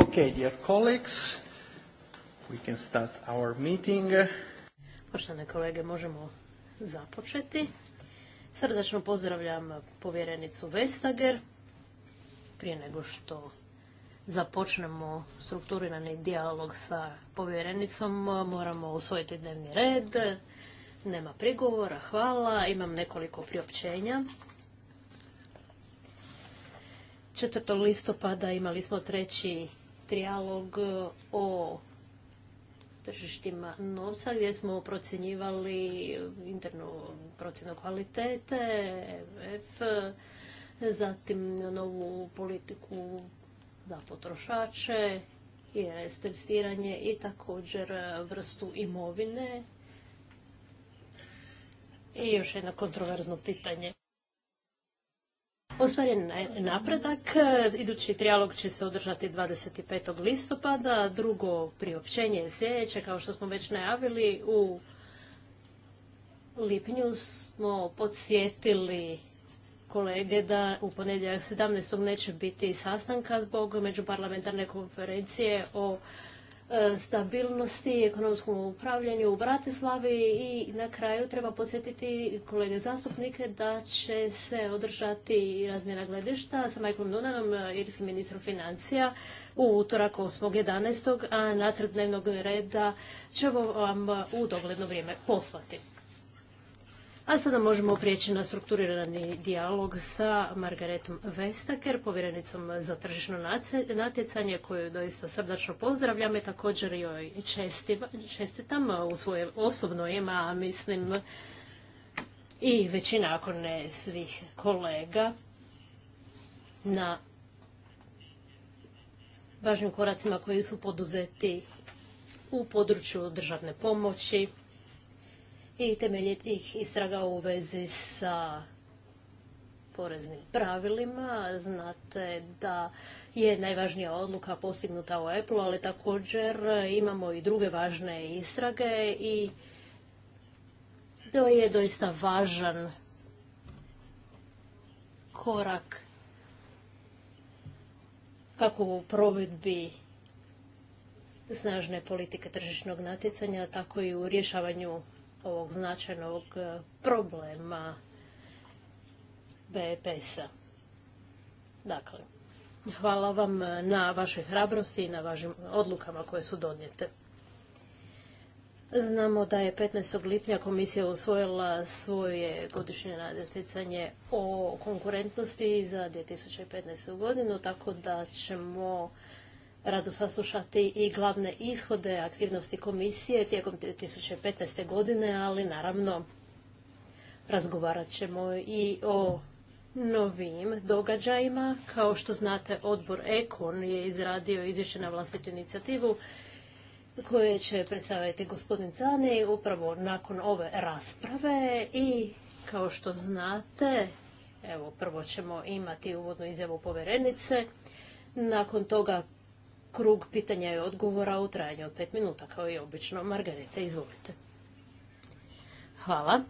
Okay, dear colleagues, we can start our meeting. Poštovane kolege, možemo započeti. Srdačno pozdravljam povjerenicu Vestager. Prije nego što započnemo strukturirani dijalog sa povjerenicom, moramo usvojiti dnevni red. Nema prigovora, hvala. Imam nekoliko priopćenja. 4. listopada imali smo treći trijalog e, o tržištima novca gdje smo procjenjivali internu procjenu kvalitete, MF, e zatim novu politiku za potrošače, je testiranje i također vrstu imovine. I još jedno kontroverzno pitanje ostvaren napredak. Idući trijalog će se održati 25. listopada. Drugo priopćenje je sljedeće, kao što smo već najavili, u lipnju smo podsjetili kolege da u ponedjeljak 17. neće biti sastanka zbog međuparlamentarne konferencije o E, stabilnosti i ekonomskom upravljanju u Bratislavi i na kraju treba posjetiti kolege zastupnike da će se održati razmjena gledišta sa Michaelom Dunanom, e, irskim ministrom financija, u utorak 8.11. a nacrt dnevnog reda ćemo vam u dogledno vrijeme poslati. A sada možemo prijeći na strukturirani dijalog sa Margaretom Vestaker, povjerenicom za tržišno natjecanje, koju doista srdačno pozdravljam i također joj čestitam u svoje osobno ima, mislim i većina, ako ne svih kolega, na važnim koracima koji su poduzeti u području državne pomoći, i temeljitih istraga u vezi sa poreznim pravilima. Znate da je najvažnija odluka postignuta u Apple, ali također imamo i druge važne istrage i to je doista važan korak kako u provedbi snažne politike tržišnog natjecanja, tako i u rješavanju ovog značajnog e, problema BPS-a. Dakle, hvala vam e, na vašoj hrabrosti i na vašim odlukama koje su donijete. Znamo da je 15. lipnja komisija usvojila svoje godišnje nadjeticanje o konkurentnosti za 2015. godinu, tako da ćemo rado saslušati i glavne ishode aktivnosti komisije tijekom 2015. godine, ali naravno razgovarat ćemo i o novim događajima. Kao što znate, odbor Ekon je izradio izvješće na vlastitu inicijativu koje će predstaviti gospodin Cani upravo nakon ove rasprave i kao što znate, evo prvo ćemo imati uvodnu izjavu povjerenice, nakon toga krug pitanja i odgovora u trajanju od pet minuta, kao i obično. Margarete, izvolite. Hvala.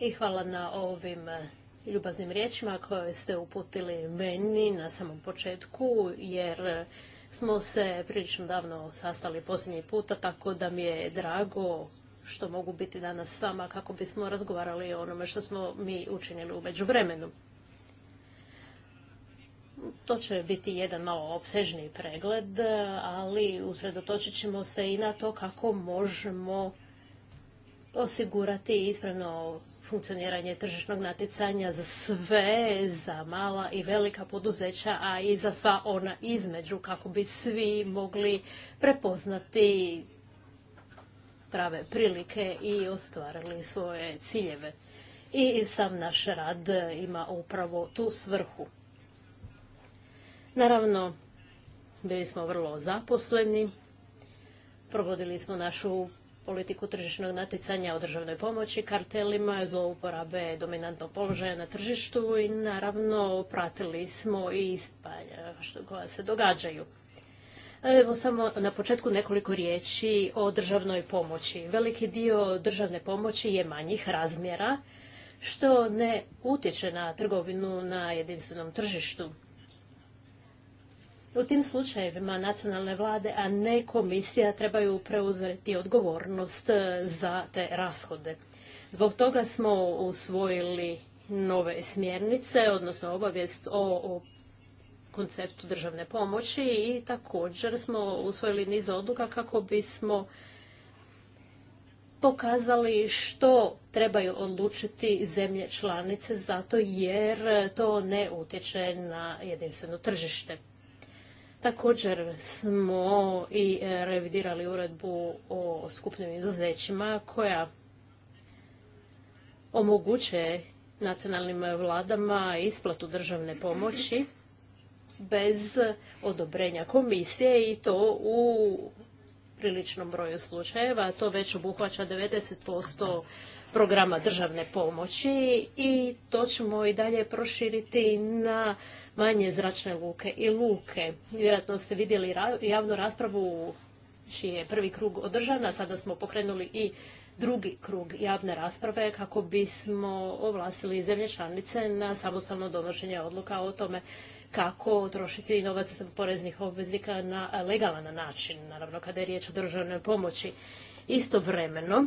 I hvala na ovim eh, ljubaznim riječima koje ste uputili meni na samom početku, jer eh, smo se prilično davno sastali posljednji puta, tako da mi je drago što mogu biti danas sama kako bismo razgovarali o onome što smo mi učinili u međuvremenu to će biti jedan malo opsežniji pregled, ali usredotočit ćemo se i na to kako možemo osigurati ispravno funkcioniranje tržišnog natjecanja za sve, za mala i velika poduzeća, a i za sva ona između, kako bi svi mogli prepoznati prave prilike i ostvarili svoje ciljeve. I sam naš rad ima upravo tu svrhu. Naravno, bili smo vrlo zaposleni, provodili smo našu politiku tržišnog natjecanja o državnoj pomoći, kartelima, zlouporabe dominantnog položaja na tržištu i naravno pratili smo i ispanja koja se događaju. Evo samo na početku nekoliko riječi o državnoj pomoći. Veliki dio državne pomoći je manjih razmjera, što ne utječe na trgovinu na jedinstvenom tržištu. U tim slučajevima nacionalne vlade, a ne komisija, trebaju preuzeti odgovornost e, za te rashode. Zbog toga smo usvojili nove smjernice, odnosno obavijest o, konceptu državne pomoći i također smo usvojili niz odluka kako bismo pokazali što trebaju odlučiti zemlje članice zato jer to ne utječe na jedinstveno tržište. Također smo i e, revidirali uredbu o skupnim izuzećima koja omogućuje nacionalnim vladama isplatu državne pomoći bez odobrenja komisije i to u priličnom broju slučajeva. To već obuhvaća 90% programa državne pomoći i to ćemo i dalje proširiti na manje zračne luke i luke. Vjerojatno ste vidjeli javnu raspravu čiji je prvi krug održan, sada smo pokrenuli i drugi krug javne rasprave kako bismo ovlasili zemlje članice na samostalno donošenje odluka o tome kako trošiti novac poreznih obveznika na legalan način, naravno kada je riječ o državnoj pomoći. Istovremeno,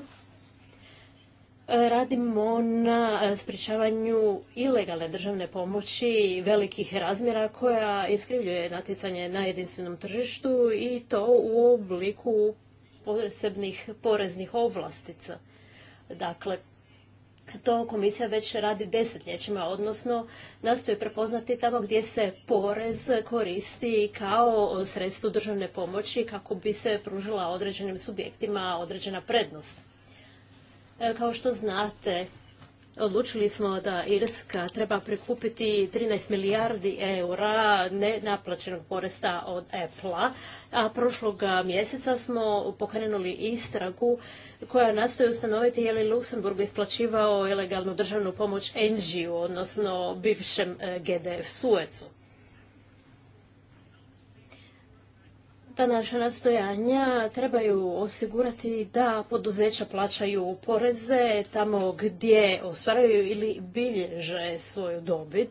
radimo na e, sprječavanju ilegalne državne pomoći velikih razmjera koja iskrivljuje natjecanje na jedinstvenom tržištu i to u obliku posebnih poreznih ovlastica. Dakle, to komisija već radi desetljećima, odnosno nastoje prepoznati tamo gdje se porez koristi kao sredstvo državne pomoći kako bi se pružila određenim subjektima određena prednost. E, kao što znate, odlučili smo da Irska treba prikupiti 13 milijardi eura nenaplaćenog poresta od Apple-a, a prošlog mjeseca smo pokrenuli istragu koja nastoji ustanoviti je li Luksemburg isplaćivao ilegalnu državnu pomoć NGO, odnosno bivšem e, GDF Suecu. ta naša nastojanja trebaju osigurati da poduzeća plaćaju poreze tamo gdje ostvaraju ili bilježe svoju dobit.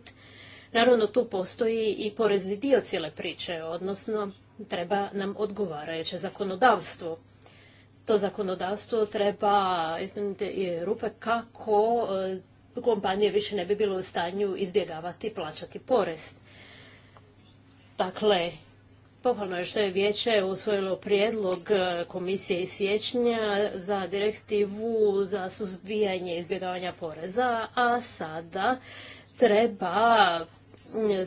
Naravno, tu postoji i porezni dio cijele priče, odnosno treba nam odgovarajuće zakonodavstvo. To zakonodavstvo treba rupe kako e, kompanije više ne bi bilo u stanju izbjegavati plaćati porez. Dakle, Pohvalno je što je vijeće usvojilo prijedlog e, komisije i siječnja za direktivu za suzbijanje izbjegavanja poreza, a sada treba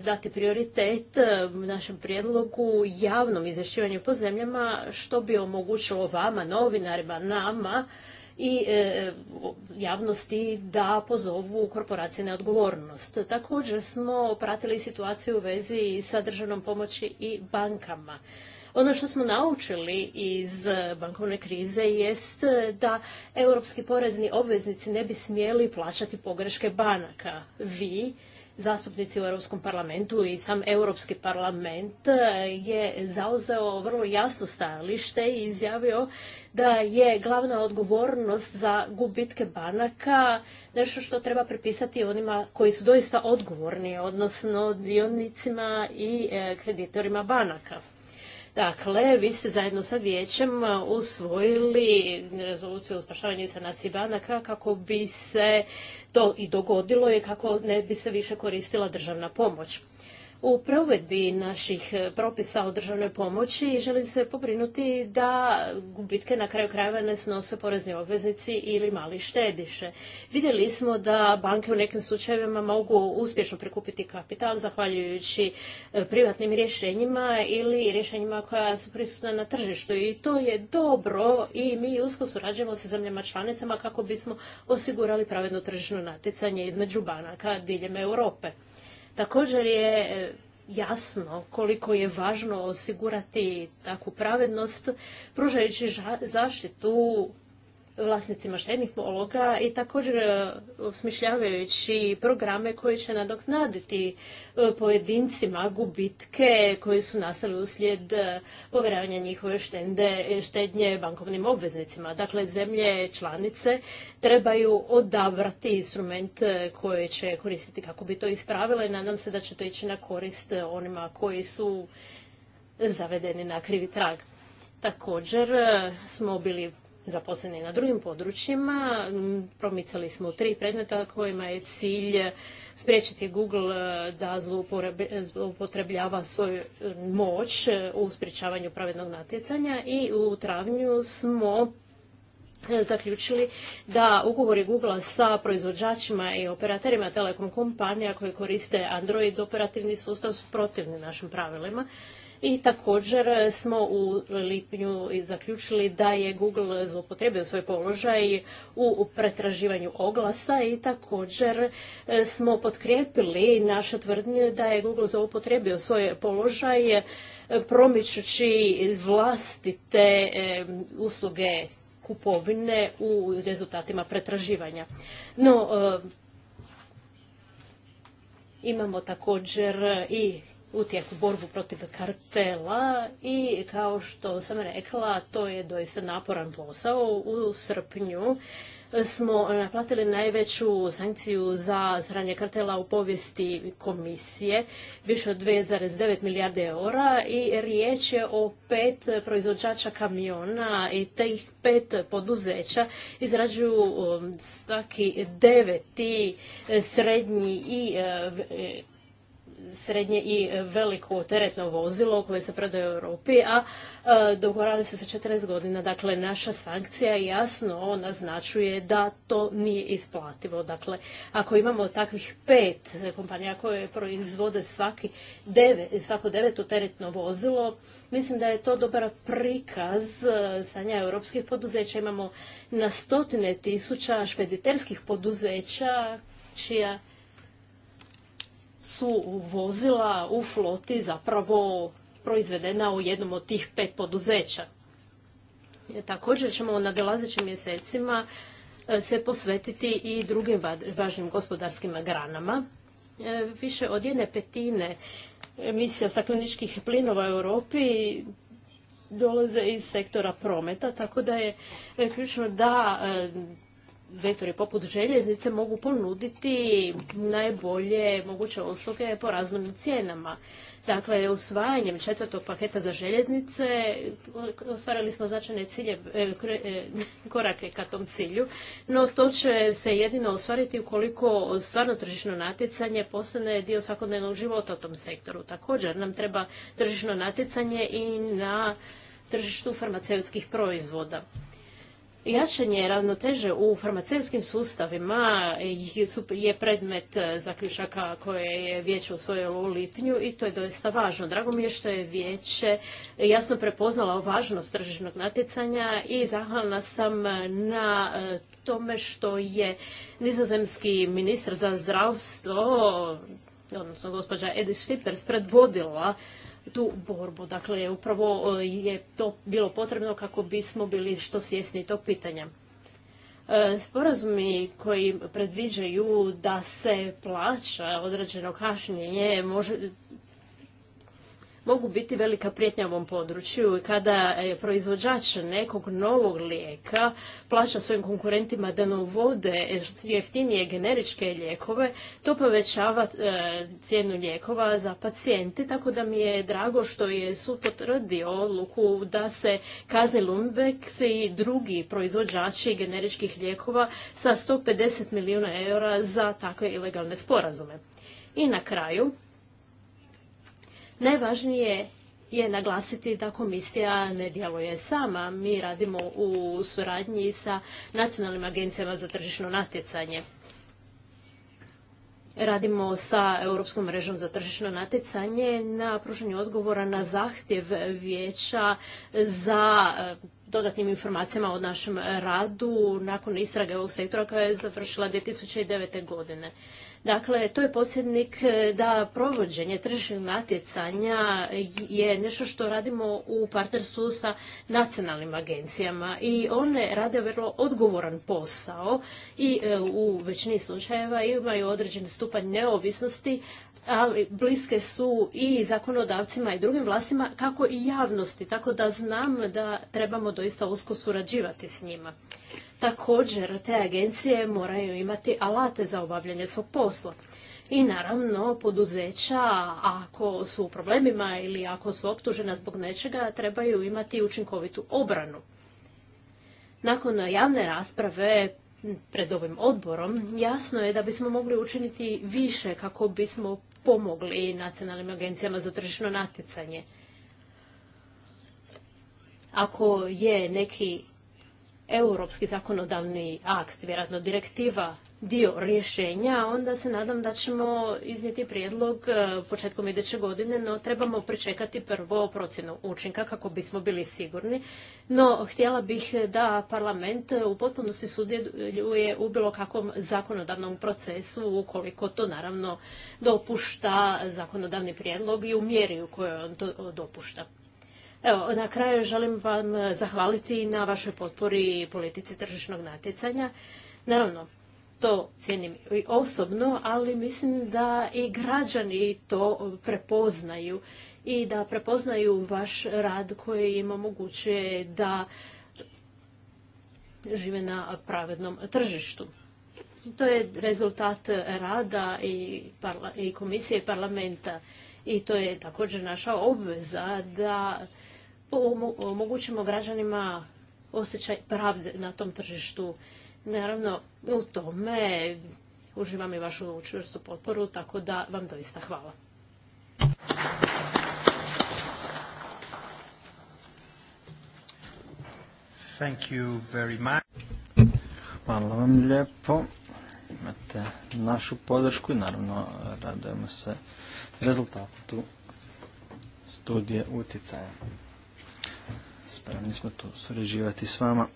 dati prioritet e, našem prijedlogu javnom izvješćivanju po zemljama, što bi omogućilo vama, novinarima, nama, i e, javnosti da pozovu korporacije na odgovornost. Također smo pratili situaciju u vezi sa državnom pomoći i bankama. Ono što smo naučili iz bankovne krize jest da europski porezni obveznici ne bi smjeli plaćati pogreške banaka. Vi zastupnici u Europskom parlamentu i sam Europski parlament e, je zauzeo vrlo jasno stajalište i izjavio da je glavna odgovornost za gubitke banaka nešto što treba prepisati onima koji su doista odgovorni, odnosno dionicima i e, kreditorima banaka. Dakle, vi ste zajedno sa vijećem uh, usvojili rezoluciju o spašavanju i banaka kako bi se to i dogodilo i kako ne bi se više koristila državna pomoć. U provedbi naših e, propisa o državnoj pomoći želim se pobrinuti da gubitke na kraju krajeva ne snose porezni obveznici ili mali štediše. Vidjeli smo da banke u nekim slučajevima mogu uspješno prikupiti kapital zahvaljujući e, privatnim rješenjima ili rješenjima koja su prisutna na tržištu i to je dobro i mi usko surađujemo sa zemljama članicama kako bismo osigurali pravedno tržišno natjecanje između banaka diljem Europe. Također je e, jasno koliko je važno osigurati takvu pravednost pružajući zaštitu vlasnicima štednih pologa i također e, osmišljavajući programe koji će nadoknaditi e, pojedincima gubitke koji su nastali uslijed e, povjeravanja njihove štende, štednje bankovnim obveznicima. Dakle, zemlje članice trebaju odabrati instrument koji će koristiti kako bi to ispravile i nadam se da će to ići na korist onima koji su zavedeni na krivi trag. Također smo bili zaposleni na drugim područjima. Promicali smo tri predmeta kojima je cilj spriječiti Google eh, da zloupotrebljava svoju eh, moć eh, u spriječavanju pravednog natjecanja i u travnju smo zaključili da ugovori Google sa proizvođačima i operaterima telekom kompanija koje koriste Android operativni sustav su protivni našim pravilima i također smo u lipnju zaključili da je Google zloupotrijebio svoj položaj u pretraživanju oglasa i također e, smo potkrijepili naše tvrdnje da je Google zloupotrijebio svoj položaj e, promičući vlastite e, usluge kupovine u rezultatima pretraživanja. No, Imamo također i u tijeku borbu protiv kartela i kao što sam rekla, to je doista naporan posao. U srpnju smo naplatili najveću sankciju za zranje kartela u povijesti komisije, više od 2,9 milijarde eura i riječ je o pet proizvođača kamiona i tih pet poduzeća izrađuju um, svaki deveti srednji i e, e, srednje i e, veliko teretno vozilo koje se prodaje u Europi, a e, dogovarali su se 14 godina. Dakle, naša sankcija jasno naznačuje da to nije isplativo. Dakle, ako imamo takvih pet kompanija koje proizvode svaki devet, svako deveto teretno vozilo, mislim da je to dobar prikaz e, sanja europskih poduzeća. Imamo na stotine tisuća špediterskih poduzeća čija su vozila u floti zapravo proizvedena u jednom od tih pet poduzeća. E, također ćemo u nadolazećim mjesecima e, se posvetiti i drugim važnim gospodarskim granama. E, više od jedne petine emisija stakleničkih plinova u Europi dolaze iz sektora prometa, tako da je ključno da vektori poput željeznice mogu ponuditi najbolje moguće usluge po raznim cijenama. Dakle, usvajanjem četvrtog paketa za željeznice ostvarili smo značajne cilje, e, e, korake ka tom cilju, no to će se jedino ostvariti ukoliko stvarno tržišno natjecanje postane dio svakodnevnog života u tom sektoru. Također nam treba tržišno natjecanje i na tržištu farmaceutskih proizvoda. Jačanje ravnoteže u farmaceutskim sustavima je predmet e, zaključaka koje je vijeće usvojilo u lipnju i to je doista važno. Drago mi je što je vijeće jasno prepoznala važnost tržišnog natjecanja i zahvalna sam na e, tome što je nizozemski ministar za zdravstvo odnosno gospođa Edith Schippers predvodila tu borbu. Dakle, upravo e, je to bilo potrebno kako bismo bili što svjesni tog pitanja. E, sporazumi koji predviđaju da se plaća određeno kašnjenje može mogu biti velika prijetnja ovom području kada e, proizvođač nekog novog lijeka plaća svojim konkurentima da ne uvode jeftinije generičke lijekove, to povećava e, cijenu lijekova za pacijente, tako da mi je drago što je sud potvrdio odluku da se kazni Lumbex i drugi proizvođači generičkih lijekova sa 150 milijuna eura za takve ilegalne sporazume. I na kraju, Najvažnije je naglasiti da komisija ne djeluje sama. Mi radimo u suradnji sa nacionalnim agencijama za tržišno natjecanje. Radimo sa Europskom mrežom za tržišno natjecanje na pružanju odgovora na zahtjev vijeća za e, dodatnim informacijama o našem radu nakon istrage ovog sektora koja je završila 2009. godine. Dakle, to je podsjednik e, da provođenje tržišnog natjecanja je nešto što radimo u partnerstvu sa nacionalnim agencijama i one rade vrlo odgovoran posao i e, u većini slučajeva imaju određen stupanj neovisnosti, ali bliske su i zakonodavcima i drugim vlastima kako i javnosti, tako da znam da trebamo doista usko surađivati s njima. Također, te agencije moraju imati alate za obavljanje svog posla. I naravno, poduzeća, ako su u problemima ili ako su optužena zbog nečega, trebaju imati učinkovitu obranu. Nakon javne rasprave pred ovim odborom, jasno je da bismo mogli učiniti više kako bismo pomogli nacionalnim agencijama za tržišno natjecanje. Ako je neki europski zakonodavni akt, vjerojatno direktiva, dio rješenja, onda se nadam da ćemo iznijeti prijedlog e, početkom iduće godine, no trebamo pričekati prvo procjenu učinka kako bismo bili sigurni. No, htjela bih da parlament u potpunosti sudjeluje u bilo kakvom zakonodavnom procesu, ukoliko to naravno dopušta zakonodavni prijedlog i u mjeri u kojoj on to dopušta. Evo, na kraju želim vam eh, zahvaliti na vašoj potpori i politici tržišnog natjecanja. Naravno, to cijenim i osobno, ali mislim da i građani to prepoznaju i da prepoznaju vaš rad koji im omogućuje da žive na pravednom tržištu. To je rezultat rada i, i komisije i parlamenta i to je također naša obveza da omogućimo građanima osjećaj pravde na tom tržištu. Naravno, u tome uživam i vašu čvrstu potporu, tako da vam doista hvala. Hvala vam lijepo. Imate našu podršku i naravno radujemo se rezultatu studije utjecaja. Spremni smo tu sređivati s vama.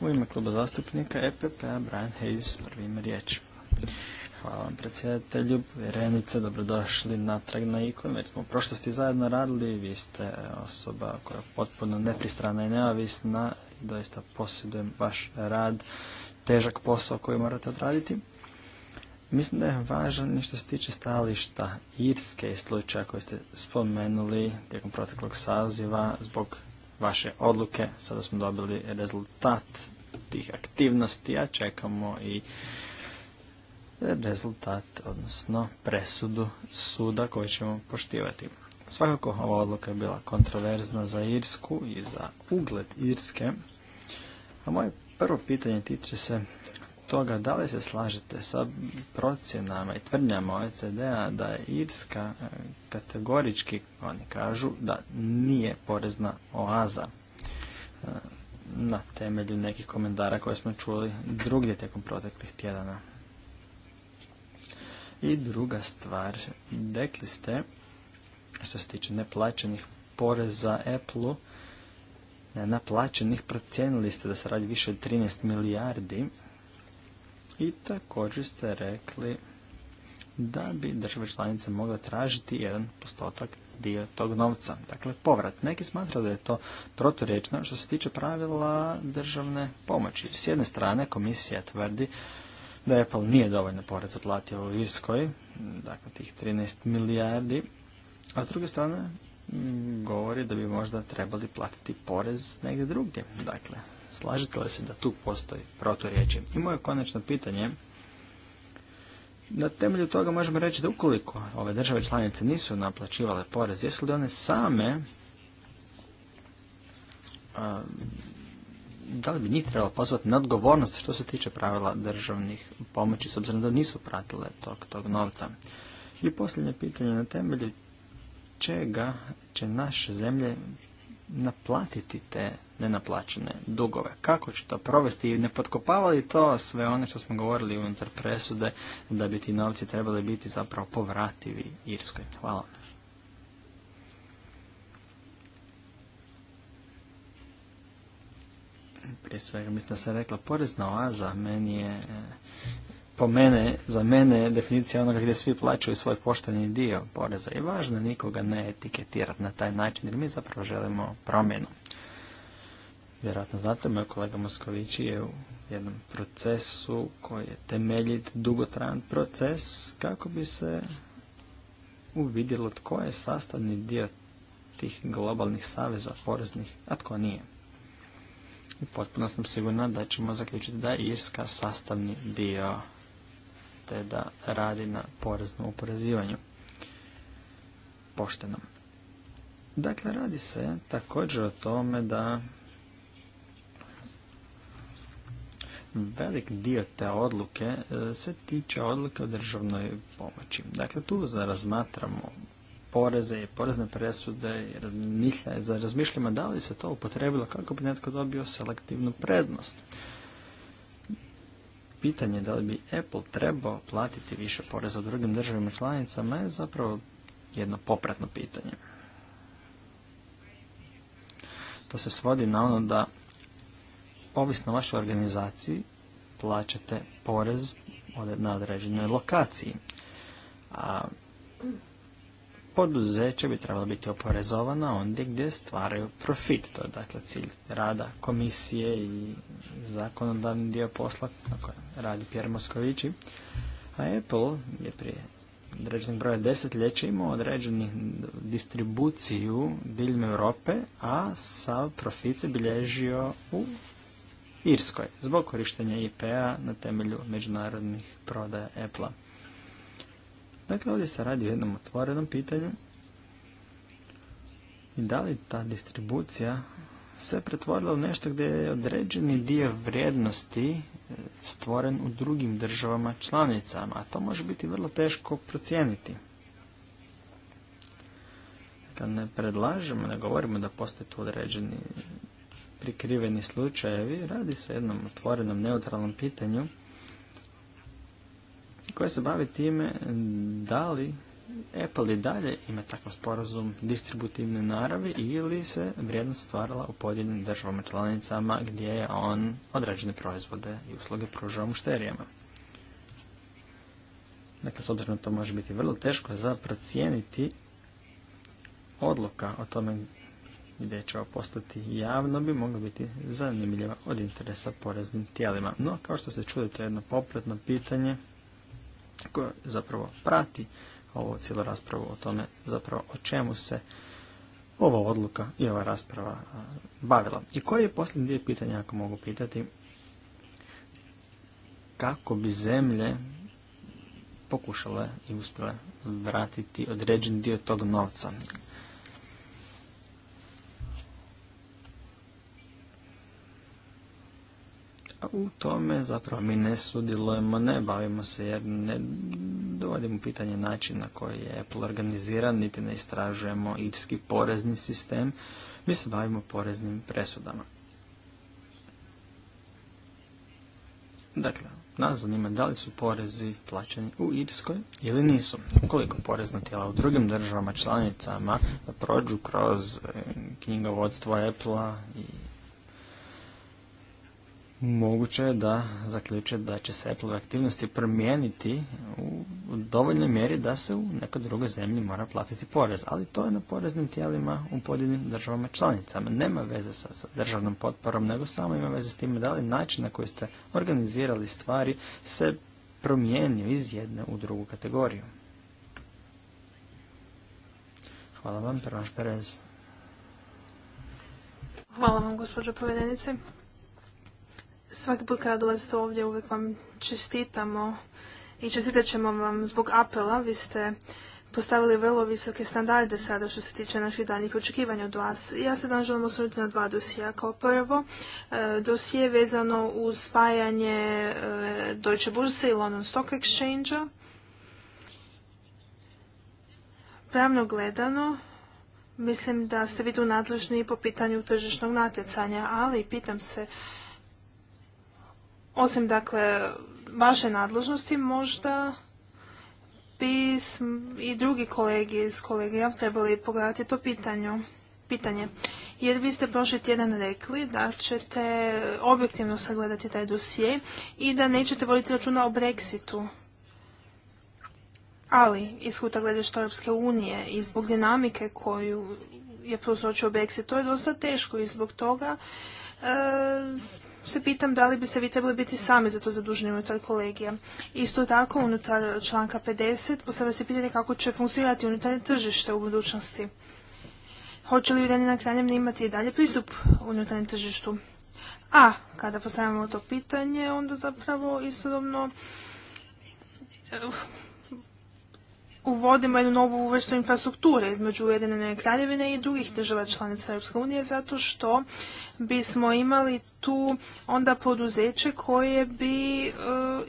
U ime kluba zastupnika EPP-a Brian Hayes prvi ima riječ. Hvala vam predsjedatelju, vjerenice, dobrodošli natrag na ikon, već smo u prošlosti zajedno radili, vi ste osoba koja je potpuno nepristrana i neovisna, doista posjedujem vaš rad, težak posao koji morate odraditi. Mislim da je važan što se tiče stajališta Irske i slučaja koje ste spomenuli tijekom proteklog saziva zbog vaše odluke. Sada smo dobili rezultat tih aktivnosti, a čekamo i rezultat, odnosno presudu suda koju ćemo poštivati. Svakako ova odluka je bila kontroverzna za Irsku i za ugled Irske. A moje prvo pitanje tiče se toga da li se slažete sa procjenama i tvrdnjama OECD-a da je Irska e, kategorički, oni kažu, da nije porezna oaza e, na temelju nekih komentara koje smo čuli drugdje tijekom proteklih tjedana. I druga stvar, rekli ste, što se tiče neplaćenih poreza Apple-u, naplaćenih procijenili ste da se radi više od 13 milijardi i također ste rekli da bi države članice mogle tražiti jedan postotak dio tog novca. Dakle, povrat. Neki smatraju da je to proturečno što se tiče pravila državne pomoći. S jedne strane, komisija tvrdi da Apple nije dovoljno poreza platio u Irskoj, dakle tih 13 milijardi, a s druge strane govori da bi možda trebali platiti porez negdje drugdje. Dakle, Slažete li se da tu postoji proturječje? I moje konačno pitanje na temelju toga možemo reći da ukoliko ove države članice nisu naplaćivale porez, jesu li one same da li bi njih trebalo pozvati na odgovornost što se tiče pravila državnih pomoći s obzirom da nisu pratile tog, tog novca. I posljednje pitanje na temelju čega će naše zemlje naplatiti te nenaplaćene dugove. Kako će to provesti i ne potkopavali to sve one što smo govorili unutar presude da bi ti novci trebali biti zapravo povrativi Irskoj. Hvala. Prije svega mislim da sam rekla porezna oaza meni je po mene, za mene je definicija onoga gdje svi plaćaju svoj pošteni dio poreza i važno nikoga ne etiketirati na taj način jer mi zapravo želimo promjenu. Vjerojatno znate, moj kolega Moskovići je u jednom procesu koji je temeljit dugotran proces kako bi se uvidjelo tko je sastavni dio tih globalnih saveza poreznih, a tko nije. I potpuno sam sigurna da ćemo zaključiti da je Irska sastavni dio te da radi na poreznom oporezivanju poštenom. Dakle, radi se također o tome da velik dio te odluke e, se tiče odluke o državnoj pomoći. Dakle, tu razmatramo poreze i porezne presude i razmišljamo da li se to upotrebilo kako bi netko dobio selektivnu prednost pitanje da li bi Apple trebao platiti više poreza u drugim državama članicama je zapravo jedno popratno pitanje. To se svodi na ono da ovisno vašoj organizaciji plaćate porez na određenoj lokaciji. A poduzeće bi trebala biti oporezovana ondje gdje stvaraju profit. To je dakle cilj rada komisije i zakonodavni dio posla na kojem radi Pierre Moskovići. A Apple je prije određenog broja desetljeća imao određenu distribuciju diljem Europe, a sav profit se bilježio u Irskoj zbog korištenja IP-a na temelju međunarodnih prodaja Apple-a. Dakle, ovdje se radi o jednom otvorenom pitanju i da li ta distribucija se pretvorila u nešto gdje je određeni dio vrijednosti e, stvoren u drugim državama članicama, a to može biti vrlo teško procijeniti. Dakle, ne predlažemo, ne govorimo da postoje tu određeni prikriveni slučajevi, radi se o jednom otvorenom neutralnom pitanju koja se bavi time da li Apple i dalje ima takav sporazum distributivne naravi ili se vrijednost stvarala u pojedinim državama članicama gdje je on određene proizvode i usluge pružao mušterijama. Dakle, s obzirom to može biti vrlo teško za procijeniti odluka o tome gdje će ovo postati javno bi mogla biti zanimljiva od interesa poreznim tijelima. No, kao što se čuli, to je jedno popretno pitanje koja zapravo prati ovo cijelu raspravu o tome zapravo o čemu se ova odluka i ova rasprava bavila. I koje je posljednje dvije pitanja, ako mogu pitati, kako bi zemlje pokušale i uspjele vratiti određen dio tog novca. u tome zapravo mi ne sudjelujemo, ne bavimo se jer ne dovodimo u pitanje način na koji je Apple organiziran, niti ne istražujemo irski porezni sistem, mi se bavimo poreznim presudama. Dakle, nas zanima da li su porezi plaćeni u Irskoj ili nisu. Koliko porezna tijela u drugim državama članicama prođu kroz eh, knjigovodstvo Apple-a i moguće je da zaključe da će se Apple aktivnosti promijeniti u dovoljnoj mjeri da se u nekoj drugoj zemlji mora platiti porez. Ali to je na poreznim tijelima u pojedinim državama članicama. Nema veze sa, državnom potporom, nego samo ima veze s tim da li način na koji ste organizirali stvari se promijenio iz jedne u drugu kategoriju. Hvala vam, prvaš Perez. Hvala vam, gospođo povedenice. Svaki put kada dolazite ovdje uvijek vam čestitamo i čestitat ćemo vam zbog apela. Vi ste postavili vrlo visoke standarde sada što se tiče naših daljnjih očekivanja od vas. Ja se danas želim osvrnuti na dva dosija. Kao prvo, e, dosije vezano uz spajanje e, Deutsche Börse i London Stock exchange Pravno gledano, mislim da ste vidu tu nadležni po pitanju tržišnog natjecanja, ali pitam se osim dakle vaše nadležnosti možda bi i drugi kolegi iz kolegija trebali pogledati to pitanje. pitanje. Jer vi ste prošli tjedan rekli da ćete objektivno sagledati taj dosije i da nećete voditi računa o Brexitu. Ali, iz kuta gledišta Europske unije i zbog dinamike koju je prozročio Brexit, to je dosta teško i zbog toga e, se pitam da li biste vi trebali biti sami za to zaduženi unutar kolegija. Isto tako, unutar članka 50 postavlja se pitanje kako će funkcionirati unutarnje tržište u budućnosti. Hoće li Ujedinjena ne imati i dalje pristup unutarnjem tržištu? A kada postavljamo to pitanje, onda zapravo istodobno uvodimo jednu novu vrstu infrastrukture između Ujedinjene kraljevine i drugih država članica Europske unije zato što bismo imali tu onda poduzeće koje bi e,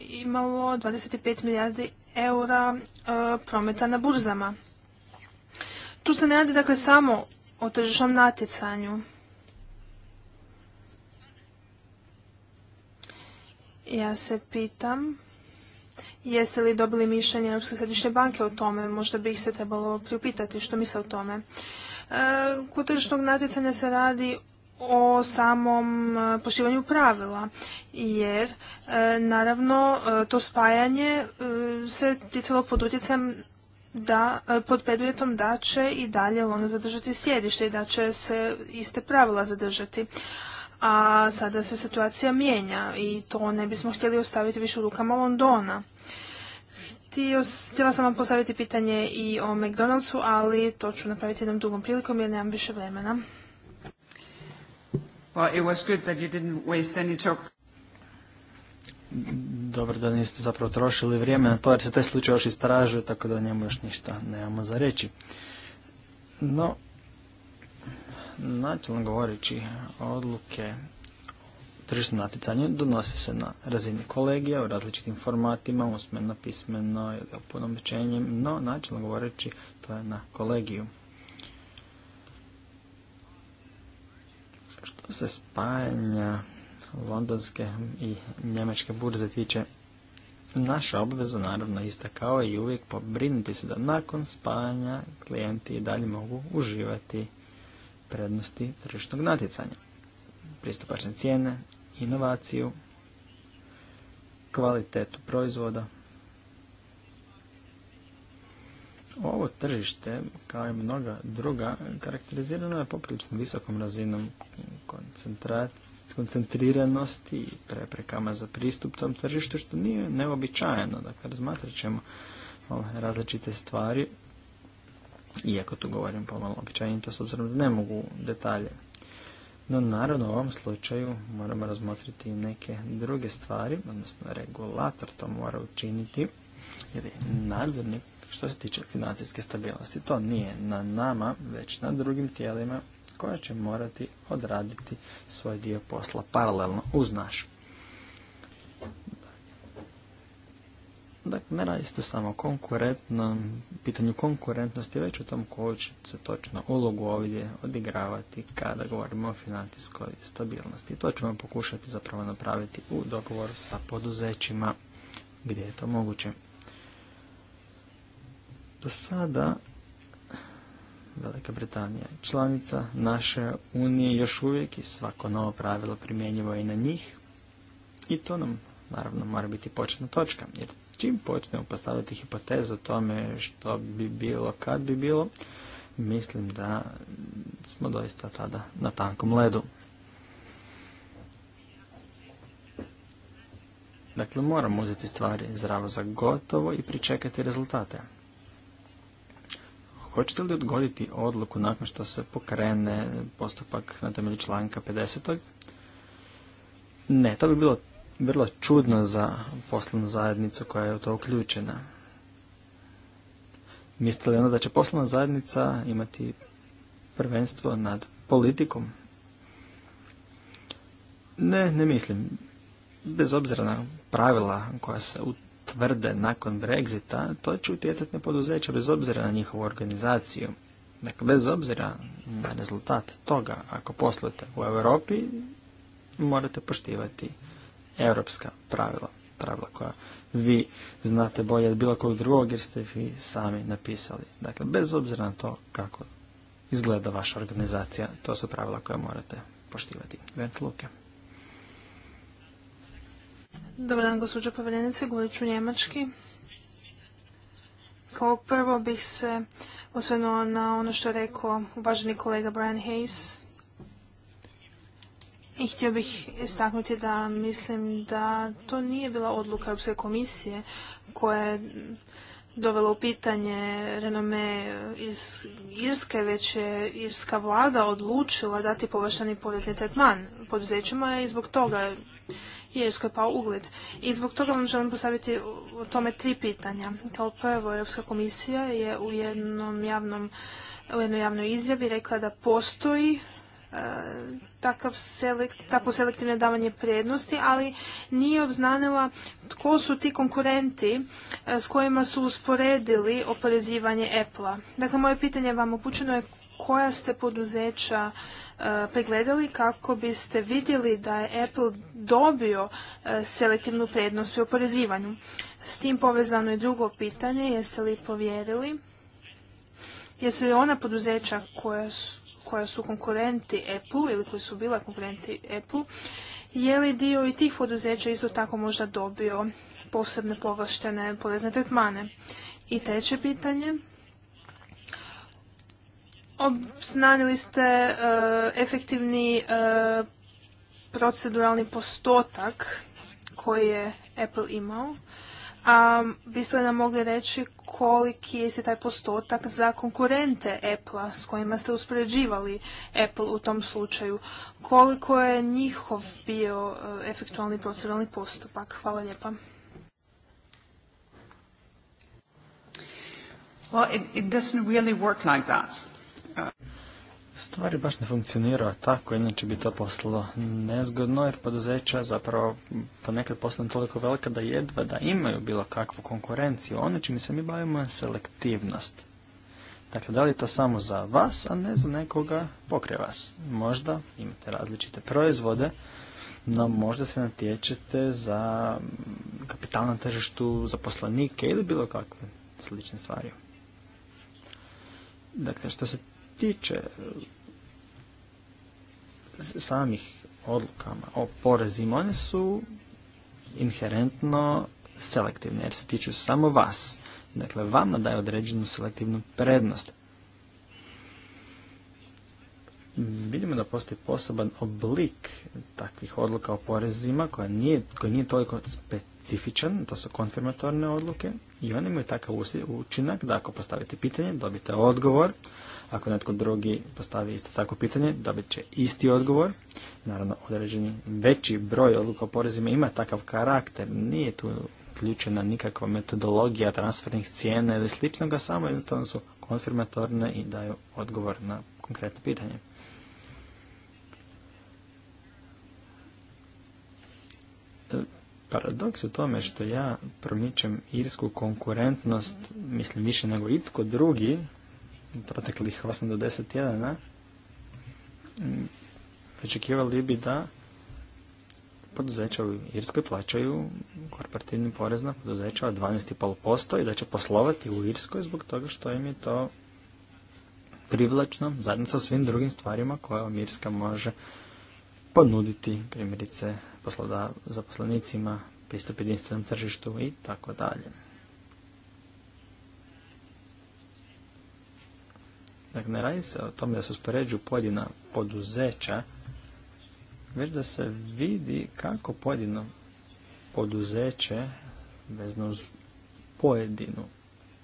imalo imalo 25 milijardi eura e, prometa na burzama. Tu se ne radi dakle samo o tržišnom natjecanju. Ja se pitam Jeste li dobili mišljenje Europske središnje banke o tome? Možda bi ih se trebalo priupitati što misle o tome. E, kod tržišnog natjecanja se radi o samom e, poštivanju pravila, jer e, naravno to spajanje se ticalo pod utjecajem da, pod preduvjetom da će i dalje ono zadržati sjedište i da će se iste pravila zadržati. A sada se situacija mijenja i to ne bismo htjeli ostaviti više u rukama Londona htjela sam vam postaviti pitanje i o McDonald'su, ali to ću napraviti jednom dugom prilikom jer nemam više vremena. Dobro da niste zapravo trošili vrijeme na to jer se taj slučaj još istražuje, tako da njemu još ništa nemamo za reći. No, načelno govoreći odluke Tržišno natjecanje donosi se na razini kolegija u različitim formatima, usmeno, pismeno ili opunomećenjem, no načelno govoreći to je na kolegiju. Što se spajanja londonske i njemačke burze tiče, naša obveza naravno ista kao i uvijek pobrinuti se da nakon spajanja klijenti i dalje mogu uživati prednosti tržišnog natjecanja pristupačne cijene, inovaciju, kvalitetu proizvoda. Ovo tržište, kao i mnoga druga, karakterizirano je poprilično visokom razinom koncentriranosti i preprekama za pristup tom tržištu, što nije neobičajeno. Dakle, razmatrat ćemo različite stvari, iako tu govorim pomalo to s obzirom da ne mogu detalje no naravno u ovom slučaju moramo razmotriti neke druge stvari, odnosno regulator to mora učiniti ili nadzornik što se tiče financijske stabilnosti. To nije na nama, već na drugim tijelima koja će morati odraditi svoj dio posla paralelno uz naš. Dakle, ne radi se samo konkurentno, pitanju konkurentnosti, već o tom koju će se točno ulogu ovdje odigravati kada govorimo o financijskoj stabilnosti. to ćemo pokušati zapravo napraviti u dogovoru sa poduzećima gdje je to moguće. Do sada Velika Britanija je članica naše unije još uvijek i svako novo pravilo primjenjivo je i na njih. I to nam naravno mora biti početna točka, jer čim počnemo postavljati hipoteze o tome što bi bilo, kad bi bilo, mislim da smo doista tada na tankom ledu. Dakle, moramo uzeti stvari zdravo za gotovo i pričekati rezultate. Hoćete li odgoditi odluku nakon što se pokrene postupak na temelju članka 50. Ne, to bi bilo vrlo čudno za poslovnu zajednicu koja je u to uključena. Mislite li onda da će poslovna zajednica imati prvenstvo nad politikom? Ne, ne mislim. Bez obzira na pravila koja se utvrde nakon Brexita, to će utjecati na poduzeća bez obzira na njihovu organizaciju. Dakle, bez obzira na rezultat toga, ako poslujete u Europi, morate poštivati europska pravila, pravila koja vi znate bolje od bilo kojeg drugog jer ste vi sami napisali. Dakle, bez obzira na to kako izgleda vaša organizacija, to su pravila koja morate poštivati. Vent Luke. Dobar dan, gospođo povjerenice, govorit ću njemački. Kao prvo bih se osvrnuo na ono što je rekao uvaženi kolega Brian Hayes i htio bih istaknuti da mislim da to nije bila odluka Europske komisije koja je dovela u pitanje renome iz Irske, već je irska vlada odlučila dati površani povezni tretman poduzećima i zbog toga je je pao ugled. I zbog toga vam želim postaviti o tome tri pitanja. Kao prvo, Europska komisija je u jednom javnom u jednoj javnoj izjavi rekla da postoji takav selekt, tako selektivno davanje prednosti, ali nije obznanila tko su ti konkurenti e, s kojima su usporedili oporezivanje Apple-a. Dakle, moje pitanje vam upućeno je koja ste poduzeća e, pregledali kako biste vidjeli da je Apple dobio e, selektivnu prednost pri oporezivanju. S tim povezano je drugo pitanje, jeste li povjerili, jesu li ona poduzeća koja su koja su konkurenti Apple ili koji su bila konkurenti Apple, je li dio i tih poduzeća isto tako možda dobio posebne povlaštene porezne tretmane? I treće pitanje, obznanili ste eh, efektivni eh, proceduralni postotak koji je Apple imao. A biste li nam mogli reći koliki je se taj postotak za konkurente Apple-a s kojima ste uspoređivali Apple u tom slučaju. Koliko je njihov bio eh, efektualni proceduralni postupak? Hvala lijepa. Well, it, doesn't really work like that. Uh, stvari baš ne funkcioniraju tako, inače bi to poslalo nezgodno, jer poduzeća zapravo ponekad postane toliko velika da jedva da imaju bilo kakvu konkurenciju. Ono čime se mi bavimo je selektivnost. Dakle, da li je to samo za vas, a ne za nekoga pokraj vas? Možda imate različite proizvode, no možda se natječete za kapital na tržištu, poslanike ili bilo kakve slične stvari. Dakle, što se tiče e, samih odlukama o porezima, one su inherentno selektivne jer se tiču samo vas. Dakle, vama daje određenu selektivnu prednost. Vidimo da postoji poseban oblik takvih odluka o porezima koja nije, koja nije toliko specifičan, to su konfirmatorne odluke i one imaju takav učinak da ako postavite pitanje dobite odgovor, ako netko drugi postavi isto tako pitanje, dobit će isti odgovor. Naravno, određeni veći broj odluka o porezima ima takav karakter. Nije tu uključena nikakva metodologija transfernih cijena ili sličnoga, samo jednostavno su konfirmatorne i daju odgovor na konkretno pitanje. Paradoks u tome što ja promičem irsku konkurentnost, mislim više nego itko drugi, proteklih 8 do 10 tjedana, mm, očekivali bi da poduzeća u Irskoj plaćaju korporativni porez na poduzeća od 12,5% i da će poslovati u Irskoj zbog toga što im je to privlačno zajedno sa svim drugim stvarima koje vam Irska može ponuditi, primjerice zaposlenicima, pristup jedinstvenom tržištu i tako dalje. Dakle, ne radi se o tome da se uspoređuju pojedina poduzeća, već da se vidi kako pojedino poduzeće vezno uz pojedinu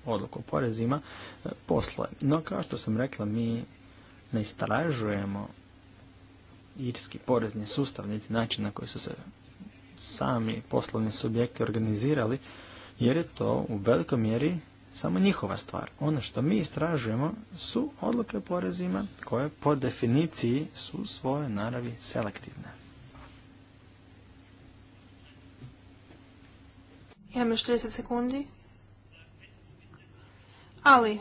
odluku o porezima posloje. No, kao što sam rekla, mi ne istražujemo irski porezni sustav, niti način na koji su se sami poslovni subjekti organizirali, jer je to u velikoj mjeri samo njihova stvar. Ono što mi istražujemo su odluke o porezima koje po definiciji su svoje naravi selektivne. Imam 30 sekundi. Ali,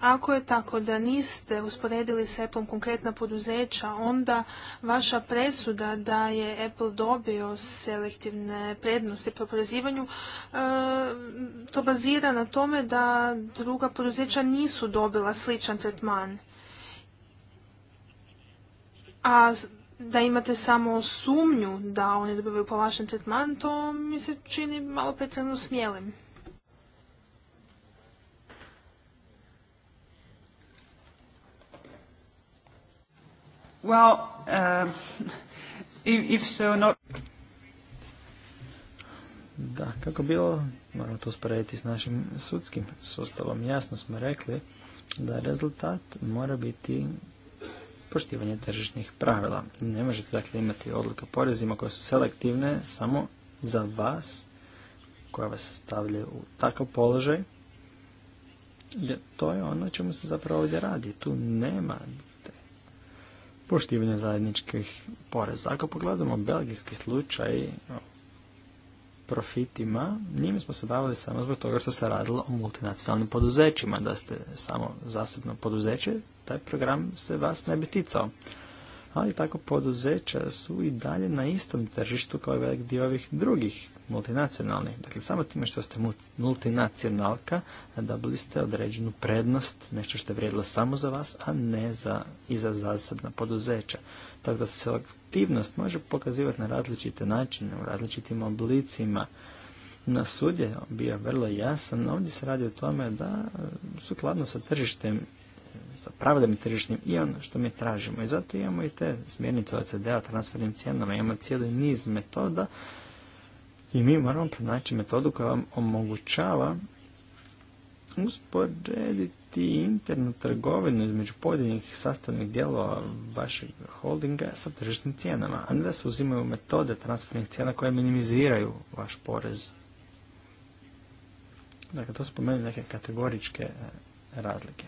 ako je tako da niste usporedili s Apple konkretna poduzeća, onda vaša presuda da je Apple dobio selektivne prednosti po oporezivanju, e, to bazira na tome da druga poduzeća nisu dobila sličan tretman. A da imate samo sumnju da oni dobivaju povlašten tretman, to mi se čini malo pretredno smijelim. Well, um, if so, not... Da, kako bilo, moramo to sporediti s našim sudskim sustavom. Jasno smo rekli da rezultat mora biti poštivanje tržišnih pravila. Ne možete dakle imati odluka porezima koje su selektivne samo za vas, koja vas stavlja u takav položaj. Jer to je ono čemu se zapravo ovdje radi. Tu nema poštivanja zajedničkih poreza. Ako pogledamo belgijski slučaj profitima, njime smo se bavili samo zbog toga što se radilo o multinacionalnim poduzećima. Da ste samo zasebno poduzeće, taj program se vas ne bi ticao. Ali tako poduzeća su i dalje na istom tržištu kao i velik dio ovih drugih multinacionalni. Dakle, samo time što ste multinacionalka, dobili ste određenu prednost, nešto što je vrijedilo samo za vas, a ne za, i za zasebna poduzeća. Tako da se aktivnost može pokazivati na različite načine, u različitim oblicima. Na sudje bio vrlo jasan, ovdje se radi o tome da e, sukladno sa tržištem sa pravilnim tržišnim i ono što mi tražimo. I zato imamo i te smjernice OCD-a, transfernim cijenama, imamo cijeli niz metoda i mi moramo pronaći metodu koja vam omogućava usporediti internu trgovinu između pojedinih sastavnih dijelova vašeg holdinga sa tržišnim cijenama, a ne da se uzimaju metode transfernih cijena koje minimiziraju vaš porez. Dakle, to su neke kategoričke e, razlike.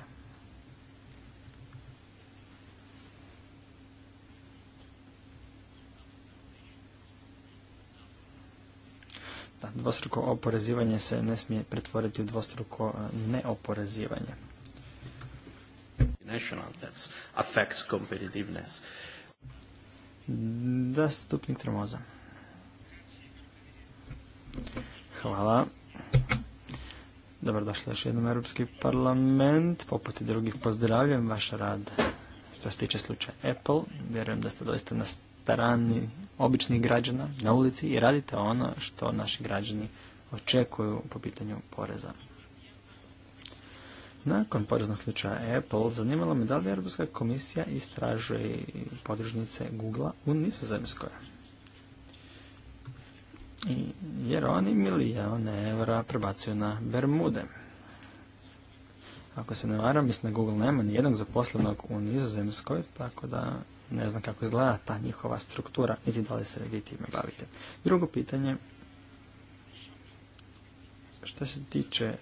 dvostruko oporezivanje se ne smije pretvoriti u dvostruko e, neoporezivanje. Da, stupnik tremoza. Hvala. Dobrodošli još jednom Europski parlament. Poput i drugih pozdravljam vaš rad što se tiče slučaja Apple. Vjerujem da ste doista nastavili strani običnih građana na ulici i radite ono što naši građani očekuju po pitanju poreza. Nakon poreznog ključa Apple, zanimalo me da li Europska komisija istražuje podružnice Google-a u Nizozemskoj. Jer oni milijone evra prebacuju na Bermude. Ako se ne varam, mislim da Google nema ni jednog zaposlenog u Nizozemskoj, tako da ne znam kako izgleda ta njihova struktura, niti da li se vi time bavite. Drugo pitanje, što se tiče e,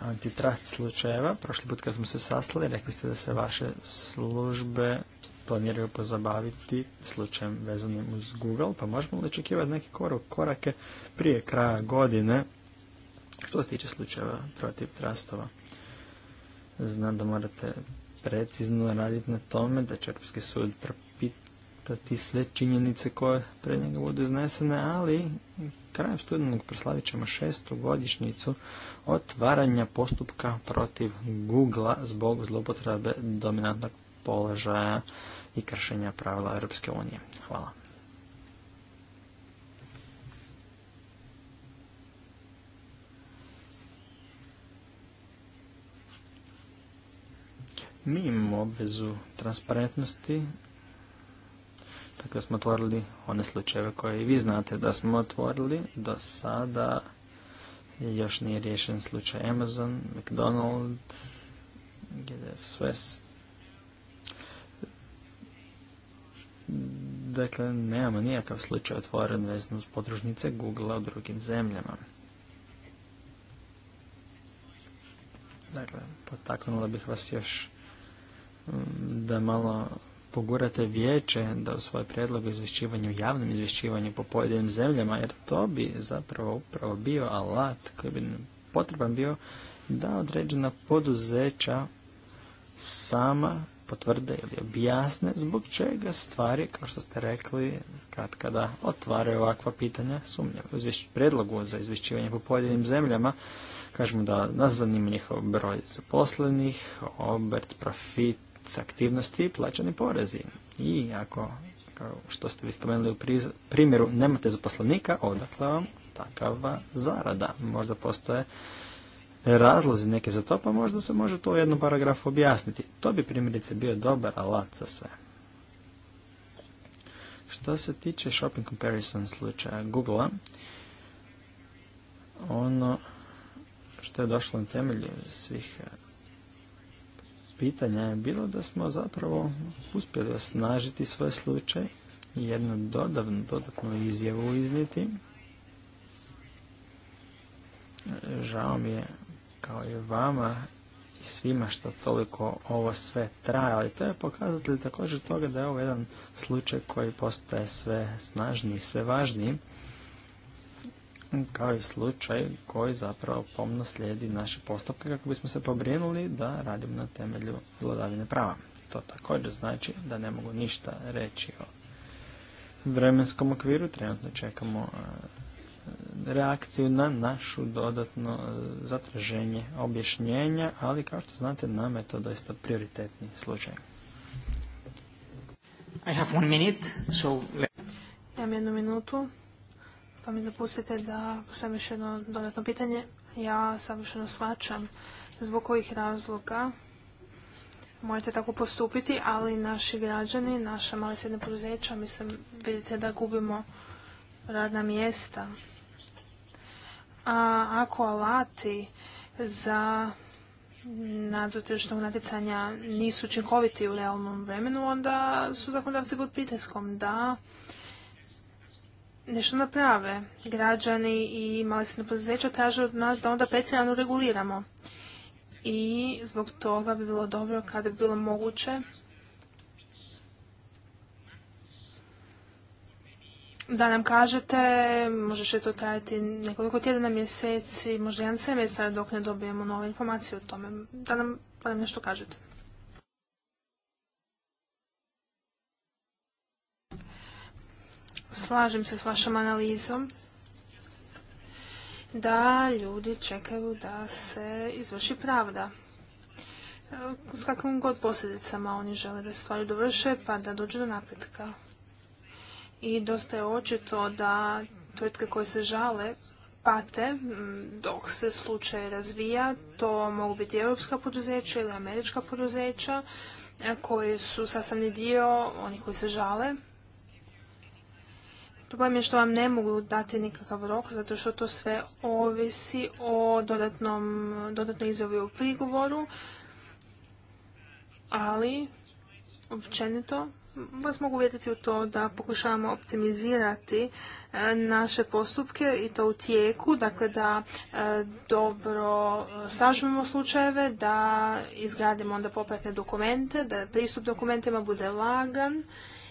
antitrat slučajeva, prošli put kad smo se sastali, rekli ste da se vaše službe planiraju pozabaviti slučajem vezanim uz Google, pa možemo li očekivati neke korake prije kraja godine što se tiče slučajeva protiv trastova? Znam da morate precizno raditi na tome da će Europski sud propitati sve činjenice koje pred njega budu iznesene, ali krajem studenog proslavit ćemo šestu godišnjicu otvaranja postupka protiv Google zbog zloupotrebe dominantnog položaja i kršenja pravila Europske unije. Hvala. Mi imamo obvezu transparentnosti, tako dakle, smo otvorili one slučajeve koje i vi znate da smo otvorili. Do sada još nije riješen slučaj Amazon, McDonald's, GDF Swiss. Dakle, nemamo nijakav slučaj otvoren vezan uz podružnice Google-a u drugim zemljama. Dakle, potaknula bih vas još da malo pogurate vijeće da u svoj prijedlog o izvješćivanju, javnom izvješćivanju po pojedinim zemljama, jer to bi zapravo upravo bio alat koji bi potreban bio da određena poduzeća sama potvrde ili objasne zbog čega stvari, kao što ste rekli, kad kada otvaraju ovakva pitanja sumnja, U predlogu za izvješćivanje po pojedinim zemljama kažemo da nas zanima njihov broj zaposlenih, obrt, profit, aktivnosti i plaćani porezi. I ako, kao što ste vi spomenuli u primjeru, nemate zaposlenika, odakle vam takava zarada. Možda postoje razlozi neke za to, pa možda se može to u jednom paragrafu objasniti. To bi primjerice bio dobar alat za sve. Što se tiče shopping comparison slučaja Google-a, ono što je došlo na temelju svih pitanja je bilo da smo zapravo uspjeli osnažiti svoj slučaj i jednu dodavnu, dodatnu izjavu iznijeti. Žao mi je kao i vama i svima što toliko ovo sve traje, ali to je pokazatelj također toga da je ovo jedan slučaj koji postaje sve snažniji, sve važniji kao i slučaj koji zapravo pomno slijedi naše postupke kako bismo se pobrinuli da radimo na temelju vladavine prava. To također znači da ne mogu ništa reći o vremenskom okviru. Trenutno čekamo e, reakciju na našu dodatno e, zatraženje objašnjenja, ali kao što znate nama je to doista prioritetni slučaj. I have one minute, so... Imam jednu minutu, pa mi dopustite da sam još jedno dodatno pitanje. Ja savršeno shvaćam zbog kojih razloga morate tako postupiti, ali naši građani, naša mala srednja poduzeća, mislim, vidite da gubimo radna mjesta. A ako alati za nadzor tržišnog natjecanja nisu učinkoviti u realnom vremenu, onda su zakonodavci pod pritiskom da nešto naprave. Građani i mali se poduzeća traže od nas da onda precijano reguliramo. I zbog toga bi bilo dobro kada bi bilo moguće da nam kažete, može će to trajati nekoliko tjedana, mjeseci, možda jedan semestar dok ne dobijemo nove informacije o tome, da nam nešto kažete. slažem se s vašom analizom da ljudi čekaju da se izvrši pravda. E, s kakvim god posljedicama oni žele da se stvari dovrše pa da dođe do napretka. I dosta je očito da tvrtke koje se žale pate dok se slučaj razvija. To mogu biti europska poduzeća ili američka poduzeća e, koji su sastavni dio onih koji se žale Problem je što vam ne mogu dati nikakav rok, zato što to sve ovisi o dodatnom, dodatnoj u prigovoru, ali općenito vas mogu uvjetiti u to da pokušavamo optimizirati e, naše postupke i to u tijeku, dakle da e, dobro e, sažmemo slučajeve, da izgradimo onda popratne dokumente, da pristup dokumentima bude lagan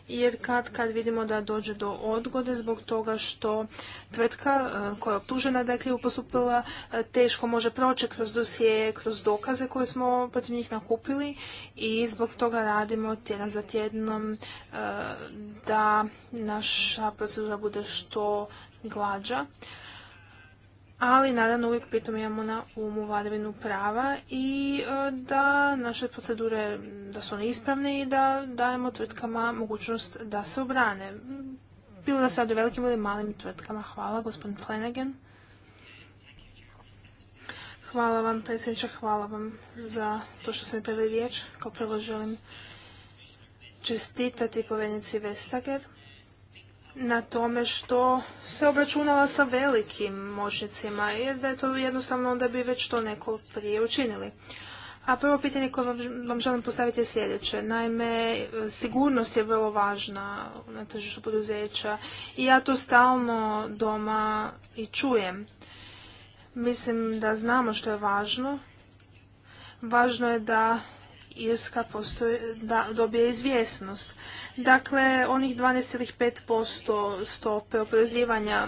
jer kad, kad vidimo da dođe do odgode zbog toga što tvrtka e, koja je optužena da je krivo postupila e, teško može proći kroz dosije, kroz dokaze koje smo protiv njih nakupili i zbog toga radimo tjedan za tjednom e, da naša procedura bude što glađa ali naravno uvijek pritom imamo na umu vladavinu prava i e, da naše procedure da su one ispravne i da dajemo tvrtkama mogućnost da se obrane. Bilo da sada u velikim ili malim tvrtkama. Hvala, gospodin Flanagan. Hvala vam, predsjedniče, hvala vam za to što ste mi riječ. Kao prvo želim čestitati povenici Vestager na tome što se obračunala sa velikim moćnicima, jer da je to jednostavno onda bi već to neko prije učinili. A prvo pitanje koje vam, želim postaviti je sljedeće. Naime, sigurnost je vrlo važna na tržištu poduzeća i ja to stalno doma i čujem. Mislim da znamo što je važno. Važno je da Irska postoji, da dobije izvjesnost. Dakle, onih 12,5% stope oprezivanja,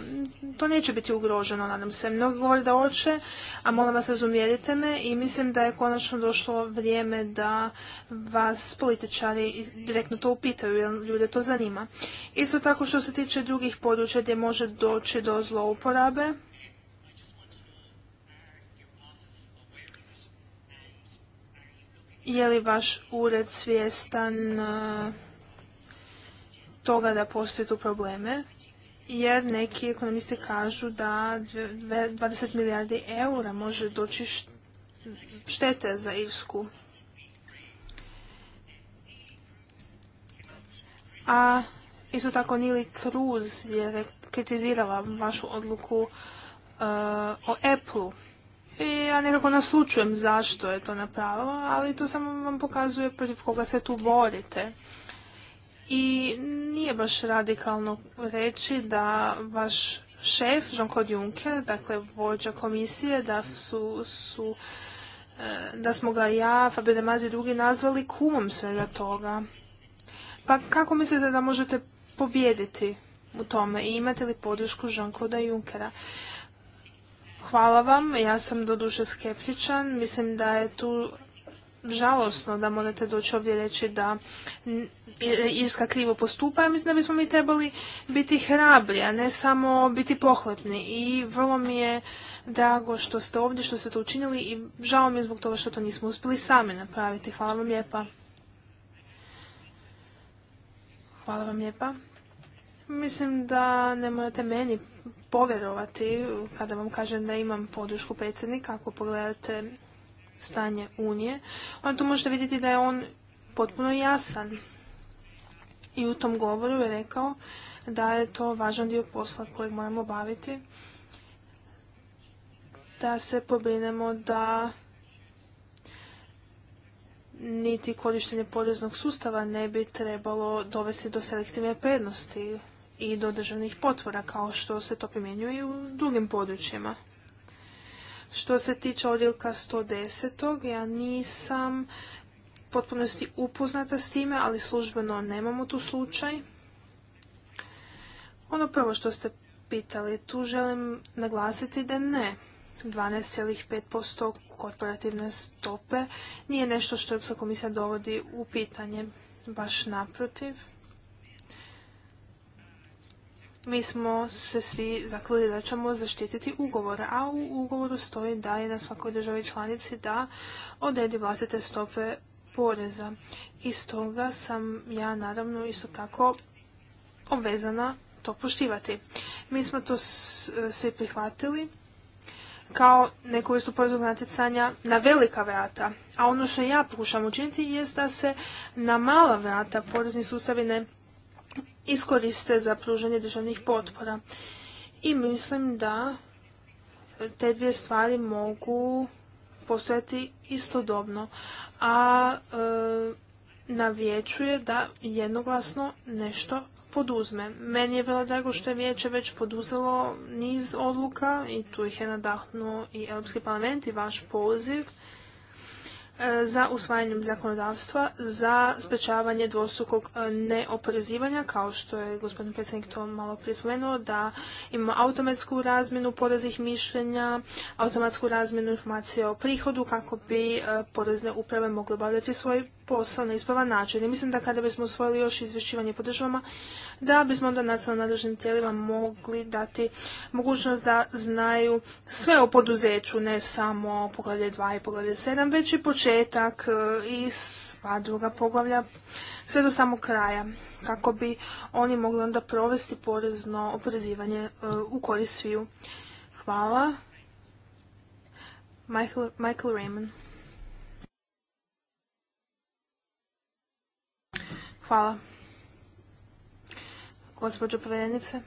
to neće biti ugroženo, nadam se. mnogo govori da hoće, a molim vas razumjerite me i mislim da je konačno došlo vrijeme da vas političari direktno to upitaju, jer ljude to zanima. Isto tako što se tiče drugih područja gdje može doći do zlouporabe, je li vaš ured svjestan toga da postoje tu probleme, jer neki ekonomisti kažu da 20 milijardi eura može doći štete za Irsku. A isto tako Nili Cruz je kritizirala vašu odluku uh, o Apple-u. I ja nekako naslučujem zašto je to napravila, ali to samo vam pokazuje protiv koga se tu borite i nije baš radikalno reći da vaš šef Jean-Claude Juncker, dakle vođa komisije, da su, su e, da smo ga ja, Fabio Mazi i drugi nazvali kumom svega toga. Pa kako mislite da možete pobijediti u tome i imate li podršku Jean-Claude Junckera? Hvala vam, ja sam doduše skeptičan, mislim da je tu žalosno da morate doći ovdje reći da Irska krivo postupa, mislim da bismo mi trebali biti hrabri, a ne samo biti pohlepni. I vrlo mi je drago što ste ovdje, što ste to učinili i žao mi je zbog toga što to nismo uspjeli sami napraviti. Hvala vam lijepa. Hvala vam lijepa. Mislim da ne morate meni povjerovati kada vam kažem da imam podršku predsjednika ako pogledate stanje Unije. Onda tu možete vidjeti da je on potpuno jasan i u tom govoru je rekao da je to važan dio posla kojeg moramo baviti da se pobrinemo da niti korištenje poreznog sustava ne bi trebalo dovesti do selektivne prednosti i do državnih potvora, kao što se to primjenjuje i u drugim područjima. Što se tiče odjelka 110. ja nisam potpunosti upoznata s time, ali službeno nemamo tu slučaj. Ono prvo što ste pitali, tu želim naglasiti da ne. 12,5% korporativne stope nije nešto što Europska komisija dovodi u pitanje, baš naprotiv. Mi smo se svi zaklili da ćemo zaštititi ugovor, a u ugovoru stoji da je na svakoj državi članici da odredi vlastite stope poreza. I stoga sam ja naravno isto tako obvezana to poštivati. Mi smo to svi prihvatili kao neku vrstu poreznog natjecanja na velika vrata. A ono što ja pokušam učiniti je da se na mala vrata porezni sustavi ne iskoriste za pružanje državnih potpora. I mislim da te dvije stvari mogu postojati istodobno, a e, navječuje da jednoglasno nešto poduzme. Meni je vrlo drago što je vijeće već poduzelo niz odluka i tu ih je nadahnuo i Europski parlament i vaš poziv E, za usvajanjem zakonodavstva za sprečavanje dvostrukog e, neoporezivanja, kao što je gospodin predsjednik to malo prije spomenuo, da imamo automatsku razmjenu poreznih mišljenja, automatsku razmjenu informacije o prihodu kako bi e, porezne uprave mogle obavljati svoj posao na ispravan način. I mislim da kada bismo usvojili još izvješćivanje po državama, da bismo onda nacionalno nadležnim tijelima mogli dati mogućnost da znaju sve o poduzeću, ne samo poglavlje 2 i poglavlje 7, već i početak e, i sva druga poglavlja sve do samog kraja, kako bi oni mogli onda provesti porezno oporezivanje e, u korist sviju. Hvala. Michael, Michael Raymond. Hvala. Gospođo povjerenice,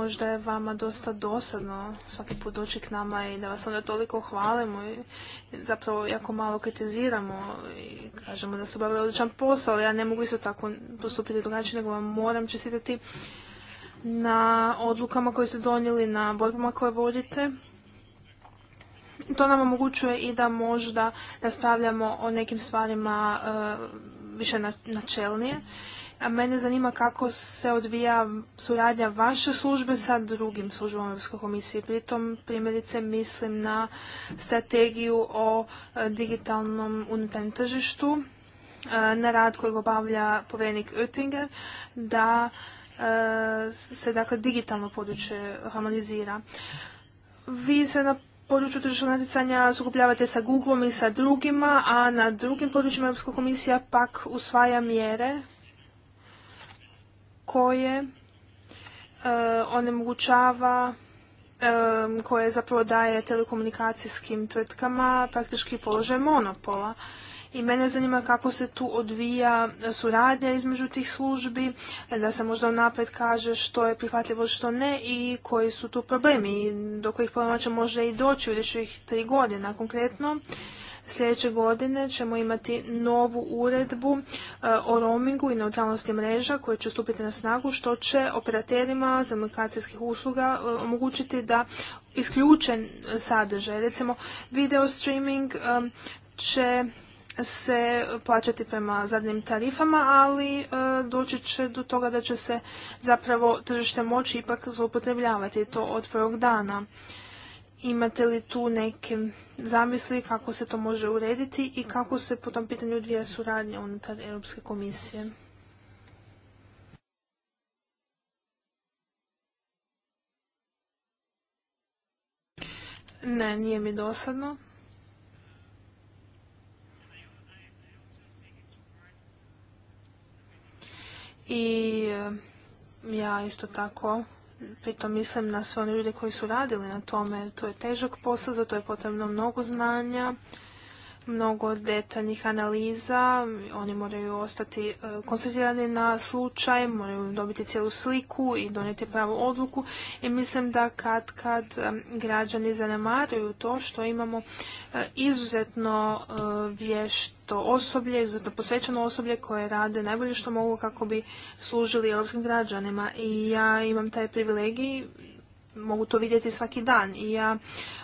možda je vama dosta dosadno svaki put doći k nama i da vas onda toliko hvalimo i zapravo jako malo kritiziramo i kažemo da su obavili odličan posao, ali ja ne mogu isto tako postupiti drugačije, nego vam moram čestitati na odlukama koje ste donijeli, na borbama koje vodite. To nam omogućuje i da možda raspravljamo o nekim stvarima e, više načelnije. A mene zanima kako se odvija suradnja vaše službe sa drugim službama Europske komisije. Pritom primjerice mislim na strategiju o e, digitalnom unutarnjem tržištu, e, na rad kojeg obavlja povjerenik Oettinger, da e, se dakle digitalno područje harmonizira. Vi se na području tržišnog natjecanja sukupljavate sa Googleom i sa drugima, a na drugim područjima Europska komisija pak usvaja mjere koje e, onemogućava e, koje zapravo daje telekomunikacijskim tvrtkama praktički položaj monopola. I mene zanima kako se tu odvija suradnja između tih službi, da se možda napred kaže što je prihvatljivo, što ne i koji su tu problemi do kojih problema će možda i doći u rješivih tri godina konkretno. Sljedeće godine ćemo imati novu uredbu e, o roamingu i neutralnosti mreža koje će stupiti na snagu što će operaterima komunikacijskih usluga e, omogućiti da isključen sadržaj, recimo video streaming e, će se plaćati prema zadnjim tarifama, ali doći će do toga da će se zapravo tržište moći ipak zloupotrebljavati to od prvog dana. Imate li tu neke zamisli kako se to može urediti i kako se po tom pitanju odvija suradnje unutar Europske komisije? Ne, nije mi dosadno. I e, ja isto tako pritom mislim na sve one ljude koji su radili na tome. To je težak posao, za to je potrebno mnogo znanja, mnogo detaljnih analiza, oni moraju ostati e, koncentrirani na slučaj, moraju dobiti cijelu sliku i donijeti pravu odluku i mislim da kad kad e, građani zanemaruju to što imamo e, izuzetno vješto osoblje, izuzetno posvećeno osoblje koje rade najbolje što mogu kako bi služili europskim građanima i ja imam taj privilegij mogu to vidjeti svaki dan i ja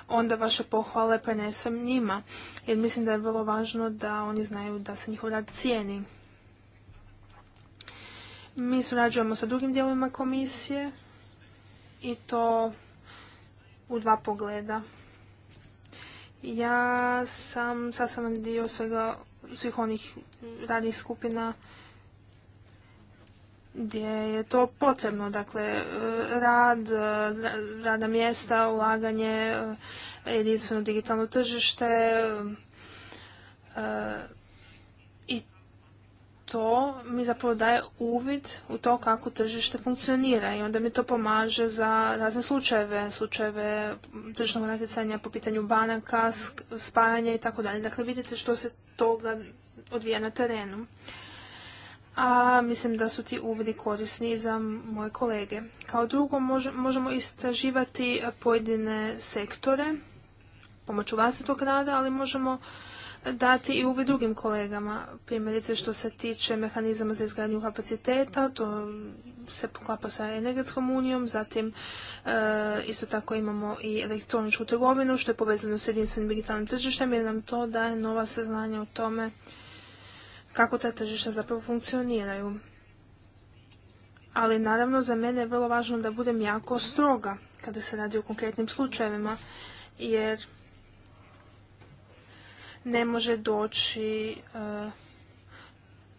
onda vaše pohvale prenesem njima jer mislim da je vrlo važno da oni znaju da se njihov rad cijeni. Mi surađujemo sa drugim dijelovima komisije i to u dva pogleda. Ja sam sastavan dio svega, svih onih radnih skupina gdje je to potrebno, dakle e, rad, e, radna mjesta, ulaganje, e, jedinstveno digitalno tržište i to mi zapravo daje uvid u to kako tržište funkcionira i onda mi to pomaže za razne slučajeve, slučajeve tržišnog natjecanja po pitanju banaka, spajanja i tako dalje. Dakle, vidite što se toga odvija na terenu a mislim da su ti uvidi korisni za moje kolege. Kao drugo možemo istraživati pojedine sektore pomoću vlastitog rada, ali možemo dati i uvid drugim kolegama. Primjerice što se tiče mehanizama za izgradnju kapaciteta, to se poklapa sa energetskom unijom, zatim e, isto tako imamo i elektroničku trgovinu što je povezano s jedinstvenim digitalnim tržištem jer nam to daje nova saznanja o tome kako ta tržišta zapravo funkcioniraju. Ali naravno za mene je vrlo važno da budem jako stroga kada se radi o konkretnim slučajevima, jer ne može doći e,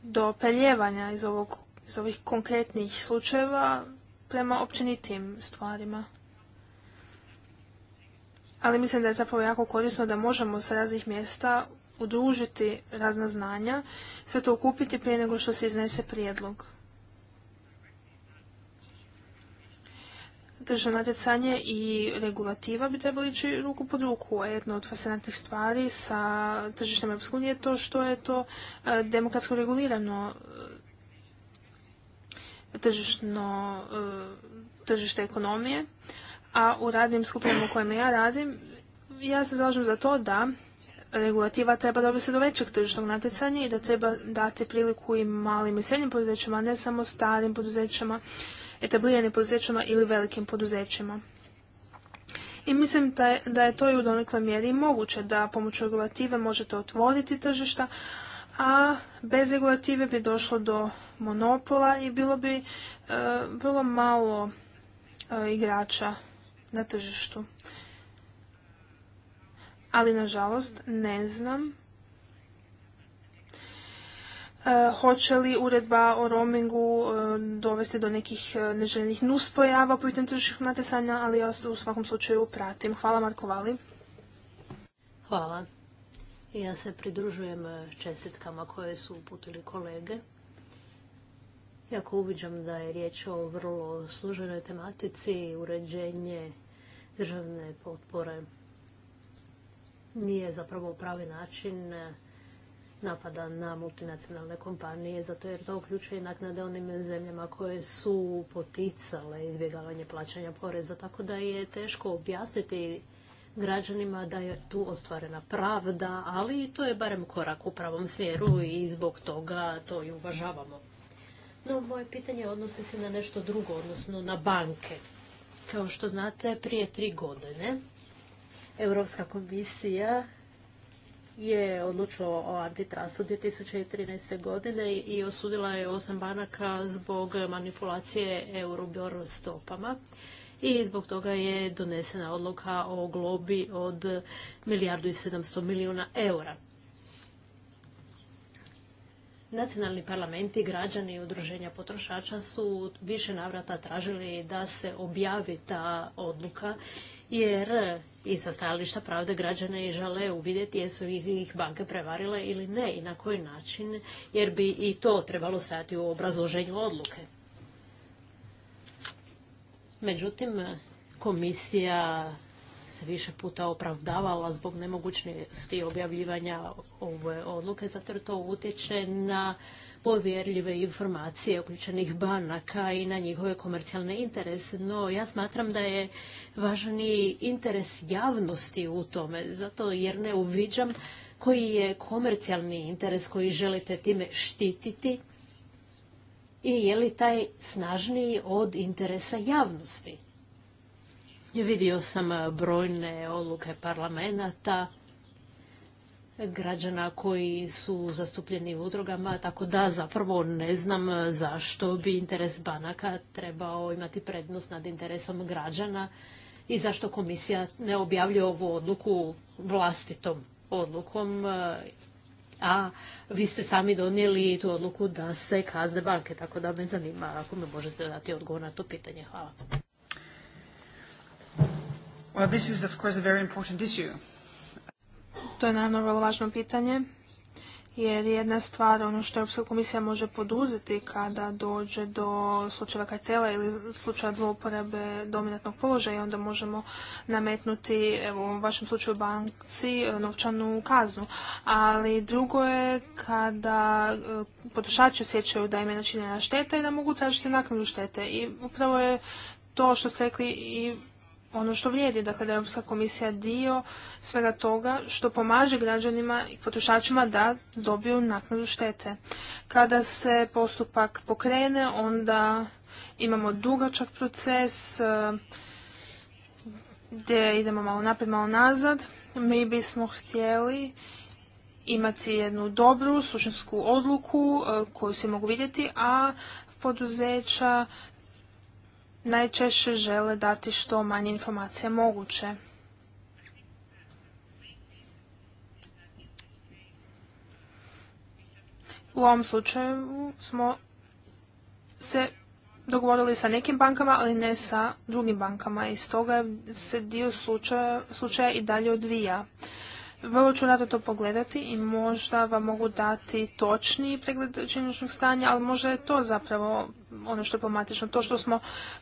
do peljevanja iz, iz ovih konkretnih slučajeva prema općenitim stvarima. Ali mislim da je zapravo jako korisno da možemo s raznih mjesta udružiti razna znanja, sve to okupiti prije nego što se iznese prijedlog. Državno natjecanje i regulativa bi trebali ići ruku pod ruku. Jedna od fascinantnih stvari sa tržištem EU je to što je to e, demokratsko regulirano e, e, tržište ekonomije, a u radnim skupinama u kojima ja radim, ja se zalažem za to da regulativa treba se do većeg tržišnog natjecanja i da treba dati priliku i malim i srednjim poduzećima, a ne samo starim poduzećima, etabliranim poduzećima ili velikim poduzećima. I mislim da je to i u donekle mjeri moguće da pomoću regulative možete otvoriti tržišta, a bez regulative bi došlo do monopola i bilo bi bilo e, malo e, igrača na tržištu ali nažalost ne znam e, hoće li uredba o roamingu e, dovesti do nekih e, neželjenih nuspojava po pitanju tržišnog natjecanja, ali ja u svakom slučaju pratim. Hvala Marko Vali. Hvala. Ja se pridružujem čestitkama koje su uputili kolege. Iako uviđam da je riječ o vrlo služenoj tematici, uređenje državne potpore nije zapravo pravi način napada na multinacionalne kompanije, zato jer to uključuje naknade onim zemljama koje su poticale izbjegavanje plaćanja poreza, tako da je teško objasniti građanima da je tu ostvarena pravda, ali to je barem korak u pravom smjeru i zbog toga to i uvažavamo. No, moje pitanje odnosi se na nešto drugo, odnosno na banke. Kao što znate, prije tri godine Europska komisija je odlučila o antitrastu 2013. godine i osudila je osam banaka zbog manipulacije eurobor stopama i zbog toga je donesena odluka o globi od milijardu i sedamsto milijuna eura. Nacionalni parlamenti, građani i udruženja potrošača su više navrata tražili da se objavi ta odluka jer e, i sa stajališta pravde građane i žele uvidjeti jesu ih banke prevarile ili ne i na koji način, jer bi i to trebalo stajati u obrazloženju odluke. Međutim, e, komisija se više puta opravdavala zbog nemogućnosti objavljivanja ove odluke, zato jer to utječe na povjerljive informacije uključenih banaka i na njihove komercijalne interese. No ja smatram da je važan interes javnosti u tome, zato jer ne uviđam koji je komercijalni interes koji želite time štititi i je li taj snažniji od interesa javnosti. Vidio sam brojne odluke parlamenta građana koji su zastupljeni u udrugama, tako da zapravo ne znam zašto bi interes banaka trebao imati prednost nad interesom građana i zašto komisija ne objavljuje ovu odluku vlastitom odlukom, a vi ste sami donijeli tu odluku da se kazne banke, tako da me zanima ako me možete dati odgovor na to pitanje. Hvala. To je naravno vrlo važno pitanje, jer jedna stvar, ono što Europska komisija može poduzeti kada dođe do slučajeva kartela ili slučaja zlouporabe dominantnog položaja, onda možemo nametnuti, evo u vašem slučaju banci, e, novčanu kaznu. Ali drugo je kada e, potrošači osjećaju da im je načinjena šteta i da mogu tražiti naknadu štete. I upravo je to što ste rekli i ono što vrijedi. Dakle, da je Europska komisija dio svega toga što pomaže građanima i potrošačima da dobiju naknadu štete. Kada se postupak pokrene, onda imamo dugačak proces eh, gdje idemo malo naprijed, malo nazad. Mi bismo htjeli imati jednu dobru suštinsku odluku eh, koju se mogu vidjeti, a poduzeća najčešće žele dati što manje informacija moguće. U ovom slučaju smo se dogovorili sa nekim bankama, ali ne sa drugim bankama i stoga se dio slučaja, slučaja i dalje odvija. Vrlo ću rado to pogledati i možda vam mogu dati točniji pregled činjeničnog stanja, ali možda je to zapravo ono što je problematično. To što smo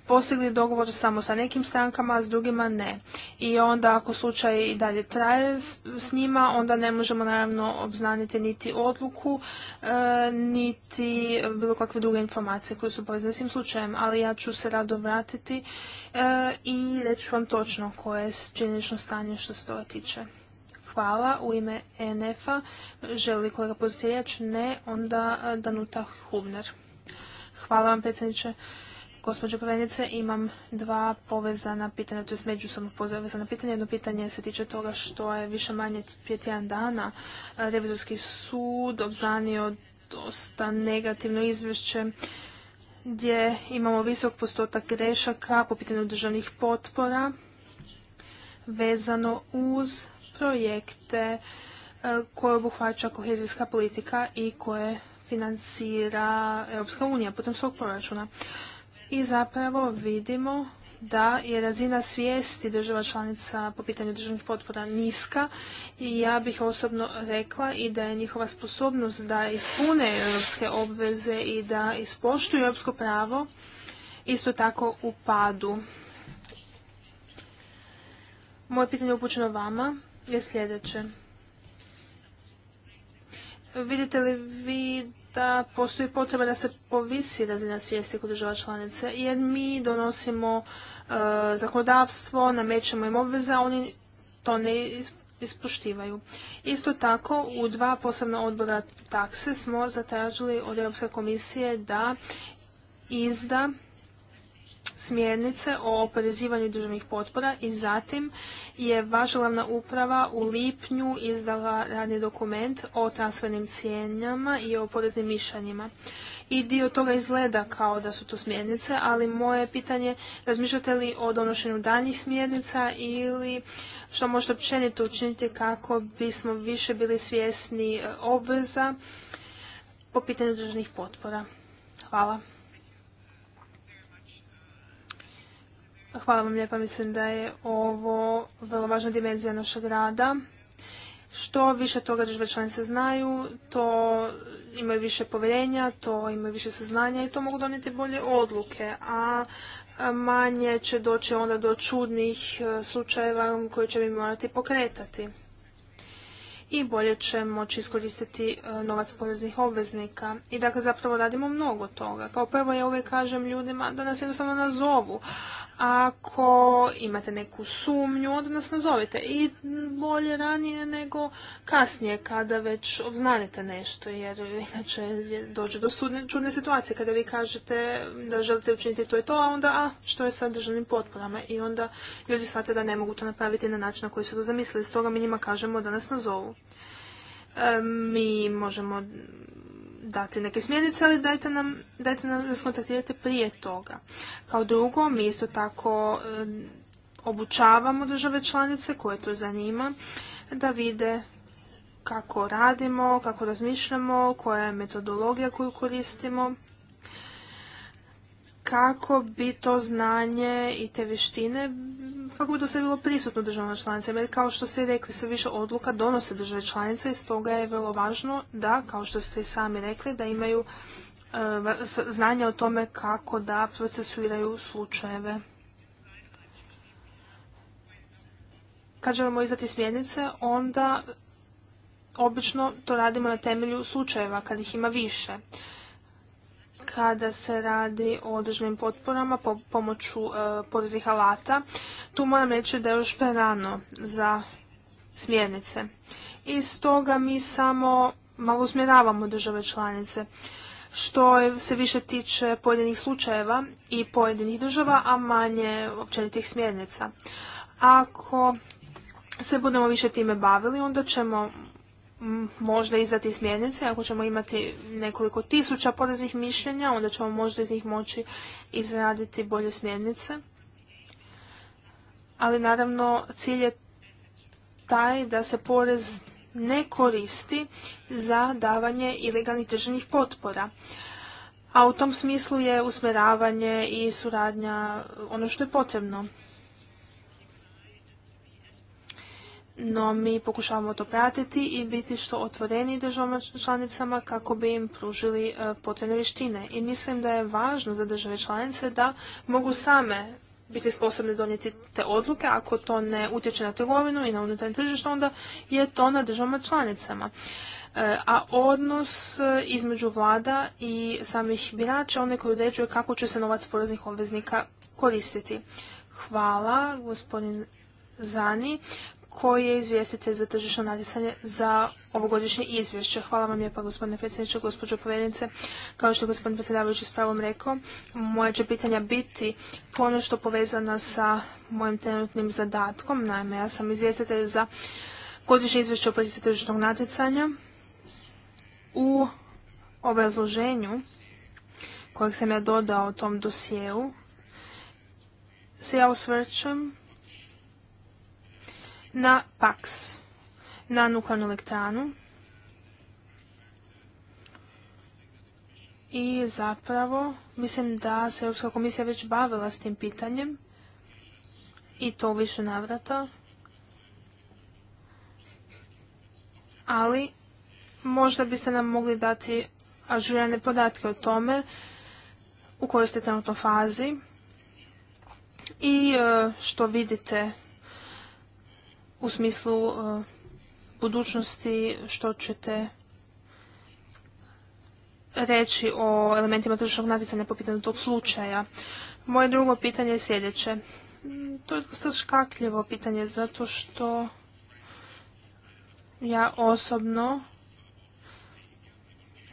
postigli dogovor samo sa nekim strankama, a s drugima ne. I onda ako slučaj i dalje traje s njima, onda ne možemo naravno obznaniti niti odluku, e, niti bilo kakve druge informacije koje su povezane s tim slučajem. Ali ja ću se rado vratiti e, i reći vam točno koje je činjenično stanje što se toga tiče. Hvala. U ime enf a želi kolega pozitirjač? Ne. Onda e, Danuta Hubner. Hvala vam predsjedniče. Gospođo Povenice, imam dva povezana pitanja, to je međusobno povezana pitanja. Jedno pitanje se tiče toga što je više manje prije tjedan dana e, revizorski sud obzanio dosta negativno izvješće gdje imamo visok postotak grešaka po pitanju državnih potpora vezano uz projekte e, koje obuhvaća kohezijska politika i koje financira Europska unija putem svog proračuna. I zapravo vidimo da je razina svijesti država članica po pitanju državnih potpora niska i ja bih osobno rekla i da je njihova sposobnost da ispune europske obveze i da ispoštuju europsko pravo isto tako u padu. Moje pitanje je upućeno vama je sljedeće. Vidite li vi da postoji potreba da se povisi razina svijesti kod država članica? Jer mi donosimo e, zakonodavstvo, namećemo im obveze, a oni to ne ispoštivaju. Isto tako, u dva posebna odbora takse smo zatražili od Europske komisije da izda smjernice o oporezivanju državnih potpora i zatim je vaša uprava u lipnju izdala radni dokument o transfernim cijenjama i o poreznim mišljenjima. I dio toga izgleda kao da su to smjernice, ali moje pitanje razmišljate li o donošenju danjih smjernica ili što možete općenito učiniti kako bismo više bili svjesni obveza po pitanju državnih potpora? Hvala. Hvala vam lijepa. Mislim da je ovo vrlo važna dimenzija našeg rada. Što više toga države članice znaju, to imaju više povjerenja, to imaju više saznanja i to mogu donijeti bolje odluke. A manje će doći onda do čudnih e, slučajeva koje će mi morati pokretati. I bolje će moći iskoristiti e, novac poreznih obveznika. I dakle zapravo radimo mnogo toga. Kao prvo ja uvijek kažem ljudima da nas jednostavno nazovu. Ako imate neku sumnju, onda nas nazovite. I bolje ranije nego kasnije, kada već obznanite nešto, jer inače dođe do sudne, čudne situacije kada vi kažete da želite učiniti to i to, a onda a, što je sa državnim potporama. I onda ljudi shvate da ne mogu to napraviti na način na koji su to zamislili. Stoga mi njima kažemo da nas nazovu. E, mi možemo dati neke smjernice, ali dajte nam, dajte nam da prije toga. Kao drugo, mi isto tako eh, obučavamo države članice koje to zanima da vide kako radimo, kako razmišljamo, koja je metodologija koju koristimo, kako bi to znanje i te vještine kako bi to sve bilo prisutno državama članicama. Jer kao što ste rekli, sve više odluka donose države članice i stoga je vrlo važno da, kao što ste i sami rekli, da imaju e, znanja o tome kako da procesuiraju slučajeve. Kad želimo izdati smjernice, onda obično to radimo na temelju slučajeva, kad ih ima više kada se radi o državnim potporama po pomoću e, alata. Tu moram reći da je još prerano za smjernice. I stoga mi samo malo usmjeravamo države članice što se više tiče pojedinih slučajeva i pojedinih država, a manje općenitih smjernica. Ako se budemo više time bavili, onda ćemo možda izdati smjernice, ako ćemo imati nekoliko tisuća poreznih mišljenja, onda ćemo možda iz njih moći izraditi bolje smjernice. Ali naravno cilj je taj da se porez ne koristi za davanje ilegalnih državnih potpora. A u tom smislu je usmjeravanje i suradnja ono što je potrebno. no mi pokušavamo to pratiti i biti što otvoreni državama članicama kako bi im pružili e, potrebne vještine. I mislim da je važno za države članice da mogu same biti sposobne donijeti te odluke. Ako to ne utječe na trgovinu i na unutarnje tržište, onda je to na državama članicama. E, a odnos e, između vlada i samih birača, one koji određuje kako će se novac poreznih obveznika koristiti. Hvala, gospodin Zani koji je izvjestitelj za tržišno natjecanje za ovogodišnje izvješće. Hvala vam lijepa gospodine predsjedniče, gospođo povjerenice. Kao što je gospodin predsjedavajući s pravom rekao, moja će pitanja biti ponešto povezana sa mojim trenutnim zadatkom. Naime, ja sam izvjestitelj za godišnje izvješće o politici tržišnog natjecanja. U obrazloženju kojeg sam ja dodao tom dosjeu se ja osvrćem na PAX, na nuklearnu elektranu. I zapravo mislim da se Europska komisija već bavila s tim pitanjem i to više navrata. Ali možda biste nam mogli dati ažurirane podatke o tome u kojoj ste trenutno fazi i e, što vidite u smislu e, budućnosti što ćete reći o elementima tržišnog natjecanja po pitanju tog slučaja. Moje drugo pitanje je sljedeće. To je dosta škakljivo pitanje zato što ja osobno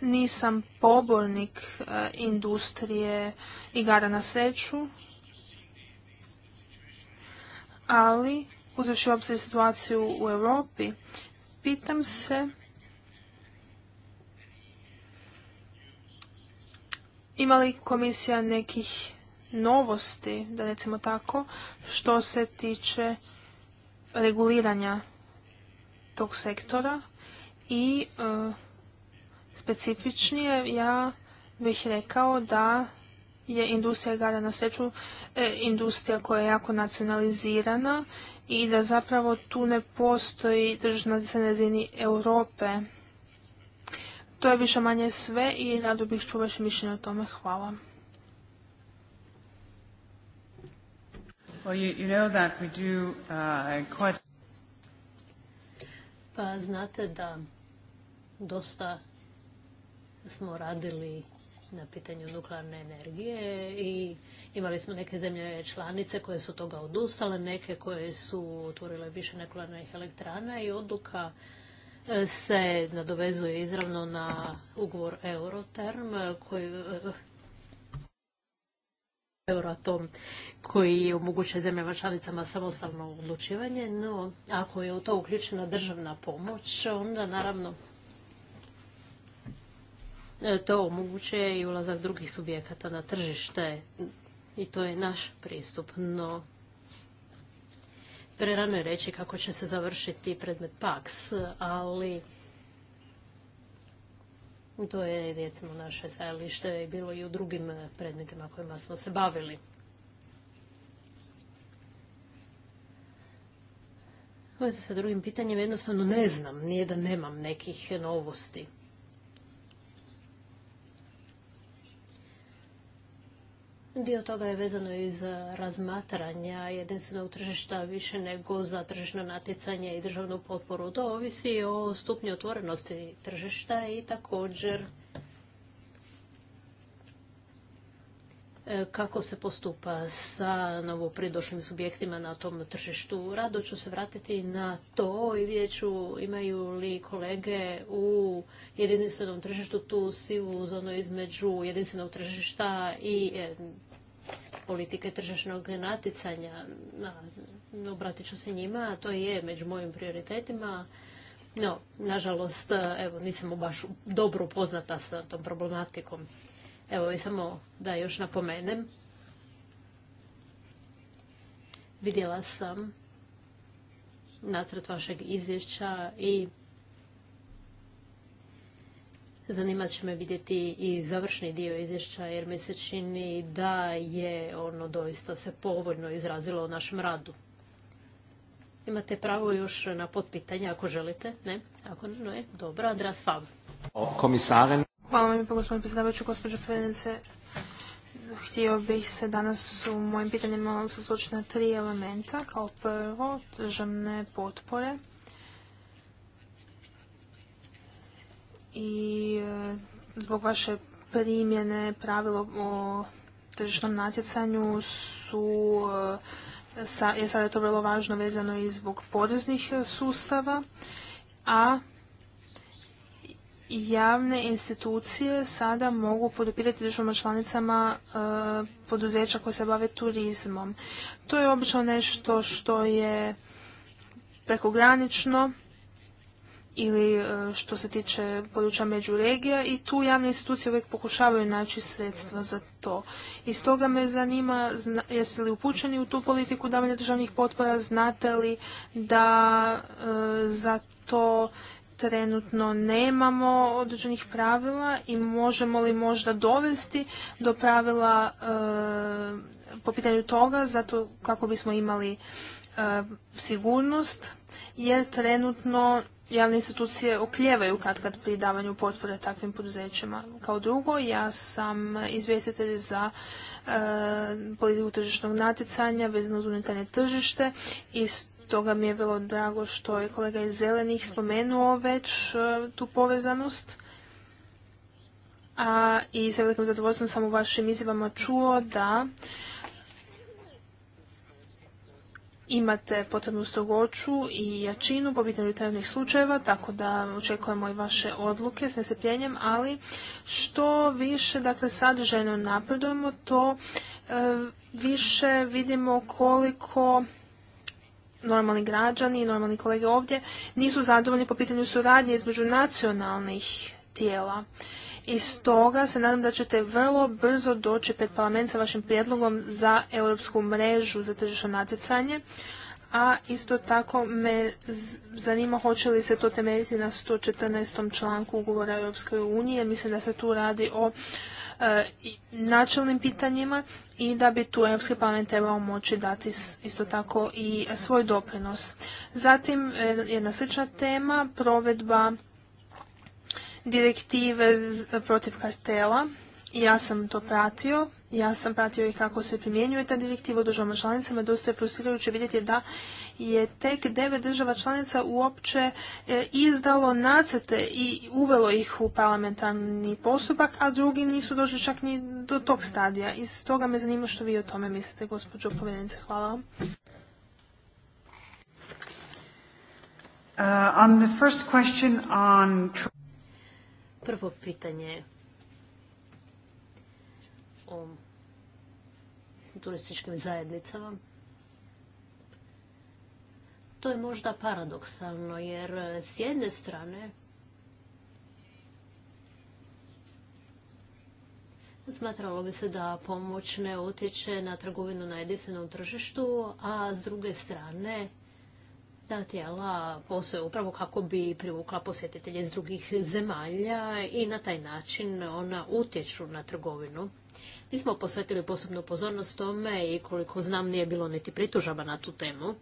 nisam pobornik e, industrije igara na sreću, ali uzevši u obzir situaciju u Europi, pitam se ima li komisija nekih novosti, da recimo tako, što se tiče reguliranja tog sektora i e, specifičnije ja bih rekao da je industrija gara na sreću e, industrija koja je jako nacionalizirana i da zapravo tu ne postoji tržišno na razini Europe. To je više manje sve i rado bih čuo vaše mišljenje o tome. Hvala. Uh, pa znate da dosta smo radili na pitanju nuklearne energije i imali smo neke zemlje članice koje su toga odustale, neke koje su otvorile više nuklearnih elektrana i odluka e, se nadovezuje izravno na ugovor Euroterm koji e, Euroatom koji omogućuje zemljama članicama samostalno odlučivanje, no ako je u to uključena državna pomoć, onda naravno E, to omogućuje i ulazak drugih subjekata na tržište i to je naš pristup, no prerano je reći kako će se završiti predmet PAX, ali to je recimo naše stajalište i bilo i u drugim predmetima kojima smo se bavili. se sa drugim pitanjem jednostavno ne hm. znam, nije da nemam nekih novosti. Dio toga je vezano iz razmatranja jedinstvenog tržišta više nego za tržišno natjecanje i državnu potporu. To ovisi o stupnju otvorenosti tržišta i također E, kako se postupa sa novopridošlim subjektima na tom tržištu. Rado ću se vratiti na to i vidjet ću imaju li kolege u jedinstvenom tržištu tu sivu zonu između jedinstvenog tržišta i e, politike tržišnog naticanja. Na, obratit ću se njima, a to je među mojim prioritetima. No, nažalost, evo, nisam baš dobro poznata sa tom problematikom. Evo i samo da još napomenem. Vidjela sam nacrt vašeg izvješća i Zanimat će me vidjeti i završni dio izvješća jer mi se čini da je ono doista se povoljno izrazilo u našem radu. Imate pravo još na potpitanje ako želite, ne? Ako ne, dobro, Andreas Fav. Komisaren. Hvala vam lijepo gospodine predsjedavajući, gospođo Ferenice. Htio bih se danas u mojim pitanjima osvrnuti na tri elementa. Kao prvo, državne potpore i e, zbog vaše primjene pravilo o tržišnom natjecanju su e, sa, je sada to vrlo važno vezano i zbog poreznih sustava, a javne institucije sada mogu podupirati državama članicama e, poduzeća koje se bave turizmom. To je obično nešto što je prekogranično ili e, što se tiče područja regija i tu javne institucije uvijek pokušavaju naći sredstva za to. I stoga me zanima, jeste li upućeni u tu politiku davanja državnih potpora, znate li da e, za to trenutno nemamo određenih pravila i možemo li možda dovesti do pravila e, po pitanju toga zato kako bismo imali e, sigurnost jer trenutno javne institucije okljevaju kad kad pri davanju potpore takvim poduzećima. Kao drugo, ja sam izvjestitelj za e, politiku tržišnog natjecanja vezano uz unutarnje tržište i toga mi je bilo drago što je kolega iz Zelenih spomenuo već e, tu povezanost. A i sa velikim zadovoljstvom sam u vašim izjavama čuo da imate potrebnu strogoću i jačinu po pitanju tajnih slučajeva, tako da očekujemo i vaše odluke s nesepljenjem, ali što više dakle, sadržajno napredujemo, to e, više vidimo koliko normalni građani i normalni kolege ovdje nisu zadovoljni po pitanju suradnje između nacionalnih tijela. I stoga se nadam da ćete vrlo brzo doći pred parlament sa vašim prijedlogom za europsku mrežu za tržišno natjecanje, a isto tako me zanima hoće li se to temeljiti na 114. članku ugovora Europske unije. Mislim da se tu radi o E, načelnim pitanjima i da bi tu Europski parlament trebao moći dati isto tako i svoj doprinos. Zatim e, jedna slična tema, provedba direktive protiv kartela. Ja sam to pratio, ja sam pratio i kako se primjenjuje ta direktiva u državama članicama. Dosta je frustrirajuće vidjeti da je tek devet država članica uopće e, izdalo nacete i uvelo ih u parlamentarni postupak, a drugi nisu došli čak ni do tog stadija. Iz stoga me zanima što vi o tome mislite, gospođo povjerenice. Hvala vam. Uh, Prvo pitanje o turističkim zajednicama. To je možda paradoksalno jer e, s jedne strane smatralo bi se da pomoć ne utječe na trgovinu na jedinstvenom tržištu, a s druge strane ta tijela postoje upravo kako bi privukla posjetitelje iz drugih zemalja i na taj način ona utječu na trgovinu. Mi smo posvetili posebnu pozornost tome i koliko znam nije bilo niti pritužaba na tu temu.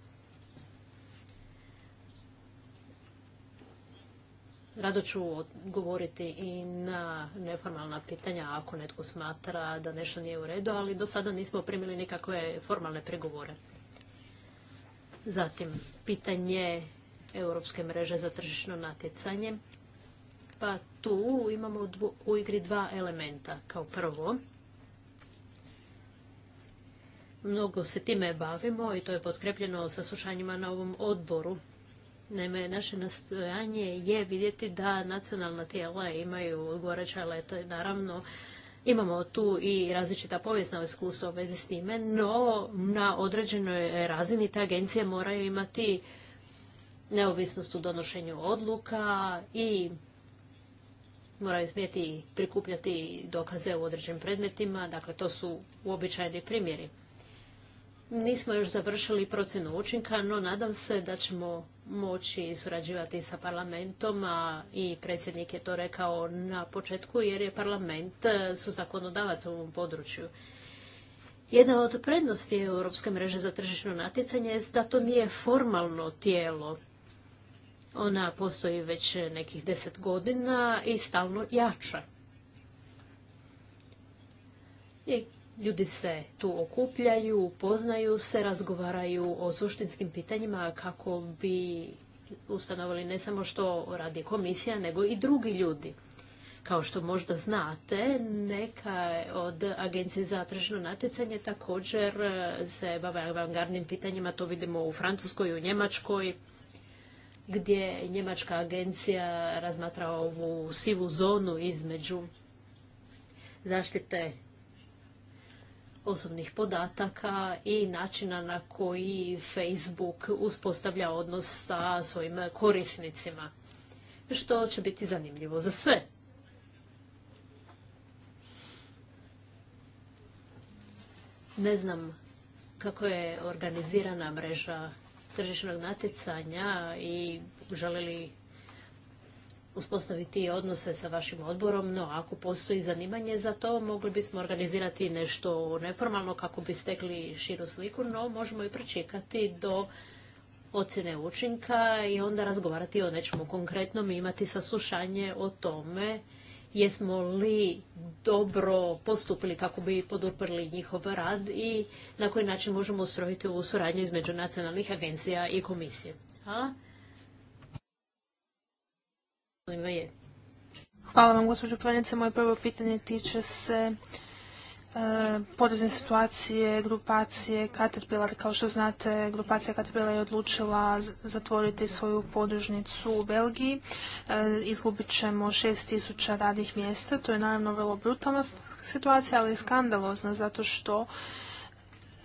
Rado ću odgovoriti i na neformalna pitanja ako netko smatra da nešto nije u redu, ali do sada nismo primili nikakve formalne pregovore. Zatim, pitanje Europske mreže za tržišno natjecanje. Pa tu imamo u igri dva elementa. Kao prvo, mnogo se time bavimo i to je potkrepljeno sa slušanjima na ovom odboru. Naime, naše nastojanje je vidjeti da nacionalna tijela imaju to je Naravno, imamo tu i različita povijesna iskustva u vezi s time, no na određenoj razini te agencije moraju imati neovisnost u donošenju odluka i moraju smjeti prikupljati dokaze u određenim predmetima. Dakle, to su uobičajeni primjeri. Nismo još završili procjenu učinka, no nadam se da ćemo moći surađivati sa parlamentom, a i predsjednik je to rekao na početku, jer je parlament e, su zakonodavac u ovom području. Jedna od prednosti Europske mreže za tržišno natjecanje je da to nije formalno tijelo. Ona postoji već nekih deset godina i stalno jača. I Ljudi se tu okupljaju, poznaju se, razgovaraju o suštinskim pitanjima kako bi ustanovili ne samo što radi komisija, nego i drugi ljudi. Kao što možda znate, neka od agencije za tržno natjecanje također e, se bave avangardnim pitanjima, to vidimo u Francuskoj, u Njemačkoj, gdje Njemačka agencija razmatra ovu sivu zonu između zaštite osobnih podataka i načina na koji Facebook uspostavlja odnos sa svojim korisnicima, što će biti zanimljivo za sve. Ne znam kako je organizirana mreža tržišnog natjecanja i žele li uspostaviti odnose sa vašim odborom, no ako postoji zanimanje za to, mogli bismo organizirati nešto neformalno kako bi stekli širu sliku, no možemo i pričekati do ocjene učinka i onda razgovarati o nečemu konkretnom i imati saslušanje o tome jesmo li dobro postupili kako bi poduprli njihov rad i na koji način možemo ustrojiti ovu suradnju između nacionalnih agencija i komisije. Hvala. Hvala vam, gospođo Prvenice. Moje prvo pitanje tiče se e, porezne situacije, grupacije Caterpillar. Kao što znate, grupacija Caterpillar je odlučila zatvoriti svoju podružnicu u Belgiji. E, izgubit ćemo 6000 radnih mjesta. To je naravno vrlo brutalna situacija, ali je skandalozna zato što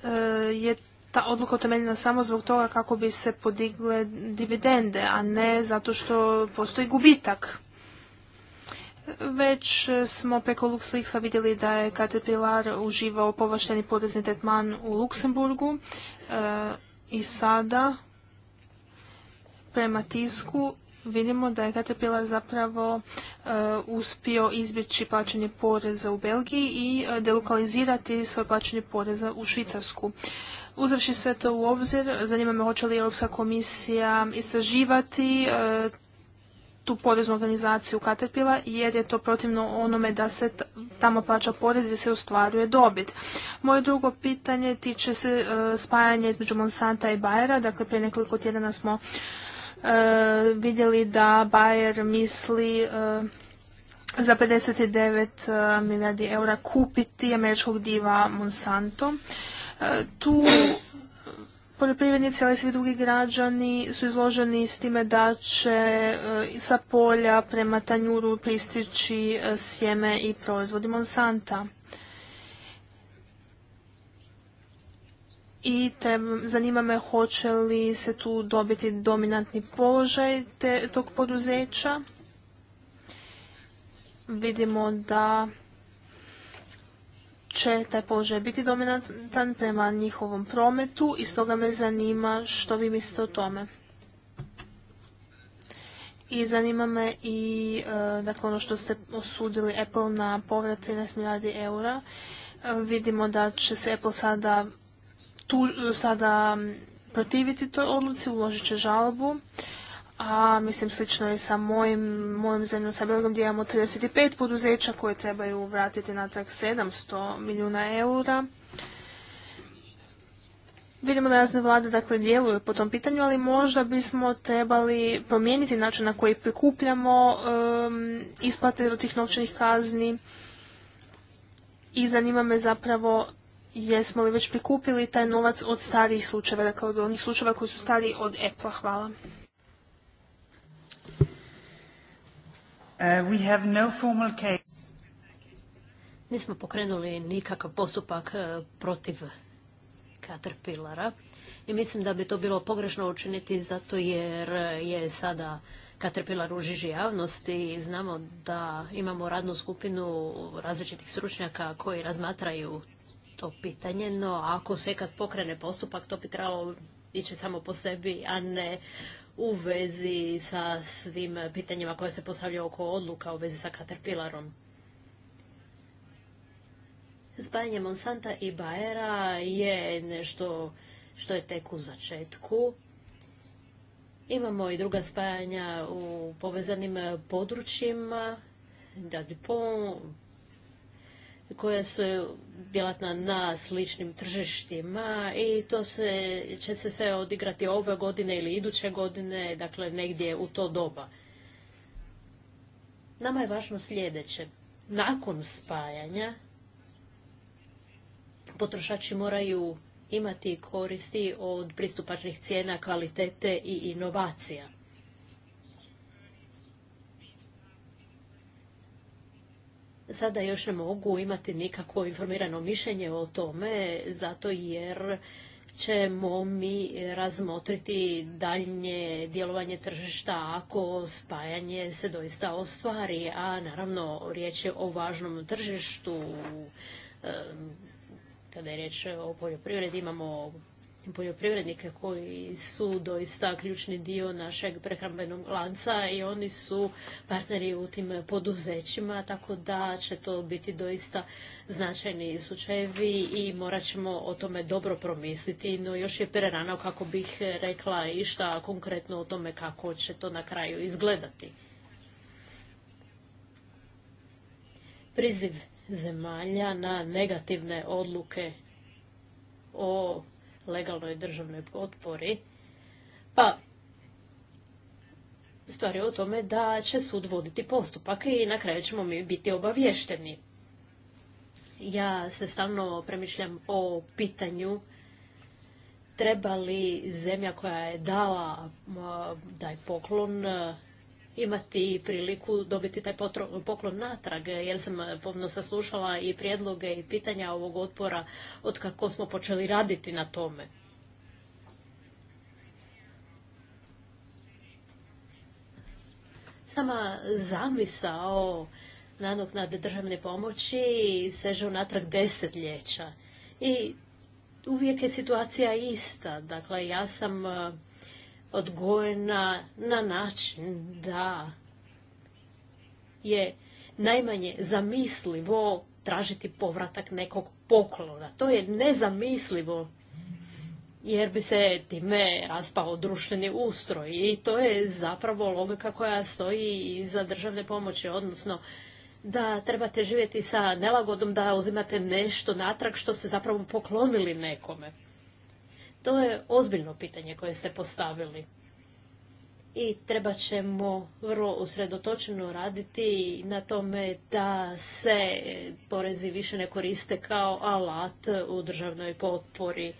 e, je ta odluka utemeljena samo zbog toga kako bi se podigle dividende, a ne zato što postoji gubitak. Već smo preko LuxLeaksa vidjeli da je Caterpillar uživao povlašteni porezni tretman u Luksemburgu e, i sada prema tisku vidimo da je Caterpillar zapravo e, uspio izbjeći plaćanje poreza u Belgiji i e, delokalizirati svoje plaćanje poreza u Švicarsku. Uzavši sve to u obzir, zanima me hoće li Europska komisija istraživati e, tu poreznu organizaciju Katerpila jer je to protivno onome da se tamo plaća porez i se ostvaruje dobit. Moje drugo pitanje tiče se e, spajanja između Monsanta i Bajera Dakle, prije nekoliko tjedana smo e, vidjeli da Bajer misli za 59 milijardi eura kupiti američkog diva Monsanto. E, tu poljoprivrednici, ali i svi drugi građani su izloženi s time da će e, sa polja prema tanjuru pristići e, sjeme i proizvodi Monsanta. I zanima me hoće li se tu dobiti dominantni položaj tog poduzeća. Vidimo da će taj položaj biti dominantan prema njihovom prometu i stoga me zanima što vi mislite o tome. I zanima me i e, dakle, ono što ste osudili Apple na povrat 13 milijardi eura. E, vidimo da će se Apple sada, e, sada protiviti toj odluci, uložit će žalbu a mislim slično je sa mojim, mojom zemljom, sa Belgom, gdje imamo 35 poduzeća koje trebaju vratiti natrag 700 milijuna eura. Vidimo da razne vlade dakle djeluju po tom pitanju, ali možda bismo trebali promijeniti način na koji prikupljamo isplate do tih novčanih kazni i zanima me zapravo jesmo li već prikupili taj novac od starijih slučajeva, dakle od onih slučajeva koji su stariji od Apple. Hvala. Uh, Nismo pokrenuli nikakav postupak uh, protiv Caterpillara i mislim da bi to bilo pogrešno učiniti zato jer uh, je sada Caterpillar u žiži javnosti i znamo da imamo radnu skupinu različitih stručnjaka koji razmatraju to pitanje, no ako se kad pokrene postupak to bi trebalo ići samo po sebi, a ne u vezi sa svim pitanjima koje se postavljaju oko odluka u vezi sa Caterpillarom. Spajanje Monsanta i Baera je nešto što je tek u začetku. Imamo i druga spajanja u povezanim područjima, da po koja su djelatna na sličnim tržištima i to se, će se sve odigrati ove godine ili iduće godine, dakle negdje u to doba. Nama je važno sljedeće. Nakon spajanja potrošači moraju imati koristi od pristupačnih cijena, kvalitete i inovacija. sada još ne mogu imati nikako informirano mišljenje o tome, zato jer ćemo mi razmotriti daljnje djelovanje tržišta ako spajanje se doista ostvari, a naravno riječ je o važnom tržištu. Kada je riječ o poljoprivredi imamo poljoprivrednike koji su doista ključni dio našeg prehrambenog lanca i oni su partneri u tim poduzećima, tako da će to biti doista značajni slučajevi i morat ćemo o tome dobro promisliti, no još je prerano kako bih rekla i šta konkretno o tome kako će to na kraju izgledati. Priziv zemalja na negativne odluke o legalnoj državnoj potpori. Pa, stvar je o tome da će sud voditi postupak i na kraju ćemo mi biti obavješteni. Ja se stalno premišljam o pitanju treba li zemlja koja je dala taj poklon imati priliku dobiti taj poklon natrag, jer sam pomno saslušala i prijedloge i pitanja ovog otpora, od kako smo počeli raditi na tome. Sama zamisao nadoknade državne pomoći seže unatrag desetljeća. I uvijek je situacija ista. Dakle, ja sam odgojena na način da je najmanje zamislivo tražiti povratak nekog poklona. To je nezamislivo jer bi se time raspao društveni ustroj i to je zapravo logika koja stoji iza državne pomoći, odnosno da trebate živjeti sa nelagodom da uzimate nešto natrag što ste zapravo poklonili nekome. To je ozbiljno pitanje koje ste postavili. I treba ćemo vrlo usredotočeno raditi na tome da se porezi više ne koriste kao alat u državnoj potpori.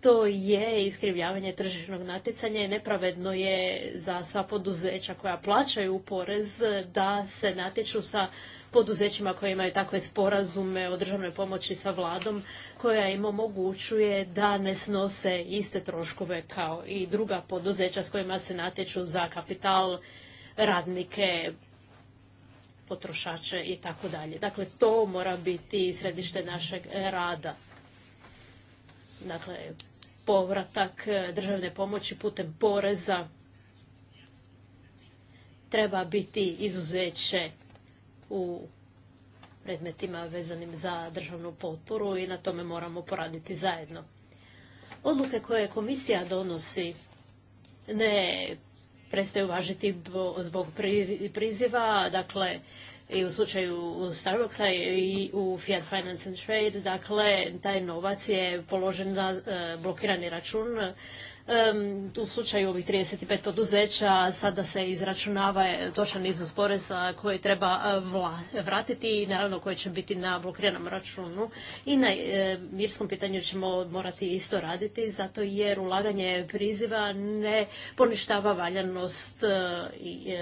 To je iskrivljavanje tržišnog natjecanja i nepravedno je za sva poduzeća koja plaćaju porez da se natječu sa poduzećima koje imaju takve sporazume o državnoj pomoći sa vladom koja im omogućuje da ne snose iste troškove kao i druga poduzeća s kojima se natječu za kapital, radnike, potrošače i tako dalje. Dakle, to mora biti središte našeg rada. Dakle, povratak državne pomoći putem poreza treba biti izuzeće u predmetima vezanim za državnu potporu i na tome moramo poraditi zajedno. Odluke koje komisija donosi ne prestaju važiti zbog priziva, dakle i u slučaju Starbucksa i u Fiat Finance and Trade. Dakle, taj novac je položen na e, blokirani račun. E, u slučaju ovih 35 poduzeća sada se izračunava e, točan iznos poreza koji treba vratiti i naravno koji će biti na blokiranom računu. I na mirskom pitanju ćemo morati isto raditi zato jer ulaganje priziva ne poništava valjanost i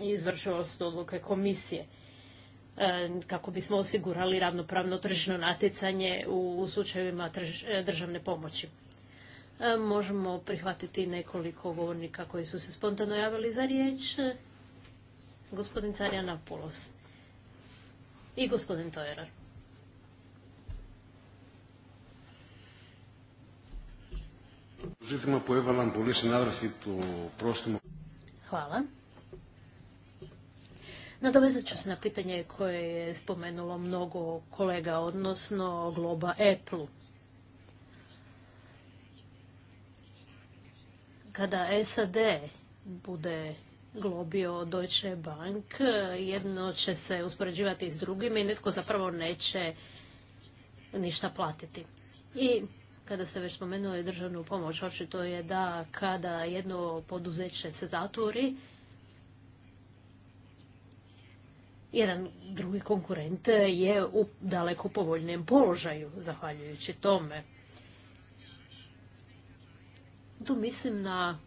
izvršivost odluke komisije e, kako bismo osigurali ravnopravno tržišno natjecanje u slučajevima e, državne pomoći. E, možemo prihvatiti nekoliko govornika koji su se spontano javili za riječ. Gospodin Carijan Apulos i gospodin Tojerar. Hvala. Nadovezat ću se na pitanje koje je spomenulo mnogo kolega, odnosno globa Apple. Kada SAD bude globio Deutsche Bank, jedno će se uspoređivati s drugim i netko zapravo neće ništa platiti. I kada se već spomenuli državnu pomoć, očito je da kada jedno poduzeće se zatvori, jedan drugi konkurent je u daleko povoljnijem položaju, zahvaljujući tome. Tu mislim na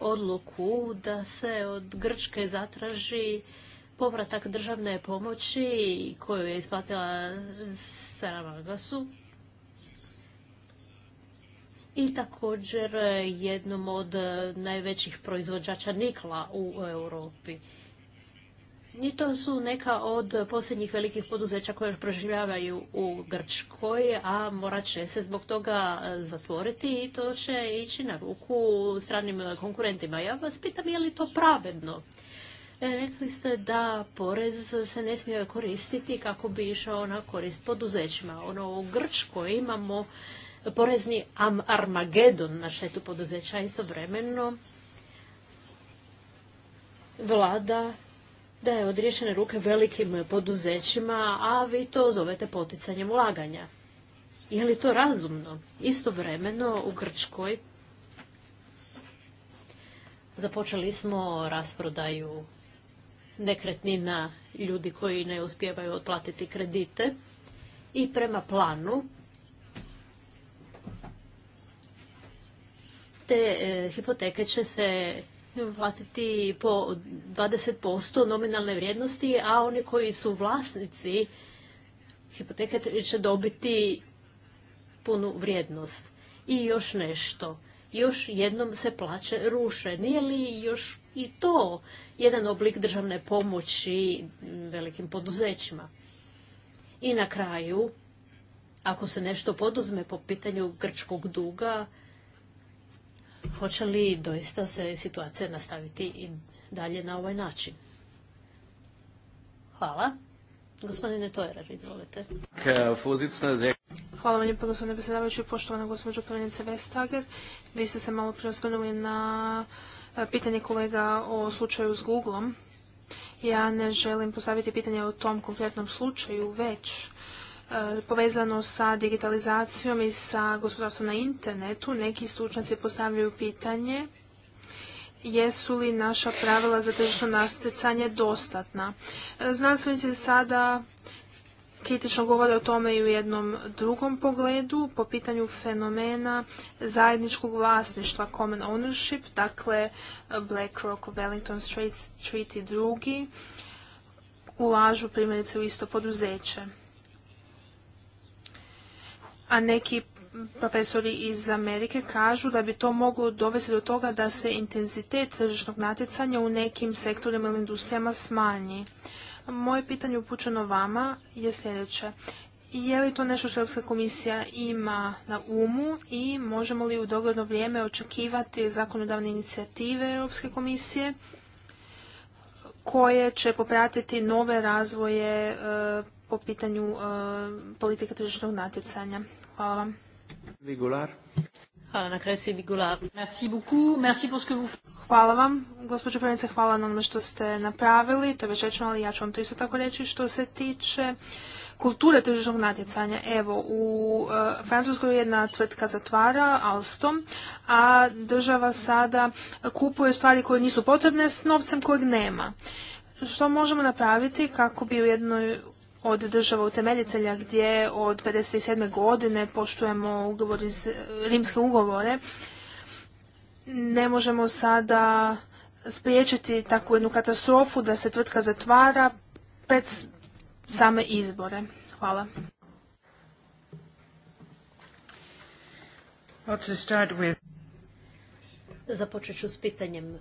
odluku da se od Grčke zatraži povratak državne pomoći koju je isplatila Saramagasu i također jednom od najvećih proizvođača nikla u Europi. I to su neka od posljednjih velikih poduzeća koje još proživljavaju u Grčkoj, a morat će se zbog toga e, zatvoriti i to će ići na ruku stranim konkurentima. Ja vas pitam je li to pravedno? E, rekli ste da porez se ne smije koristiti kako bi išao na korist poduzećima. Ono, u Grčkoj imamo porezni armagedon na štetu poduzeća istovremeno vlada da je odriješene ruke velikim poduzećima, a vi to zovete poticanjem ulaganja. Je li to razumno? Istovremeno u Grčkoj započeli smo rasprodaju nekretnina ljudi koji ne uspijevaju otplatiti kredite i prema planu te eh, hipoteke će se platiti po 20% nominalne vrijednosti, a oni koji su vlasnici hipoteke će dobiti punu vrijednost. I još nešto. Još jednom se plaće ruše. Nije li još i to jedan oblik državne pomoći velikim poduzećima? I na kraju, ako se nešto poduzme po pitanju grčkog duga, Hoće li doista se situacija nastaviti i dalje na ovaj način? Hvala. Gospodine Tojerar, izvolite. Hvala vam lijepo, gospodine predsjedavajući. Poštovana gospođo Prvenice Vestager, vi ste se malo osvrnuli na e, pitanje kolega o slučaju s Googlom. Ja ne želim postaviti pitanje o tom konkretnom slučaju, već povezano sa digitalizacijom i sa gospodarstvom na internetu, neki stručnjaci postavljaju pitanje jesu li naša pravila za tržišno nastecanje dostatna. Znanstvenici sada kritično govore o tome i u jednom drugom pogledu po pitanju fenomena zajedničkog vlasništva common ownership, dakle BlackRock, Wellington Street, Street i drugi ulažu primjerice u isto poduzeće a neki profesori iz Amerike kažu da bi to moglo dovesti do toga da se intenzitet tržišnog natjecanja u nekim sektorima ili industrijama smanji. Moje pitanje upućeno vama je sljedeće. Je li to nešto što Europska komisija ima na umu i možemo li u dogledno vrijeme očekivati zakonodavne inicijative Europske komisije koje će popratiti nove razvoje e, po pitanju e, politike tržišnog natjecanja. Hvala vam. Hvala na kraju Merci beaucoup. Hvala vam, gospođo Prvenice, hvala na što ste napravili, to je već rečeno, ali ja ću vam to isto tako reći. Što se tiče kulture tržišnog natjecanja, evo, u e, Francuskoj jedna tvrtka zatvara, Alstom, a država sada kupuje stvari koje nisu potrebne s novcem kojeg nema što možemo napraviti kako bi u jednoj od država utemeljitelja gdje od 57. godine poštujemo e, rimske ugovore, ne možemo sada spriječiti takvu jednu katastrofu da se tvrtka zatvara pred same izbore. Hvala. Započet ću s pitanjem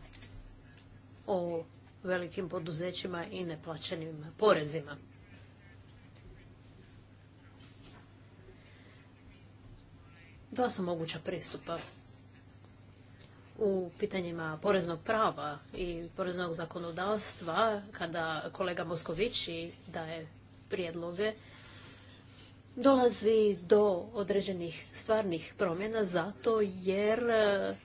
o velikim poduzećima i neplaćenim porezima. Dva su moguća pristupa u pitanjima poreznog prava i poreznog zakonodavstva, kada kolega Moskovići daje prijedloge, dolazi do određenih stvarnih promjena zato jer e,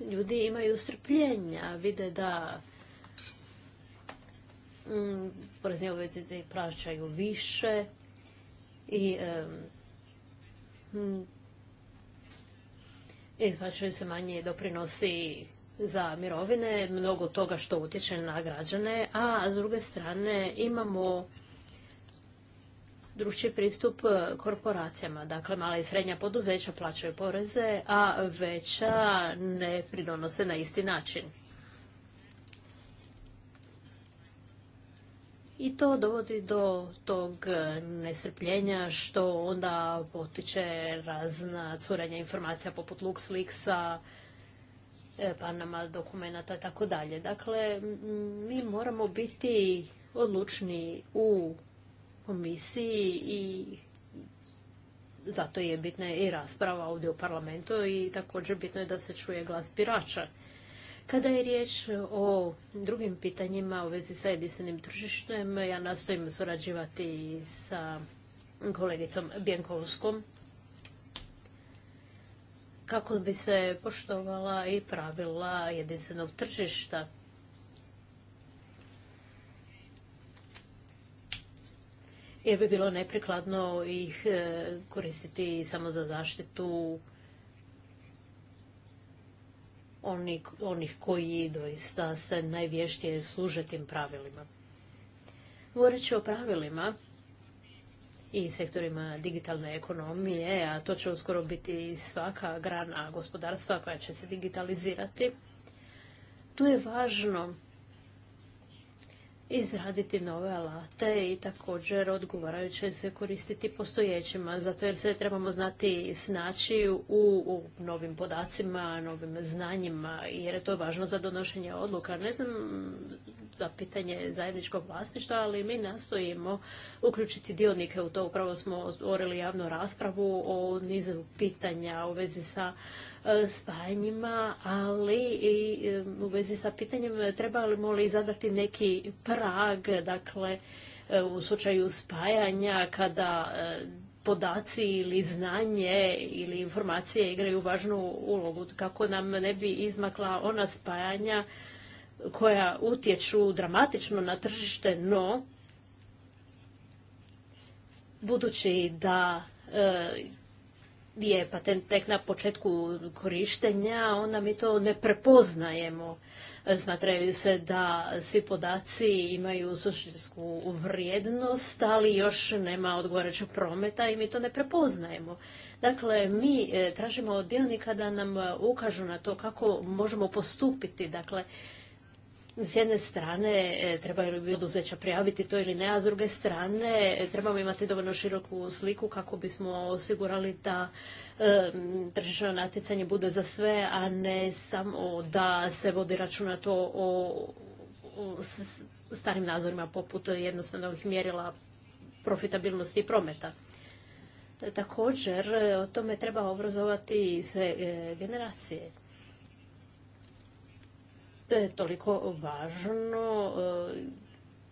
ljudi imaju strpljenja, vide da mm, porezni obveznici plaćaju više i mm, izbačuju se manje doprinosi za mirovine, mnogo toga što utječe na građane, a s druge strane imamo drušći pristup korporacijama. Dakle, mala i srednja poduzeća plaćaju poreze, a veća ne pridonose na isti način. i to dovodi do tog e, nesrpljenja što onda potiče razna curanja informacija poput LuxLeaksa, e, Panama dokumenta i tako dalje. Dakle, mi moramo biti odlučni u komisiji i zato je bitna i rasprava ovdje u parlamentu i također bitno je da se čuje glas birača. Kada je riječ o drugim pitanjima u vezi sa jedinstvenim tržištem, ja nastojim surađivati sa kolegicom Bjenkovskom kako bi se poštovala i pravila jedinstvenog tržišta. Jer bi bilo neprikladno ih e, koristiti samo za zaštitu onih, koji doista se najvještije služe tim pravilima. Govoreći o pravilima i sektorima digitalne ekonomije, a to će uskoro biti svaka grana gospodarstva koja će se digitalizirati, tu je važno izraditi nove alate i također odgovarajuće se koristiti postojećima, zato jer se trebamo znati snaći u, u novim podacima, novim znanjima, jer je to važno za donošenje odluka. Ne znam za pitanje zajedničkog vlasništva, ali mi nastojimo uključiti dionike u to. Upravo smo otvorili javnu raspravu o nizu pitanja u vezi sa e, spajanjima, ali i e, u vezi sa pitanjem trebamo li zadati neki prvi trag dakle e, u slučaju spajanja kada e, podaci ili znanje ili informacije igraju važnu ulogu kako nam ne bi izmakla ona spajanja koja utječu dramatično na tržište, no budući da e, je patent tek na početku korištenja, onda mi to ne prepoznajemo. Smatraju se da svi podaci imaju suštinsku vrijednost, ali još nema odgovarajućeg prometa i mi to ne prepoznajemo. Dakle, mi eh, tražimo od dionika da nam ukažu na to kako možemo postupiti. Dakle, s jedne strane e, trebaju bi oduzeća prijaviti to ili ne, a s druge strane e, trebamo imati dovoljno široku sliku kako bismo osigurali da e, tržišno natjecanje bude za sve, a ne samo da se vodi računa to o, starim nazorima poput jednostavnih mjerila profitabilnosti i prometa. Također, o tome treba obrazovati sve generacije. To je toliko važno e,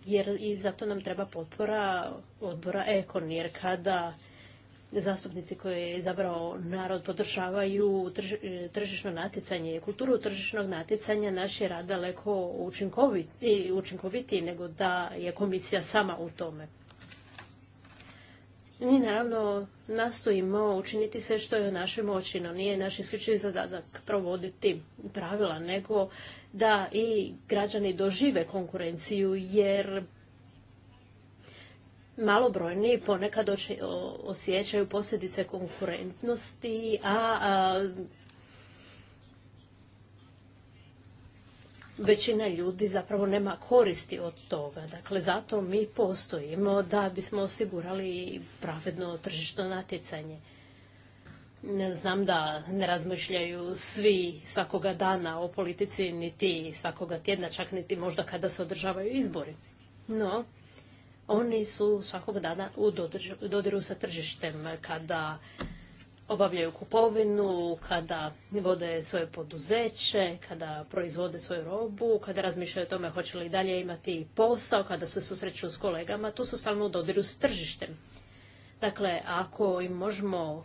jer i zato nam treba potpora odbora Ekon, jer kada zastupnici koje je zabrao narod podržavaju tržišno natjecanje i kulturu tržišnog natjecanja, naš je rad daleko učinkovitiji učinkoviti nego da je komisija sama u tome. Mi naravno nastojimo učiniti sve što je u našoj moći, no nije naš isključivi zadatak provoditi pravila, nego da i građani dožive konkurenciju jer malobrojni ponekad osjećaju posljedice konkurentnosti, a, većina ljudi zapravo nema koristi od toga. Dakle, zato mi postojimo da bismo osigurali pravedno tržišno natjecanje. Znam da ne razmišljaju svi svakoga dana o politici, niti svakoga tjedna, čak niti možda kada se održavaju izbori. No, oni su svakog dana u dodiru sa tržištem kada obavljaju kupovinu, kada vode svoje poduzeće, kada proizvode svoju robu, kada razmišljaju o tome hoće li dalje imati posao, kada se susreću s kolegama, tu su stalno u dodiru s tržištem. Dakle, ako im možemo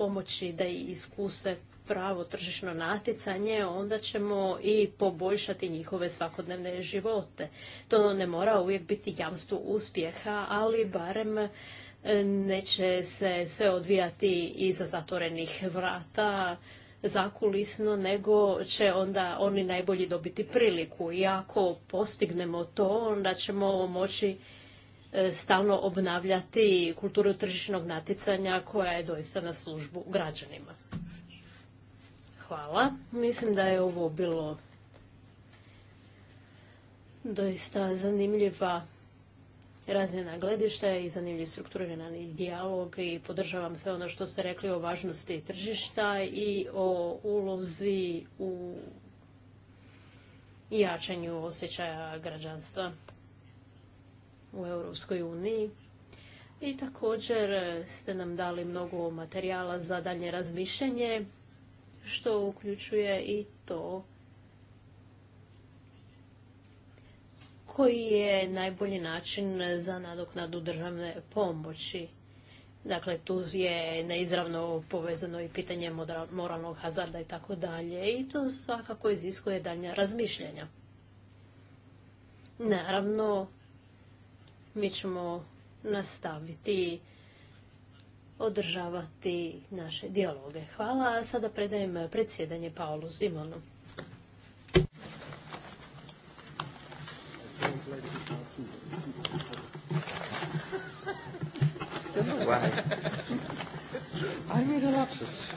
pomoći da iskuse pravo tržišno natjecanje, onda ćemo i poboljšati njihove svakodnevne živote. To ne mora uvijek biti jamstvo uspjeha, ali barem e, neće se sve odvijati iza zatvorenih vrata, zakulisno, nego će onda oni najbolji dobiti priliku. I ako postignemo to, onda ćemo moći E, stalno obnavljati kulturu tržišnog natjecanja koja je doista na službu građanima. Hvala. Mislim da je ovo bilo doista zanimljiva razmjena gledišta i zanimljiv strukturirani dijalog i podržavam sve ono što ste rekli o važnosti tržišta i o ulozi u jačanju osjećaja građanstva u Europskoj uniji. I također ste nam dali mnogo materijala za dalje razmišljanje, što uključuje i to koji je najbolji način za nadoknadu državne pomoći. Dakle, tu je neizravno povezano i pitanje moralnog hazarda i tako dalje i to svakako iziskuje daljnja razmišljanja. Naravno, mi ćemo nastaviti održavati naše dijaloge. Hvala. Sada predajem predsjedanje Paolu Zimonu. I lapsus.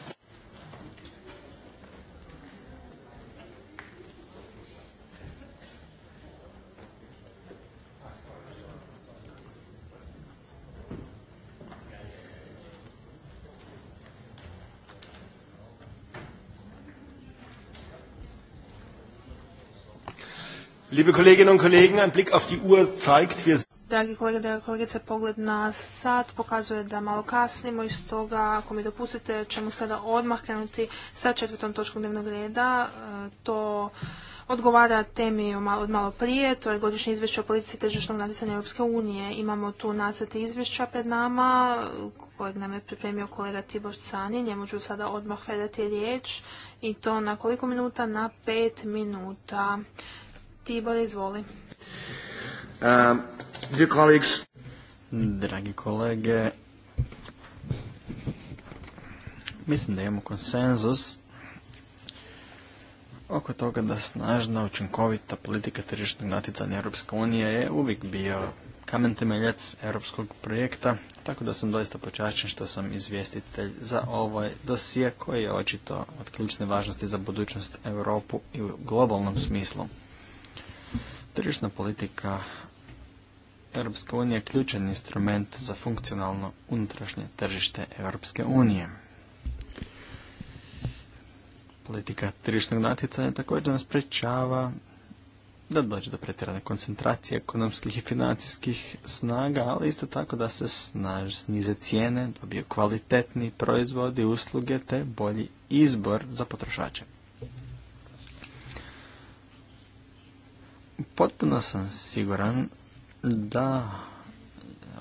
Liebe Kolleginnen und Kollegen, ein Blick auf die Uhr zeigt, wir Dragi kolege, kolegice, pogled na sat pokazuje da malo kasnimo i stoga, ako mi dopustite, ćemo sada odmah krenuti sa četvrtom točkom dnevnog reda. E, to odgovara temi od malo prije, to je godišnje izvješće o politici tržišnog natjecanja Europske unije. Imamo tu nacrte izvješća pred nama, kojeg nam je pripremio kolega Tibor Cani. Njemu ću sada odmah predati riječ i to na koliko minuta? Na pet minuta. Tibor, izvoli. Um, dear colleagues. Dragi kolege, mislim da imamo konsenzus oko toga da snažna, učinkovita politika tržišnog natjecanja Europske unije je uvijek bio kamen temeljac europskog projekta, tako da sam doista počašćen što sam izvjestitelj za ovaj dosije koji je očito od ključne važnosti za budućnost Europu i u globalnom smislu. Tržišna politika Europske unije je ključan instrument za funkcionalno unutrašnje tržište Europske unije. Politika tržišnog natjecanja također nas prečava da dođe do pretjerane koncentracije ekonomskih i financijskih snaga, ali isto tako da se snaž snize cijene, dobiju kvalitetni proizvodi, usluge te bolji izbor za potrošače. Potpuno sam siguran da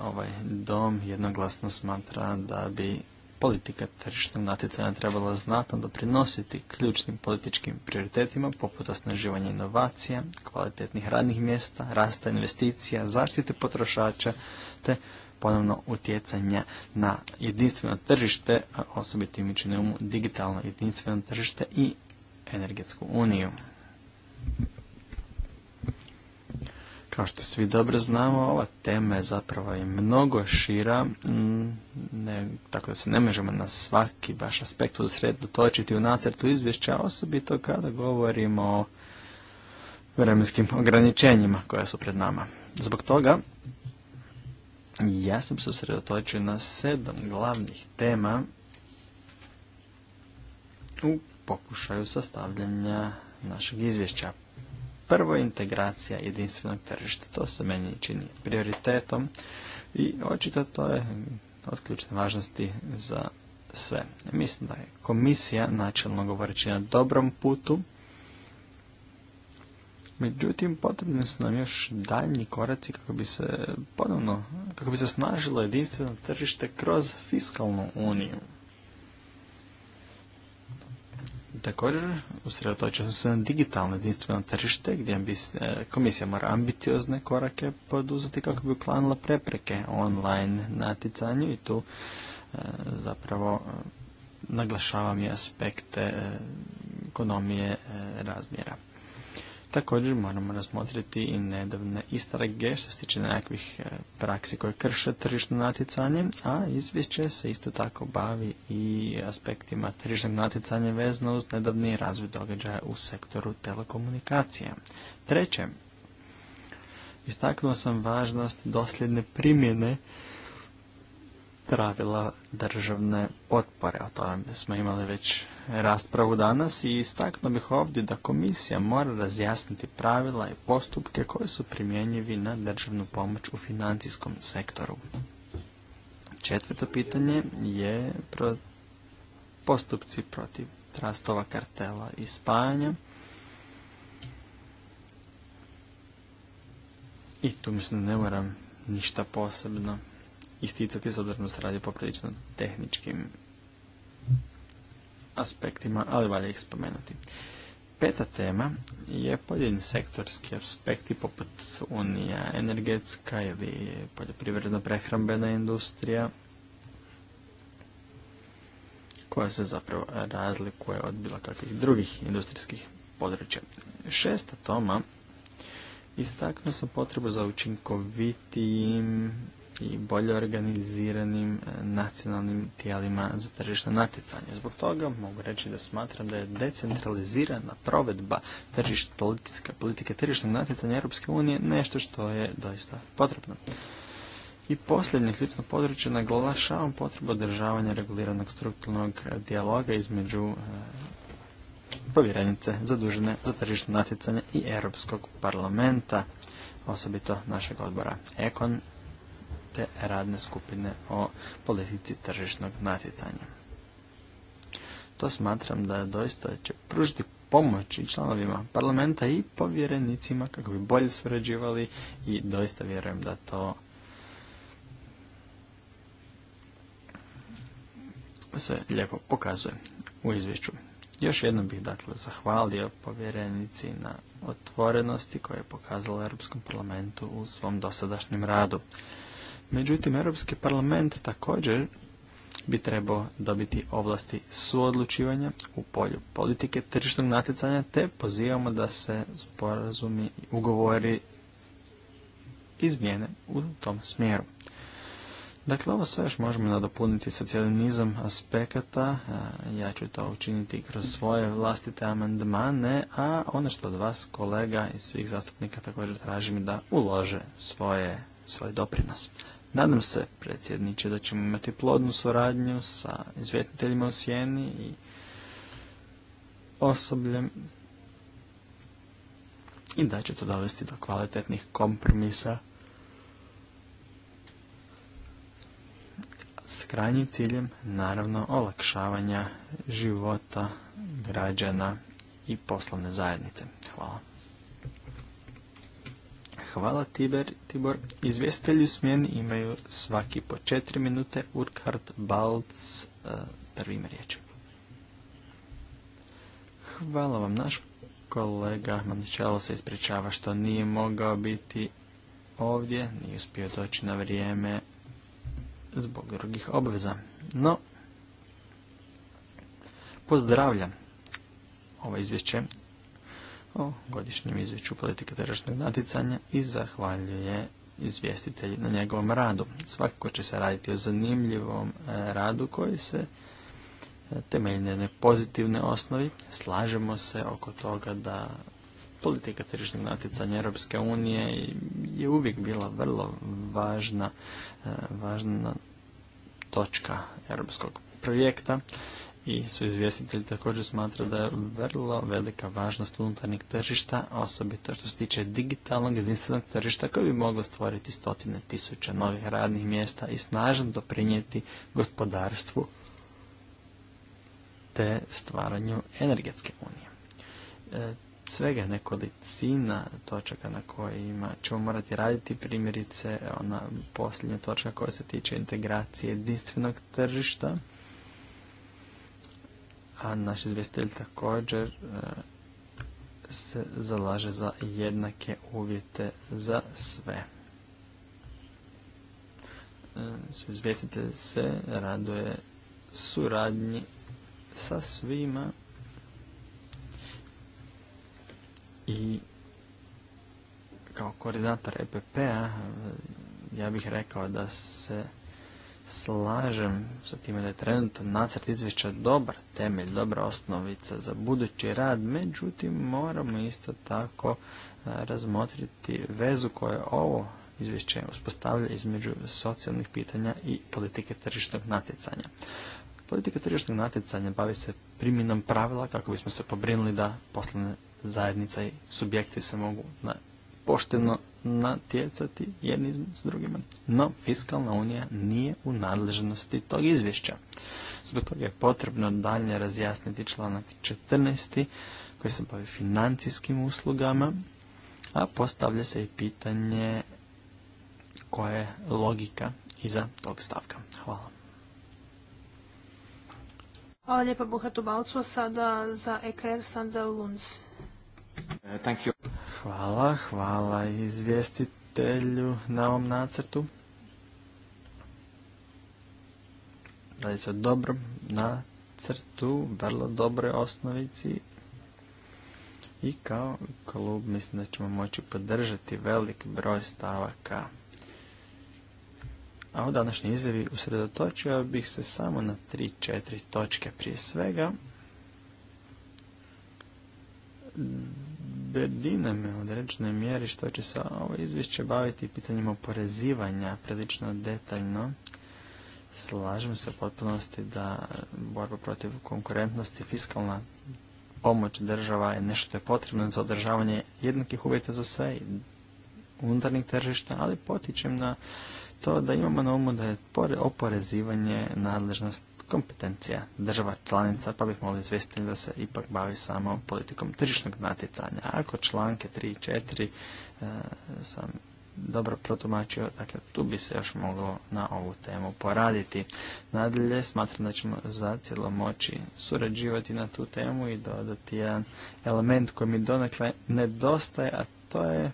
ovaj dom jednoglasno smatra da bi politika tržišnog natjecanja trebala znatno doprinositi ključnim političkim prioritetima poput osnaživanja inovacija, kvalitetnih radnih mjesta, rasta investicija, zaštite potrošača te ponovno utjecanja na jedinstveno tržište, a osobito mi digitalno jedinstveno tržište i energetsku uniju. Kao što svi dobro znamo, ova tema je zapravo i mnogo šira, mm, ne, tako da se ne možemo na svaki baš aspekt usredotočiti u nacrtu izvješća, osobito kada govorimo o vremenskim ograničenjima koja su pred nama. Zbog toga ja sam se usredotočio na sedam glavnih tema u pokušaju sastavljanja našeg izvješća prvo integracija jedinstvenog tržišta. To se meni čini prioritetom i očito to je od ključne važnosti za sve. Mislim da je komisija načelno govoreći na dobrom putu, međutim potrebni su nam još daljnji koraci kako bi se ponovno, kako bi se snažilo jedinstveno tržište kroz fiskalnu uniju. Također, usredotočio sam se na digitalno jedinstveno tržište gdje bi e, komisija mora ambiciozne korake poduzeti kako bi uklanila prepreke online naticanju i tu e, zapravo e, naglašavam i aspekte ekonomije razmjera. Također moramo razmotriti i nedavne istrage što se tiče nekakvih e, praksi koje krše tržišno natjecanje, a izvješće se isto tako bavi i aspektima tržišnog natjecanja vezano uz nedavni razvoj događaja u sektoru telekomunikacija. Treće, istaknuo sam važnost dosljedne primjene pravila državne otpore. O tome smo imali već raspravu danas i istaknuo bih ovdje da komisija mora razjasniti pravila i postupke koje su primjenjivi na državnu pomoć u financijskom sektoru. Četvrto pitanje je pro postupci protiv trastova kartela i spajanja. I tu mislim da ne moram ništa posebno isticati s obzirom se radi poprilično tehničkim aspektima, ali valja ih spomenuti. Peta tema je pojedini sektorski aspekti poput unija energetska ili poljoprivredna prehrambena industrija koja se zapravo razlikuje od bilo kakvih drugih industrijskih područja. Šesta toma istaknu sam potrebu za učinkovitijim i bolje organiziranim e, nacionalnim tijelima za tržišno natjecanje. Zbog toga mogu reći da smatram da je decentralizirana provedba tržišta, politike, politike tržišnog natjecanja Europske unije nešto što je doista potrebno. I posljednje ključno područje naglašavam potrebu održavanja reguliranog strukturnog dijaloga između e, povjerenice zadužene za tržišno natjecanje i Europskog parlamenta, osobito našeg odbora Ekon te radne skupine o politici tržišnog natjecanja. To smatram da doista će pružiti pomoći članovima parlamenta i povjerenicima kako bi bolje surađivali i doista vjerujem da to se lijepo pokazuje u izvješću. Još jednom bih dakle zahvalio povjerenici na otvorenosti koje je pokazala Europskom parlamentu u svom dosadašnjem radu. Međutim, Europski parlament također bi trebao dobiti ovlasti suodlučivanja u polju politike tržišnog natjecanja te pozivamo da se sporazumi ugovori izmjene u tom smjeru. Dakle, ovo sve još možemo nadopuniti sa cijelim nizom aspekata. Ja ću to učiniti kroz svoje vlastite amandmane, a ono što od vas, kolega i svih zastupnika, također tražim da ulože svoje, svoj doprinos. Nadam se, predsjedniče, da ćemo imati plodnu suradnju sa izvjetiteljima u Sjeni i osobljem i da će to dovesti do kvalitetnih kompromisa s krajnjim ciljem, naravno, olakšavanja života građana i poslovne zajednice. Hvala. Hvala Tiber, Tibor. Izvjestitelji u smjeni imaju svaki po četiri minute. Urkhard Balc eh, prvim riječem. Hvala vam. Naš kolega Mančelo se ispričava što nije mogao biti ovdje. Nije uspio doći na vrijeme zbog drugih obveza. No, pozdravljam ovo izvješće o godišnjem izvješću politike tržišnog natjecanja i zahvaljuje izvjestitelji na njegovom radu. Svakako će se raditi o zanimljivom e, radu koji se e, temeljne na pozitivne osnovi. Slažemo se oko toga da politika tržišnog natjecanja Europske unije je uvijek bila vrlo važna, e, važna točka europskog projekta i su izvjestitelji također smatra da je vrlo velika važnost unutarnjeg tržišta, osobito što se tiče digitalnog jedinstvenog tržišta koji bi moglo stvoriti stotine tisuća novih radnih mjesta i snažno doprinijeti gospodarstvu te stvaranju energetske unije. E, svega nekolicina točaka na kojima ćemo morati raditi, primjerice ona posljednja točka koja se tiče integracije jedinstvenog tržišta, a naš izvjestitelj također e, se zalaže za jednake uvjete za sve. E, izvjestitelj se raduje suradnji sa svima i kao koordinator EPP-a e, ja bih rekao da se slažem sa time da je trenutno nacrt izvješća dobar temelj, dobra osnovica za budući rad, međutim moramo isto tako e, razmotriti vezu koje ovo izvješće uspostavlja između socijalnih pitanja i politike tržišnog natjecanja. Politika tržišnog natjecanja bavi se primjenom pravila kako bismo se pobrinuli da poslovne zajednice i subjekti se mogu na pošteno natjecati jedni s drugima. No, fiskalna unija nije u nadležnosti tog izvješća. Zbog toga je potrebno dalje razjasniti članak 14. koji se bavi financijskim uslugama, a postavlja se i pitanje koja je logika iza tog stavka. Hvala. Hvala lijepa Buhatu Balcu, sada za EKR Sandel Lunds. Hvala, hvala izvjestitelju na ovom nacrtu. Radi se o dobrom nacrtu, vrlo dobroj osnovici i kao klub mislim da ćemo moći podržati velik broj stavaka. A u današnji izjavi usredotočio bih se samo na 3-4 točke prije svega brine me u određenoj mjeri što će se ovo izvješće baviti pitanjem oporezivanja prilično detaljno. Slažem se u potpunosti da borba protiv konkurentnosti, fiskalna pomoć država je nešto je potrebno za održavanje jednakih uvjeta za sve unutarnjeg tržišta, ali potičem na to da imamo na umu da je oporezivanje nadležnost kompetencija država članica, pa bih molio izvestiti da se ipak bavi samo politikom tržišnog natjecanja. Ako članke 3 i 4 e, sam dobro protumačio, dakle tu bi se još moglo na ovu temu poraditi. Nadalje smatram da ćemo za cijelo moći surađivati na tu temu i dodati jedan element koji mi donekle nedostaje, a to je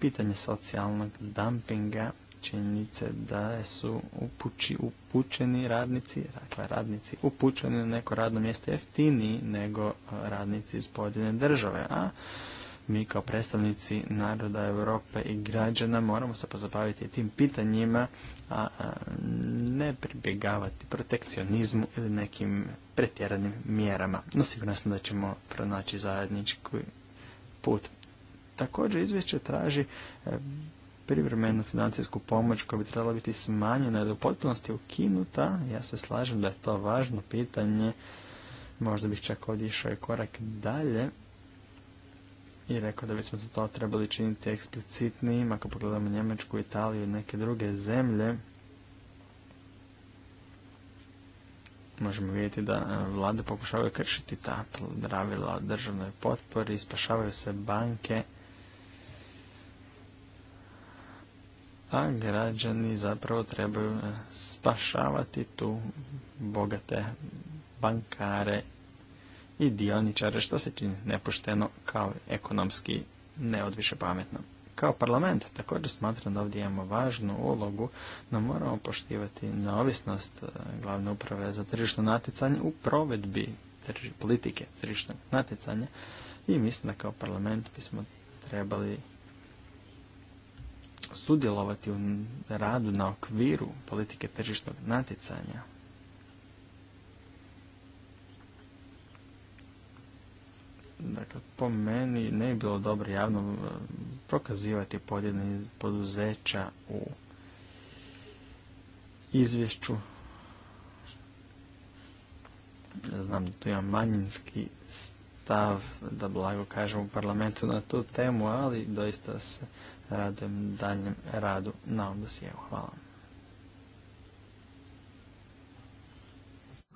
pitanje socijalnog dumpinga činjenice da su upući, upućeni radnici, dakle radnici upućeni na neko radno mjesto jeftiniji nego e, radnici iz pojedine države, a mi kao predstavnici naroda Europe i građana moramo se pozabaviti tim pitanjima, a ne pribjegavati protekcionizmu ili nekim pretjeranim mjerama. No sigurno sam da ćemo pronaći zajednički put. Također izvješće traži e, privremenu financijsku pomoć koja bi trebala biti smanjena ili u potpunosti ukinuta, ja se slažem da je to važno pitanje, možda bih čak ovdje išao i korak dalje i rekao da bismo to trebali činiti eksplicitnijim ako pogledamo Njemačku, Italiju i neke druge zemlje. Možemo vidjeti da e, vlade pokušavaju kršiti ta pravila o državnoj potpori, spašavaju se banke a građani zapravo trebaju e, spašavati tu bogate bankare i dioničare, što se čini nepošteno kao ekonomski ne pametno. Kao parlament također smatram da ovdje imamo važnu ulogu, no moramo poštivati neovisnost e, glavne uprave za tržišno natjecanje u provedbi politike tržišnog natjecanja i mislim da kao parlament bismo trebali sudjelovati u radu na okviru politike tržišnog natjecanja. Dakle, po meni ne bi bilo dobro javno e, prokazivati podjedne poduzeća u izvješću. Ja znam da tu imam manjinski stav, da blago kažem u parlamentu na tu temu, ali doista se radujem daljem radu na ovom dosijevu. Hvala.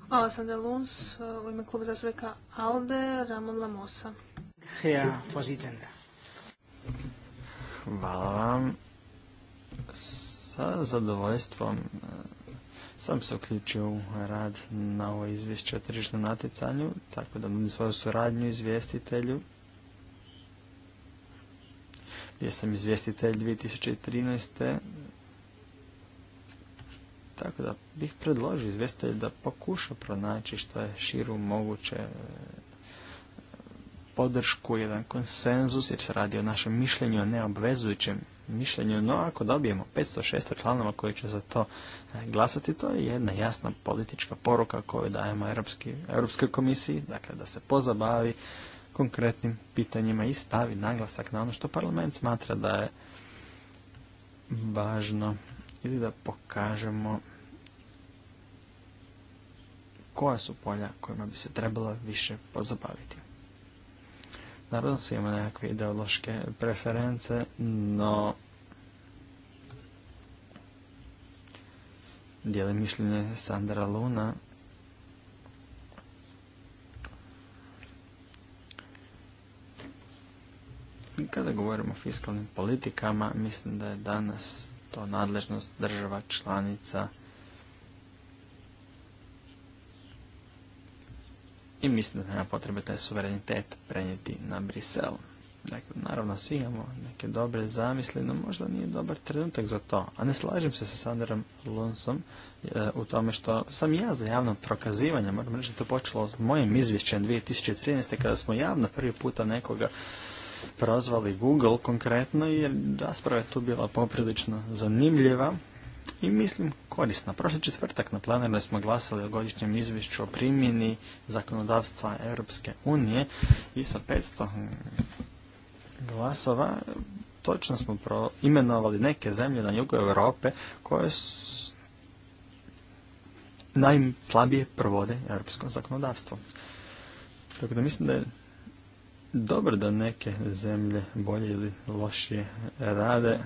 Hvala Sandra Luns, u ime kluba zastupnika ALDE, Ramon Lamosa. Ja, Hvala vam. Sa zadovoljstvom eh, sam se uključio u rad na ovo izvješće o tržišnom natjecanju, tako da budem svoju suradnju izvjestitelju gdje sam izvjestitelj 2013. Tako da bih predložio izvjestitelj da pokuša pronaći što je širu moguće e, podršku, jedan konsenzus, jer se radi o našem mišljenju, o neobvezujućem mišljenju, no ako dobijemo 500-600 članova koji će za to e, glasati, to je jedna jasna politička poruka koju dajemo Europskoj komisiji, dakle da se pozabavi konkretnim pitanjima i stavi naglasak na ono što parlament smatra da je važno ili da pokažemo koja su polja kojima bi se trebalo više pozabaviti. Naravno su imamo nekakve ideološke preference, no dijeli mišljenje Sandra Luna Kada govorimo o fiskalnim politikama, mislim da je danas to nadležnost država članica i mislim da nema potrebe taj suverenitet prenijeti na Brisel. Dakle, naravno, svi imamo neke dobre zamisli, no možda nije dobar trenutak za to. A ne slažem se sa Sanderom Lunsom e, u tome što sam ja za javno prokazivanje, moram reći da to počelo s mojim izvješćem 2013. kada smo javno prvi puta nekoga prozvali Google konkretno jer rasprava je tu bila poprilično zanimljiva i mislim korisna. Prošli četvrtak na planerno smo glasali o godišnjem izvješću o primjeni zakonodavstva Europske unije i sa 500 glasova točno smo pro imenovali neke zemlje na jugu Europe koje najslabije provode europsko zakonodavstvo. Tako da mislim da je dobro da neke zemlje bolje ili lošije rade.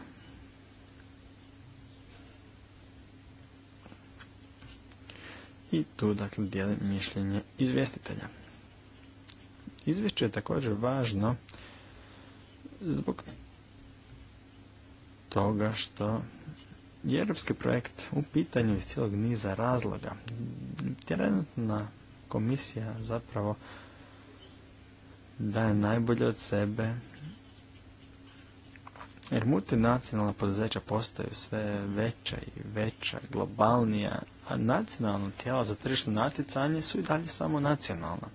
I tu dakle dijelim mišljenje izvjestitelja. Izvješće je također važno zbog toga što je europski projekt u pitanju iz cijelog niza razloga. Trenutna komisija zapravo daje najbolje od sebe. Jer multinacionalna poduzeća postaju sve veća i veća, globalnija, a nacionalno tijela za tržišno natjecanje su i dalje samo nacionalna.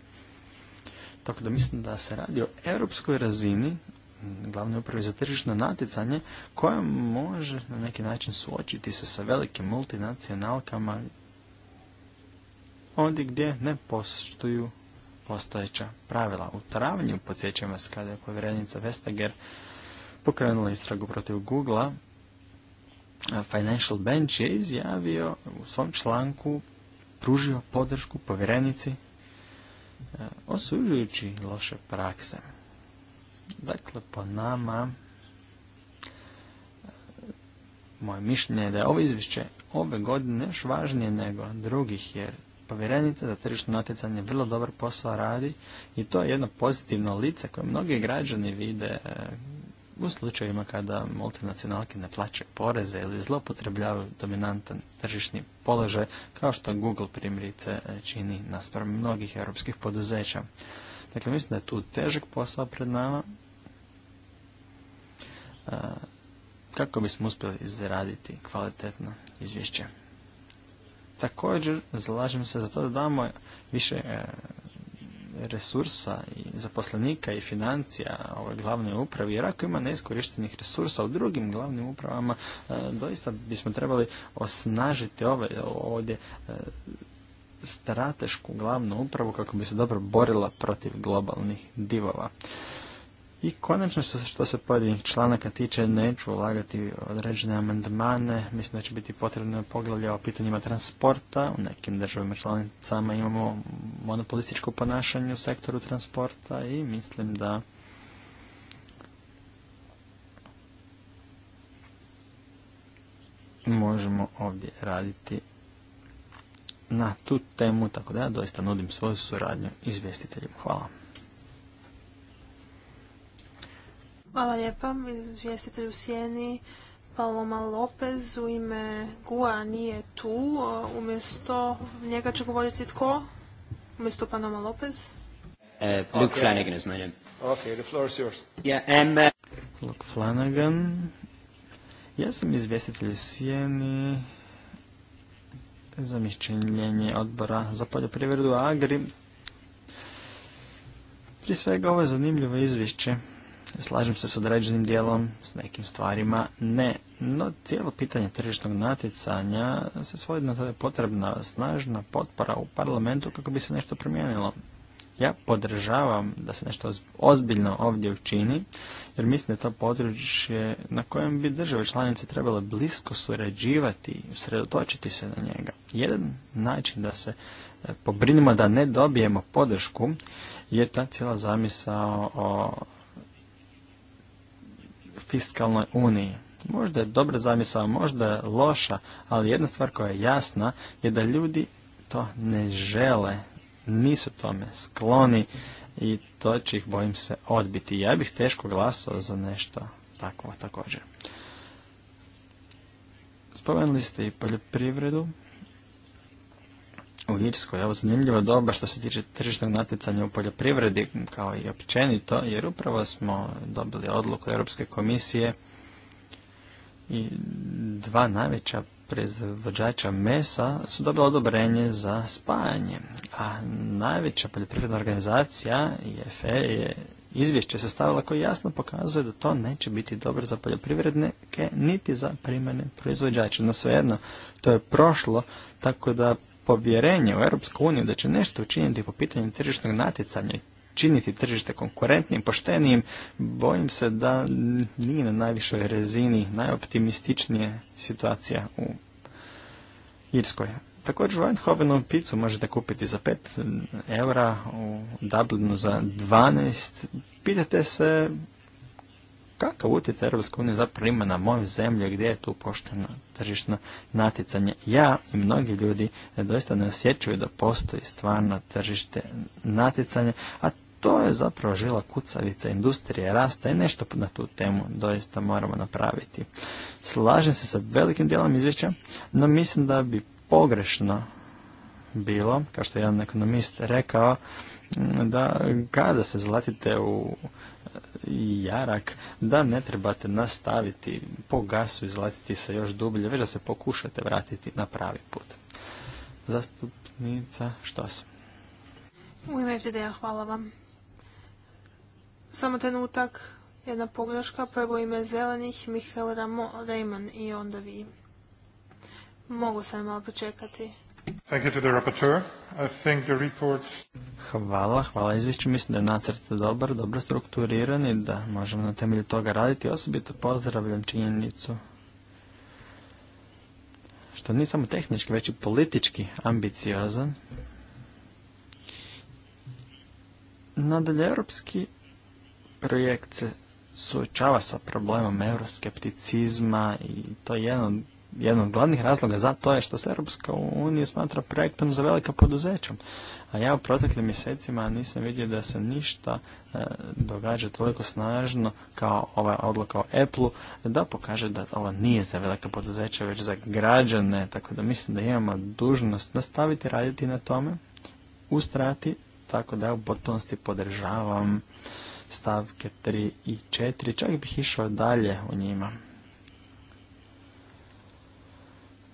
Tako da mislim da se radi o europskoj razini, glavnoj upravi za tržišno natjecanje, koja može na neki način suočiti se sa velikim multinacionalkama ondje gdje ne poštuju postojeća pravila. U travnju, podsjećam vas, kada je povjerenica Vestager pokrenula istragu protiv Google-a, Financial Bench je izjavio u svom članku pružio podršku povjerenici e, osuđujući loše prakse. Dakle, po nama e, moje mišljenje je da je ovo izvješće ove godine još važnije nego drugih, jer povjerenica za tržišno natjecanje vrlo dobar posao radi i to je jedno pozitivno lice koje mnogi građani vide e, u slučajevima kada multinacionalke ne plaćaju poreze ili zlopotrebljavaju dominantan tržišni položaj, kao što Google primjerice e, čini naspram mnogih europskih poduzeća. Dakle, mislim da je tu težak posao pred nama e, kako bismo uspjeli izraditi kvalitetno izvješće. Također zalažem se za to da damo više e, resursa i zaposlenika i financija ovoj glavnoj upravi, jer ako ima neiskorištenih resursa u drugim glavnim upravama, e, doista bismo trebali osnažiti ove, ovdje e, stratešku glavnu upravu kako bi se dobro borila protiv globalnih divova. I konačno što se, što se pojedinih članaka tiče, neću ulagati određene amandmane. Mislim da će biti potrebno poglavlja o pitanjima transporta. U nekim državama članicama imamo monopolističko ponašanje u sektoru transporta i mislim da možemo ovdje raditi na tu temu, tako da ja doista nudim svoju suradnju izvjestiteljima. Hvala. Hvala lijepa. Izvjestitelj u Sjeni Paloma Lopez u ime Gua nije tu. Umjesto njega će govoriti tko? Umjesto Paloma Lopez? Uh, Luke Flanagan the floor is yours. Eh, Flanagan. Ja sam izvjestitelj u Sjeni za mišljenje odbora za poljoprivredu Agri. Prije svega ovo je zanimljivo izvješće slažem se s određenim dijelom, s nekim stvarima ne. No cijelo pitanje tržišnog natjecanja se svodi na to je potrebna snažna potpora u parlamentu kako bi se nešto promijenilo. Ja podržavam da se nešto ozbiljno ovdje učini, jer mislim da je to područje na kojem bi države članice trebale blisko surađivati i usredotočiti se na njega. Jedan način da se e, pobrinimo da ne dobijemo podršku je ta cijela zamisao o fiskalnoj uniji. Možda je dobra zamisla, možda je loša, ali jedna stvar koja je jasna je da ljudi to ne žele, nisu tome skloni i to će ih, bojim se, odbiti. Ja bih teško glasao za nešto takvo također. Spomenuli ste i poljoprivredu u Irskoj. Ovo zanimljivo doba što se tiče tržišnog natjecanja u poljoprivredi kao i općenito, jer upravo smo dobili odluku Europske komisije i dva najveća proizvođača mesa su dobila odobrenje za spajanje. A najveća poljoprivredna organizacija IFE je izvješće sastavila koje jasno pokazuje da to neće biti dobro za poljoprivrednike niti za primjene proizvođače. No svejedno, to je prošlo, tako da povjerenje u Europsku uniju da će nešto učiniti po pitanju tržišnog natjecanja i činiti tržište konkurentnim, poštenijim, bojim se da nije na najvišoj rezini najoptimističnije situacija u Irskoj. Također u picu možete kupiti za 5 eura, u Dublinu za 12. Pitate se kakav utjecaj Europska unija zapravo ima na moju zemlju gdje je tu pošteno tržišno natjecanje. Ja i mnogi ljudi doista ne osjećaju da postoji stvarno tržište naticanje, a to je zapravo žila kucavica industrije rasta i nešto na tu temu doista moramo napraviti. Slažem se sa velikim dijelom izvješća, no mislim da bi pogrešno bilo, kao što je jedan ekonomist rekao, da kada se zlatite u jarak da ne trebate nastaviti po gasu izlatiti se još dublje, već da se pokušate vratiti na pravi put. Zastupnica se? U ime FDD-a hvala vam. Samo trenutak, jedna pogreška, prvo ime zelenih, Mihael Ramo, Raymond i onda vi. Mogu sam malo počekati. Hvala, hvala izvješću. Mislim da je nacrt dobar, dobro strukturiran i da možemo na temelju toga raditi. Osobito pozdravljam činjenicu što nije samo tehnički, već i politički ambiciozan. Nadalje, europski projekt se suočava sa problemom euroskepticizma i to je jedan od jedan od glavnih razloga za to je što se Europska unija smatra projektom za velika poduzeća. A ja u proteklim mjesecima nisam vidio da se ništa e, događa toliko snažno kao ova odluka o Apple-u da pokaže da ovo nije za velika poduzeća već za građane. Tako da mislim da imamo dužnost nastaviti raditi na tome, ustrati, tako da ja u potpunosti podržavam stavke 3 i 4. Čak bih išao dalje u njima.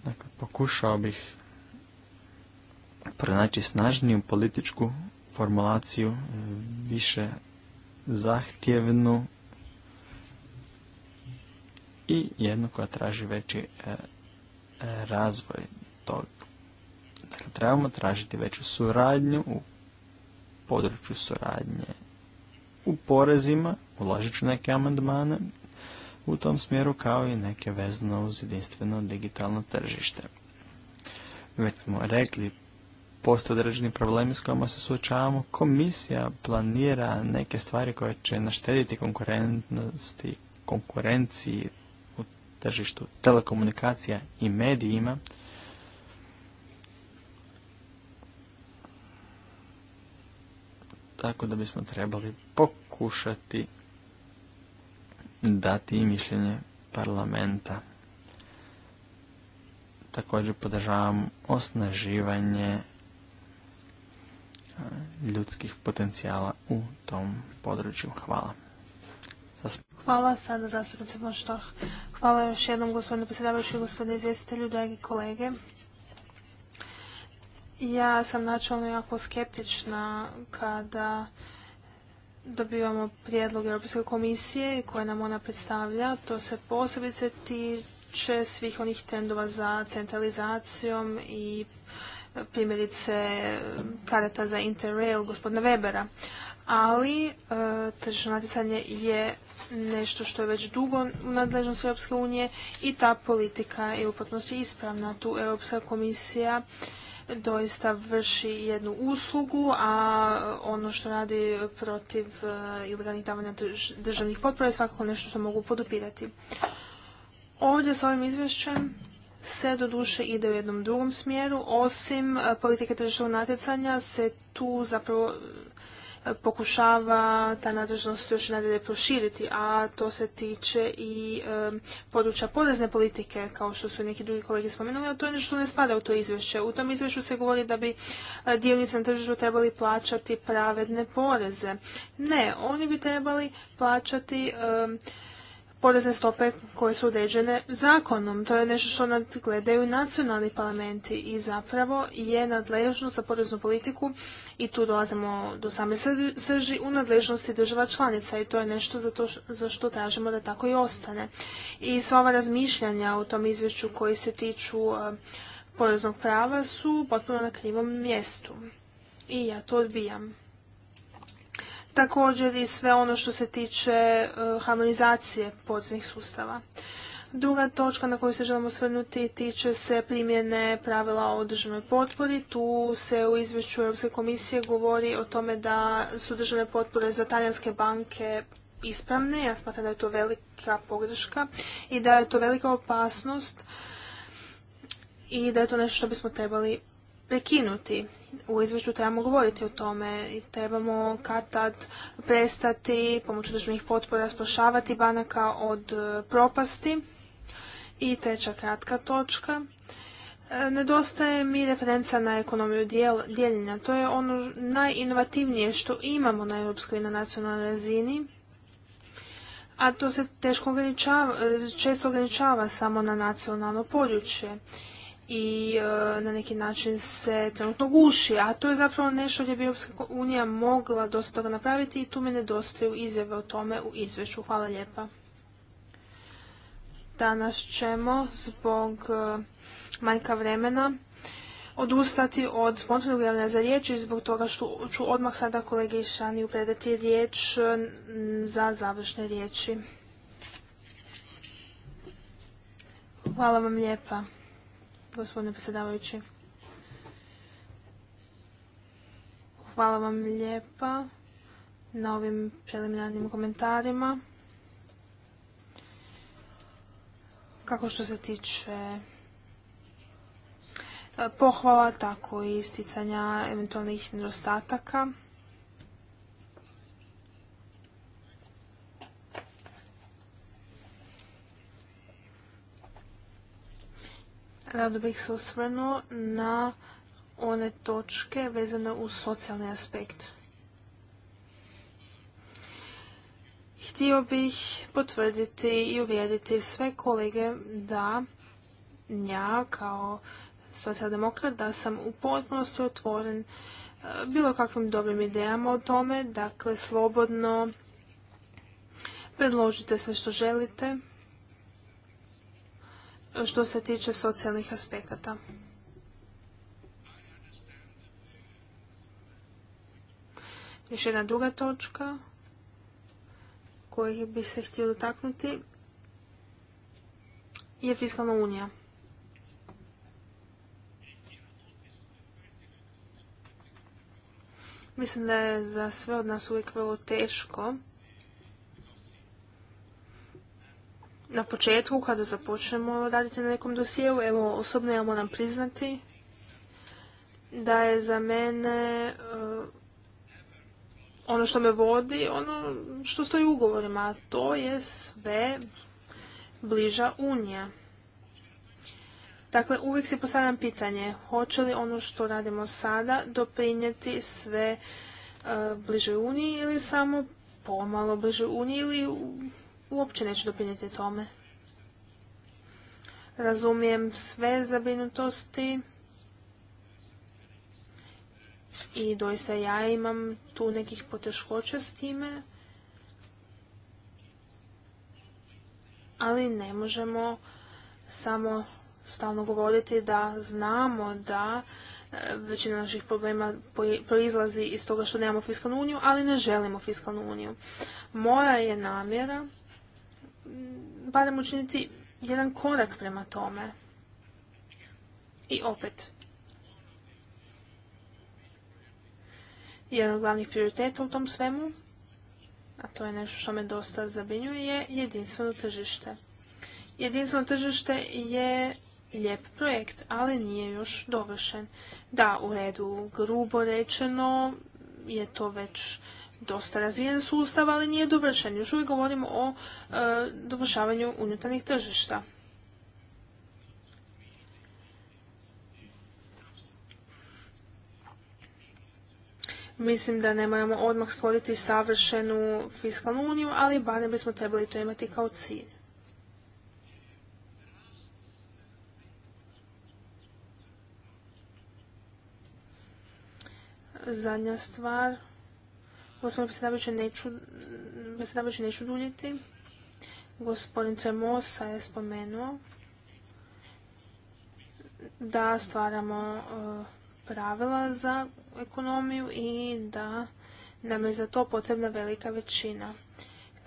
Dakle, pokušao bih pronaći snažniju političku formulaciju, više zahtjevnu i jednu koja traži veći e, razvoj tog. Dakle, trebamo tražiti veću suradnju u području suradnje u porezima, ulažit ću neke amandmane, u tom smjeru kao i neke vezano uz jedinstveno digitalno tržište. Već smo rekli, postoje određeni problemi s kojima se suočavamo. Komisija planira neke stvari koje će naštediti konkurentnosti, konkurenciji u tržištu telekomunikacija i medijima. Tako da bismo trebali pokušati dati i mišljenje parlamenta. Također podržavam osnaživanje ljudskih potencijala u tom području. Hvala. Hvala sada zastupnice Moštoh. Hvala još jednom gospodine predsjedavajući i gospodine izvjestitelju, dragi kolege. Ja sam načalno jako skeptična kada dobivamo prijedlog Europske komisije koje nam ona predstavlja. To se posebice tiče svih onih trendova za centralizacijom i e, primjerice karata za Interrail gospodina Webera. Ali e, tržišno natjecanje je nešto što je već dugo u nadležnosti Europske unije i ta politika je u potpunosti ispravna. Tu Europska komisija doista vrši jednu uslugu, a ono što radi protiv e, ilegalnih davanja državnih potpora je svakako nešto što mogu podupirati. Ovdje s ovim izvješćem se doduše ide u jednom drugom smjeru, osim e, politike tržišnog natjecanja se tu zapravo pokušava ta nadležnost još nadalje proširiti, a to se tiče i e, područja porezne politike, kao što su neki drugi kolege spomenuli, a to je nešto ne spada u to izvješće. U tom izvješću se govori da bi e, dionici na tržištu trebali plaćati pravedne poreze. Ne, oni bi trebali plaćati porezne stope koje su određene zakonom. To je nešto što nadgledaju nacionalni parlamenti i zapravo je nadležnost za poreznu politiku i tu dolazimo do same srži u nadležnosti država članica i to je nešto za, za što tražimo da tako i ostane. I sva ova razmišljanja o tom izvješću koji se tiču e, poreznog prava su potpuno na krivom mjestu. I ja to odbijam također i sve ono što se tiče e, harmonizacije poreznih sustava. Druga točka na koju se želimo svrnuti tiče se primjene pravila o državnoj potpori. Tu se u izvješću Europske komisije govori o tome da su državne potpore za talijanske banke ispravne. Ja smatram da je to velika pogreška i da je to velika opasnost i da je to nešto što bismo trebali prekinuti. U izvješću trebamo govoriti o tome i trebamo katat prestati pomoću državnih potpora spašavati banaka od e, propasti. I treća kratka točka. E, nedostaje mi referenca na ekonomiju dijeljenja. To je ono najinovativnije što imamo na europskoj i na nacionalnoj razini. A to se teško ograničava, e, često ograničava samo na nacionalno područje i e, na neki način se trenutno guši, a to je zapravo nešto gdje bi Europska unija mogla dosta toga napraviti i tu mi nedostaju izjave o tome u izvješću. Hvala lijepa. Danas ćemo zbog e, manjka vremena odustati od spontanog javljanja za riječ i zbog toga što ću odmah sada kolegi Šaniju predati riječ e, za završne riječi. Hvala vam lijepa gospodine predsjedavajući. Hvala vam lijepa na ovim preliminarnim komentarima. Kako što se tiče eh, pohvala, tako i isticanja eventualnih nedostataka. Rado bih se osvrnuo na one točke vezane uz socijalni aspekt. Htio bih potvrditi i uvjeriti sve kolege da ja kao socijaldemokrat da sam u potpunosti otvoren e, bilo kakvim dobrim idejama o tome, dakle slobodno predložite sve što želite što se tiče socijalnih aspekata. Još jedna druga točka koju bi se htio dotaknuti je fiskalna unija. Mislim da je za sve od nas uvijek vrlo teško na početku, kada započnemo raditi na nekom dosijelu, evo osobno ja moram priznati da je za mene e, ono što me vodi, ono što stoji u ugovorima, a to je sve bliža unija. Dakle, uvijek si postavljam pitanje, hoće li ono što radimo sada doprinijeti sve e, bliže uniji ili samo pomalo bliže uniji ili uopće neće doprinijeti tome. Razumijem sve zabrinutosti i doista ja imam tu nekih poteškoća s time, ali ne možemo samo stalno govoriti da znamo da e, većina naših problema proizlazi iz toga što nemamo fiskalnu uniju, ali ne želimo fiskalnu uniju. Moja je namjera barem učiniti jedan korak prema tome. I opet, jedan od glavnih prioriteta u tom svemu, a to je nešto što me dosta zabinjuje, je jedinstveno tržište. Jedinstveno tržište je lijep projekt, ali nije još dovršen. Da, u redu, grubo rečeno je to već dosta razvijen sustav, ali nije dovršen. Još uvijek govorimo o e, dovršavanju unutarnjih tržišta. Mislim da ne moramo odmah stvoriti savršenu fiskalnu uniju, ali barem bismo trebali to imati kao cilj. Zadnja stvar. Gospodin predsjedavajući, neću, predsjedavajući neću duljiti. Gospodin Tremosa je spomenuo da stvaramo e, pravila za ekonomiju i da nam je za to potrebna velika većina.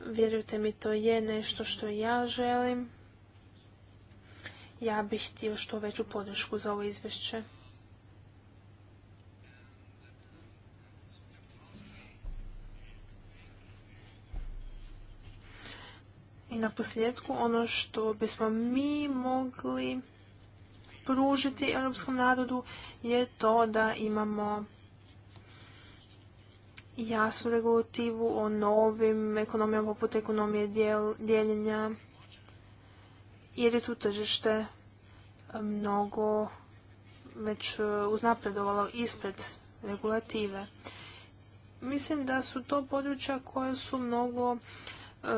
Vjerujte mi, to je nešto što ja želim. Ja bih htio što veću podršku za ovo izvješće. I na posljedku ono što bismo mi mogli pružiti europskom narodu je to da imamo jasnu regulativu o novim ekonomijama poput ekonomije dijeljenja jer je tu tržište e, mnogo već e, uznapredovalo ispred regulative. Mislim da su to područja koja su mnogo E,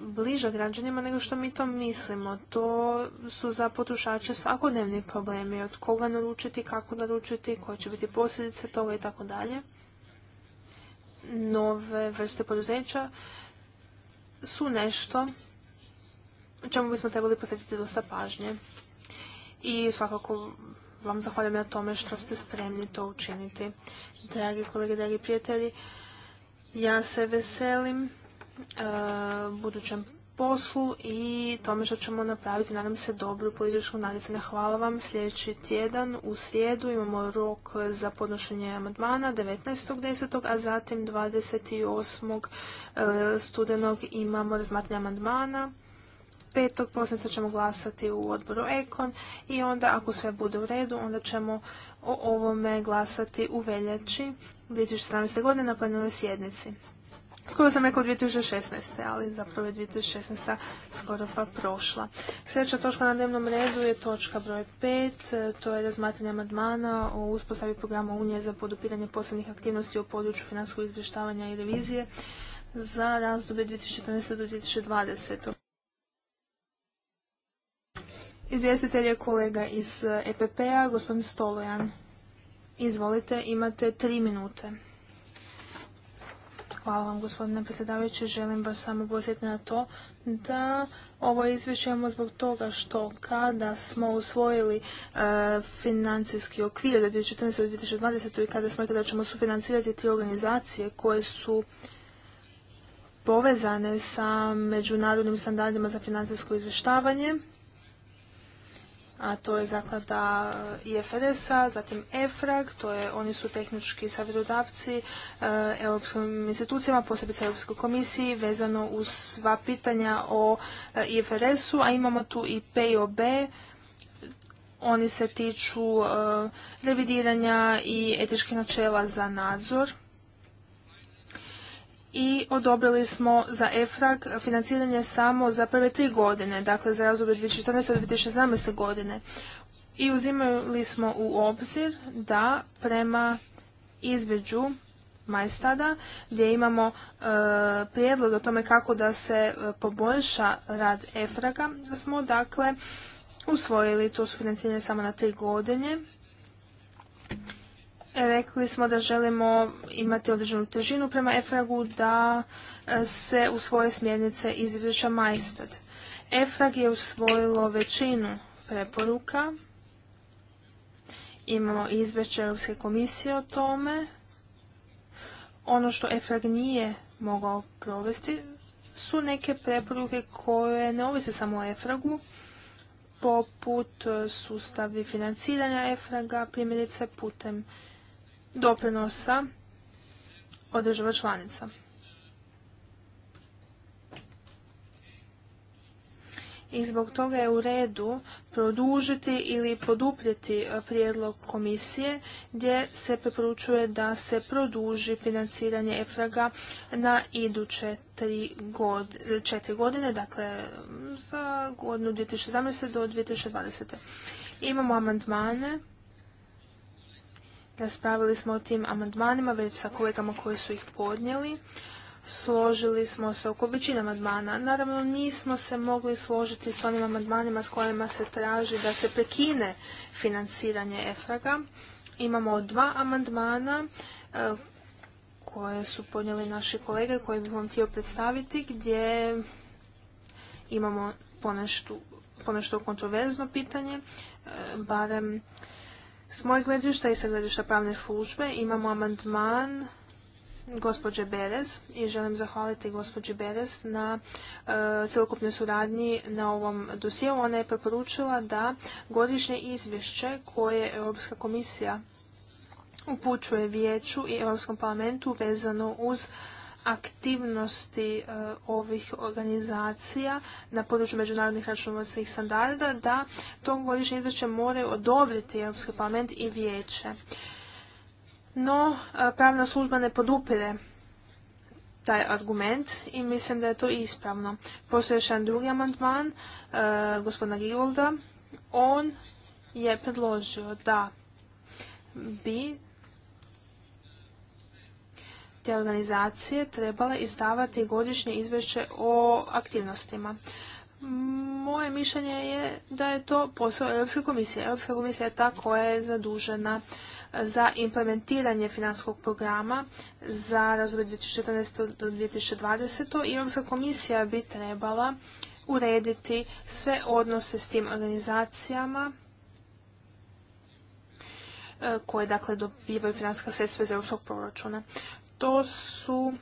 bliža građanima nego što mi to mislimo. To su za potrošače svakodnevni problemi, od koga naručiti, kako naručiti, koje će biti posljedice toga i tako dalje. Nove vrste poduzeća su nešto čemu bismo trebali posjetiti dosta pažnje. I svakako vam zahvaljujem na tome što ste spremni to učiniti. Dragi kolege, dragi prijatelji, ja se veselim E, budućem poslu i tome što ćemo napraviti, nadam se, dobru političku nadjecanje. Hvala vam. Sljedeći tjedan u srijedu imamo rok za podnošenje amandmana 19.10. a zatim 28. E, studenog imamo razmatranje amandmana. 5. prosinca ćemo glasati u odboru Ekon i onda ako sve bude u redu, onda ćemo o ovome glasati u veljači 2017. godine na plenarnoj sjednici. Skoro sam rekao 2016. ali zapravo je 2016. skoro pa prošla. Sljedeća točka na dnevnom redu je točka broj 5. To je razmatranje amandmana o uspostavi programa Unije za podupiranje posebnih aktivnosti u području finanskog izvještavanja i revizije za razdoblje 2014. do 2020. Izvjestitelj je kolega iz EPP-a, gospodin Stolojan. Izvolite, imate tri minute. Hvala vam gospodine predsjedavajući. Želim vas samo podsjetiti na to da ovo izvješće zbog toga što kada smo usvojili e, financijski okvir za 2014. do 2020. i kada smo rekli da ćemo sufinancirati te organizacije koje su povezane sa međunarodnim standardima za financijsko izvještavanje, a to je zaklada e, IFRS-a, zatim EFRAG, to je, oni su tehnički savjetodavci e, europskim institucijama, posebice Europskoj komisiji, vezano uz sva pitanja o e, IFRS-u, a imamo tu i POB, oni se tiču revidiranja i etičkih načela za nadzor i odobrili smo za EFRAG financiranje samo za prve tri godine, dakle za razdoblje 2014. do 2017. godine. I uzimali smo u obzir da prema između Majstada gdje imamo e, prijedlog o tome kako da se e, poboljša rad EFRAGA, da smo dakle usvojili to financiranje samo na tri godine Rekli smo da želimo imati određenu težinu prema EFRAG-u da e, se u svoje smjernice izvješća Majstad. EFRAG je usvojilo većinu preporuka. Imamo izvješće Europske komisije o tome. Ono što EFRAG nije mogao provesti su neke preporuke koje ne ovise samo o EFRAG-u, poput sustavi financiranja EFRAG-a, primjerice putem doprinosa od država članica. I zbog toga je u redu produžiti ili poduprijeti e, prijedlog komisije gdje se preporučuje da se produži financiranje EFRAGA na iduće četiri godine, dakle za godinu 2017. do 2020. Imamo amandmane Raspravili smo o tim amandmanima već sa kolegama koji su ih podnijeli. Složili smo se oko većine amandmana. Naravno nismo se mogli složiti s onim amandmanima s kojima se traži da se prekine financiranje EFRAGA. Imamo dva amandmana e, koje su podnijeli naši kolege koje bih vam htio predstaviti gdje imamo ponešto kontroverzno pitanje, e, barem s mojeg gledišta i sa gledišta pravne službe imamo amandman gospođe Berez i želim zahvaliti gospođi Berez na e, suradnji na ovom dosijelu. Ona je preporučila da godišnje izvješće koje Europska komisija upućuje vijeću i Europskom parlamentu vezano uz aktivnosti e, ovih organizacija na području međunarodnih računovodstvenih standarda da to godišnje izvješće moraju odobriti Europski parlament i vijeće. No, e, pravna služba ne podupire taj argument i mislim da je to ispravno. Postoji još jedan drugi amandman e, gospodina Gigolda. On je predložio da bi te organizacije trebale izdavati godišnje izvješće o aktivnostima. Moje mišljenje je da je to posao Europske komisije. Europska komisija je ta koja je zadužena za implementiranje financijskog programa za razvoj 2014. do 2020. i Europska komisija bi trebala urediti sve odnose s tim organizacijama e, koje dakle dobivaju financijska sredstva iz europskog proračuna to su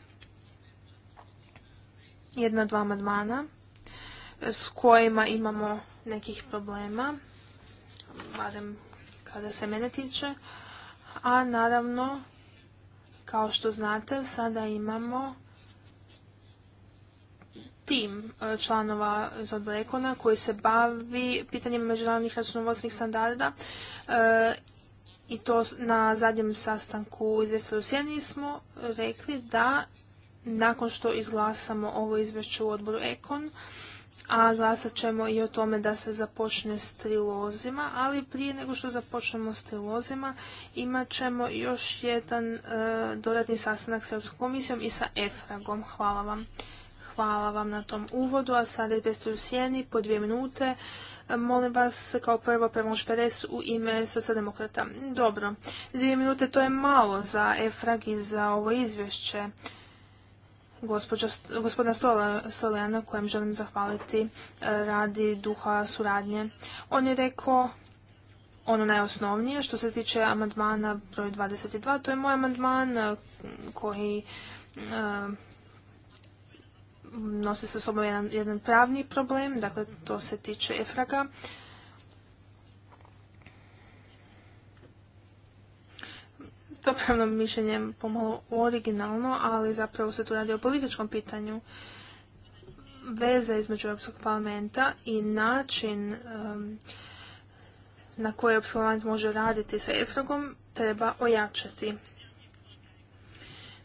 jedna, dva madmana s kojima imamo nekih problema, barem kada se mene tiče, a naravno, kao što znate, sada imamo tim e, članova iz odbora Ekona koji se bavi pitanjem međunarodnih računovodstvenih standarda e, i to na zadnjem sastanku u u smo rekli da nakon što izglasamo ovo izvješće u odboru Ekon, a glasat ćemo i o tome da se započne s trilozima, ali prije nego što započnemo s trilozima imat ćemo još jedan e, dodatni sastanak sa Europskom komisijom i sa EFRAGom. Hvala vam. Hvala vam na tom uvodu, a sada je u sjeni po dvije minute. Molim vas kao prvo Pervonš peres u ime socijaldemokrata. Dobro, dvije minute to je malo za EFRAG i za ovo izvješće gospodina Solena, kojem želim zahvaliti e, radi duha suradnje. On je rekao ono najosnovnije što se tiče amandmana broj 22. To je moj amandman e, koji e, nosi sa sobom jedan, pravni problem, dakle to se tiče Efraga. To pravno mišljenje pomalo originalno, ali zapravo se tu radi o političkom pitanju. Veza između Europskog parlamenta i način um, na koji Europski parlament može raditi sa Efragom treba ojačati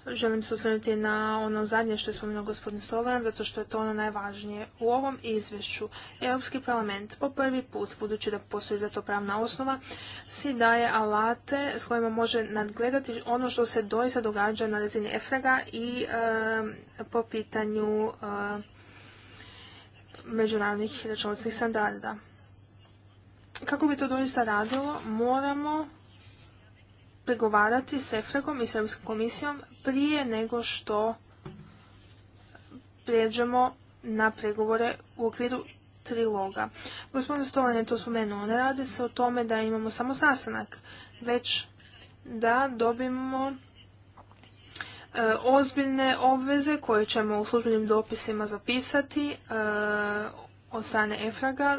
želim se osvrnuti na ono zadnje što je spomenuo gospodin Stolaran, zato što je to ono najvažnije. U ovom izvješću Europski parlament po prvi put, budući da postoji za to pravna osnova, si daje alate s kojima može nadgledati ono što se doista događa na razini EFRAGA i po pitanju e, međunarodnih računovodstvenih standarda. Kako bi to doista radilo, moramo pregovarati s EFRAGom i s komisijom prije nego što prijeđemo na pregovore u okviru triloga. Gospodin Stolan je to spomenuo. Ne radi se o tome da imamo samo sastanak, već da dobimo e, ozbiljne obveze koje ćemo u službenim dopisima zapisati e, od strane EFRAGA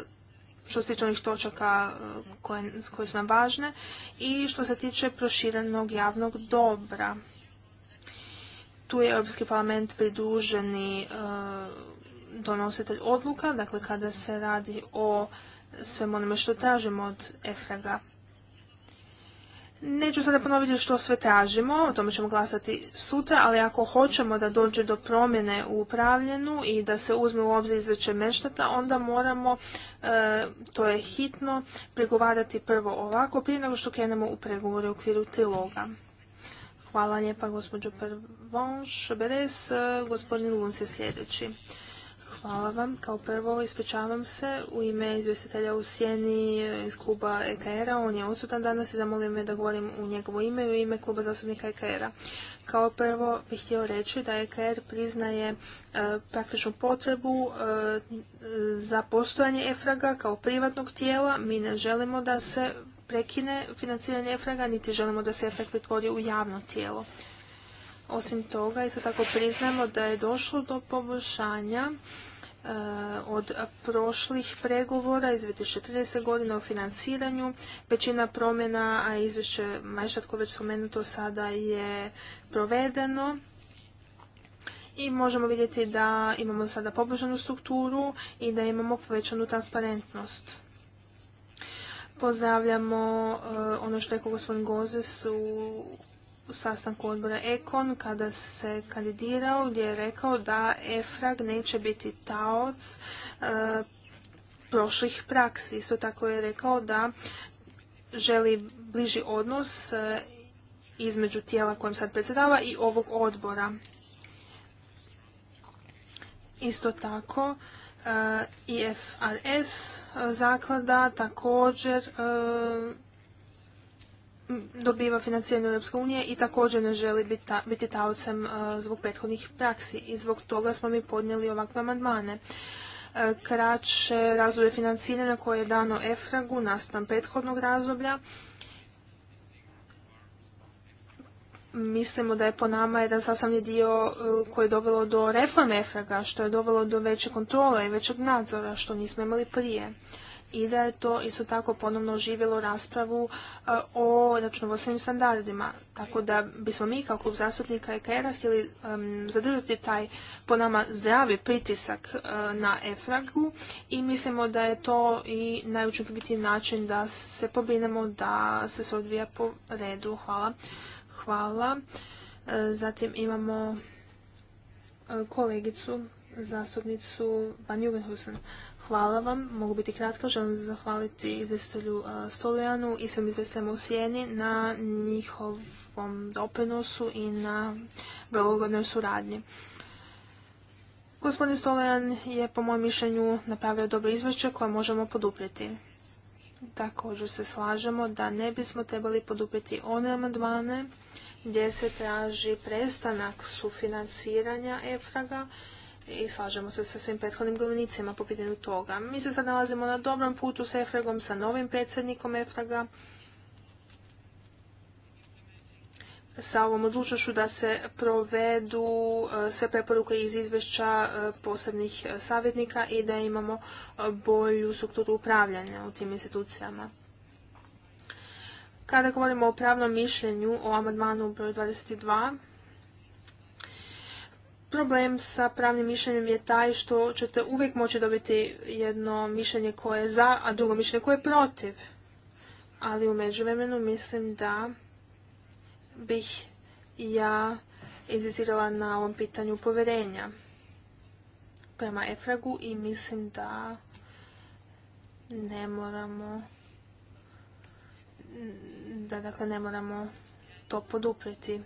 što se tiče onih točaka e, koje, su nam važne i što se tiče proširenog javnog dobra. Tu je Europski parlament pridruženi e, donositelj odluka, dakle kada se radi o svemu onome što tražimo od EFRAG-a. Neću sada ponoviti što sve tražimo, o tome ćemo glasati sutra, ali ako hoćemo da dođe do promjene u upravljenu i da se uzme u obzir izveće meštata, onda moramo, e, to je hitno, pregovarati prvo ovako prije nego što krenemo u pregovore u okviru triloga. Hvala lijepa gospođo Pervonš Beres, e, gospodin Luns je sljedeći. Hvala vam. Kao prvo ispričavam se u ime izvjestitelja u Sjeni eh, iz kluba EKR-a. On je odsutan danas i zamolio me da govorim u njegovo ime i u ime kluba zastupnika EKR-a. Kao prvo bih htio reći da EKR priznaje eh, praktičnu potrebu eh, za postojanje EFRAGA kao privatnog tijela. Mi ne želimo da se prekine financiranje EFRAGA, niti želimo da se EFRAG pretvori u javno tijelo. Osim toga, isto tako priznajemo da je došlo do poboljšanja Eh, od prošlih pregovora iz 2014. godine o financiranju. Većina promjena, a izvješće Majštatko već spomenuto sada je provedeno i možemo vidjeti da imamo sada poboljšanu strukturu i da imamo povećanu transparentnost. Pozdravljamo eh, ono što je rekao gospodin Gozes u sastanku odbora Ekon kada se kandidirao gdje je rekao da EFRAG neće biti taoc e, prošlih praksi. Isto tako je rekao da želi bliži odnos e, između tijela kojim sad predsjedava i ovog odbora. Isto tako e, IFRS zaklada također dobiva financiranje Europske unije i također ne želi biti, taocem e, zbog prethodnih praksi i zbog toga smo mi podnijeli ovakve amandmane. E, kraće razdoblje financiranja koje je dano EFRAG-u naspram prethodnog razdoblja mislimo da je po nama jedan sastavni dio e, koji je dovelo do reforme EFRAG-a, što je dovelo do veće kontrole i većeg nadzora, što nismo imali prije i da je to isto tako ponovno oživjelo raspravu e, o računovodstvenim standardima. Tako da bismo mi kao klub zastupnika ekr htjeli zadržati taj po nama zdravi pritisak e, na EFRAG-u i mislimo da je to i najučinkovitiji način da se pobrinemo da se sve odvija po redu. Hvala. Hvala. E, zatim imamo kolegicu, zastupnicu Van Jugenhusen. Hvala vam, mogu biti kratka, želim zahvaliti izvjestitelju e, Stolijanu i svim izvestiteljima u Sijeni na njihovom doprinosu i na velogodnoj suradnji. Gospodin Stolijan je po mojem mišljenju napravio dobro izvješće koje možemo poduprijeti. Također se slažemo da ne bismo trebali poduprijeti one amandmane gdje se traži prestanak sufinanciranja EFRAGA i slažemo se sa svim prethodnim govornicima po pitanju toga. Mi se sad nalazimo na dobrom putu s EFRAGom, sa novim predsjednikom EFRAGa, sa ovom odlučnošću da se provedu e, sve preporuke iz izvješća e, posebnih e, savjetnika i da imamo bolju strukturu upravljanja u tim institucijama. Kada govorimo o pravnom mišljenju o amandmanu broj 22, problem sa pravnim mišljenjem je taj što ćete uvijek moći dobiti jedno mišljenje koje je za, a drugo mišljenje koje je protiv. Ali u međuvremenu mislim da bih ja izizirala na ovom pitanju povjerenja prema Efragu i mislim da ne moramo da dakle ne moramo to podupriti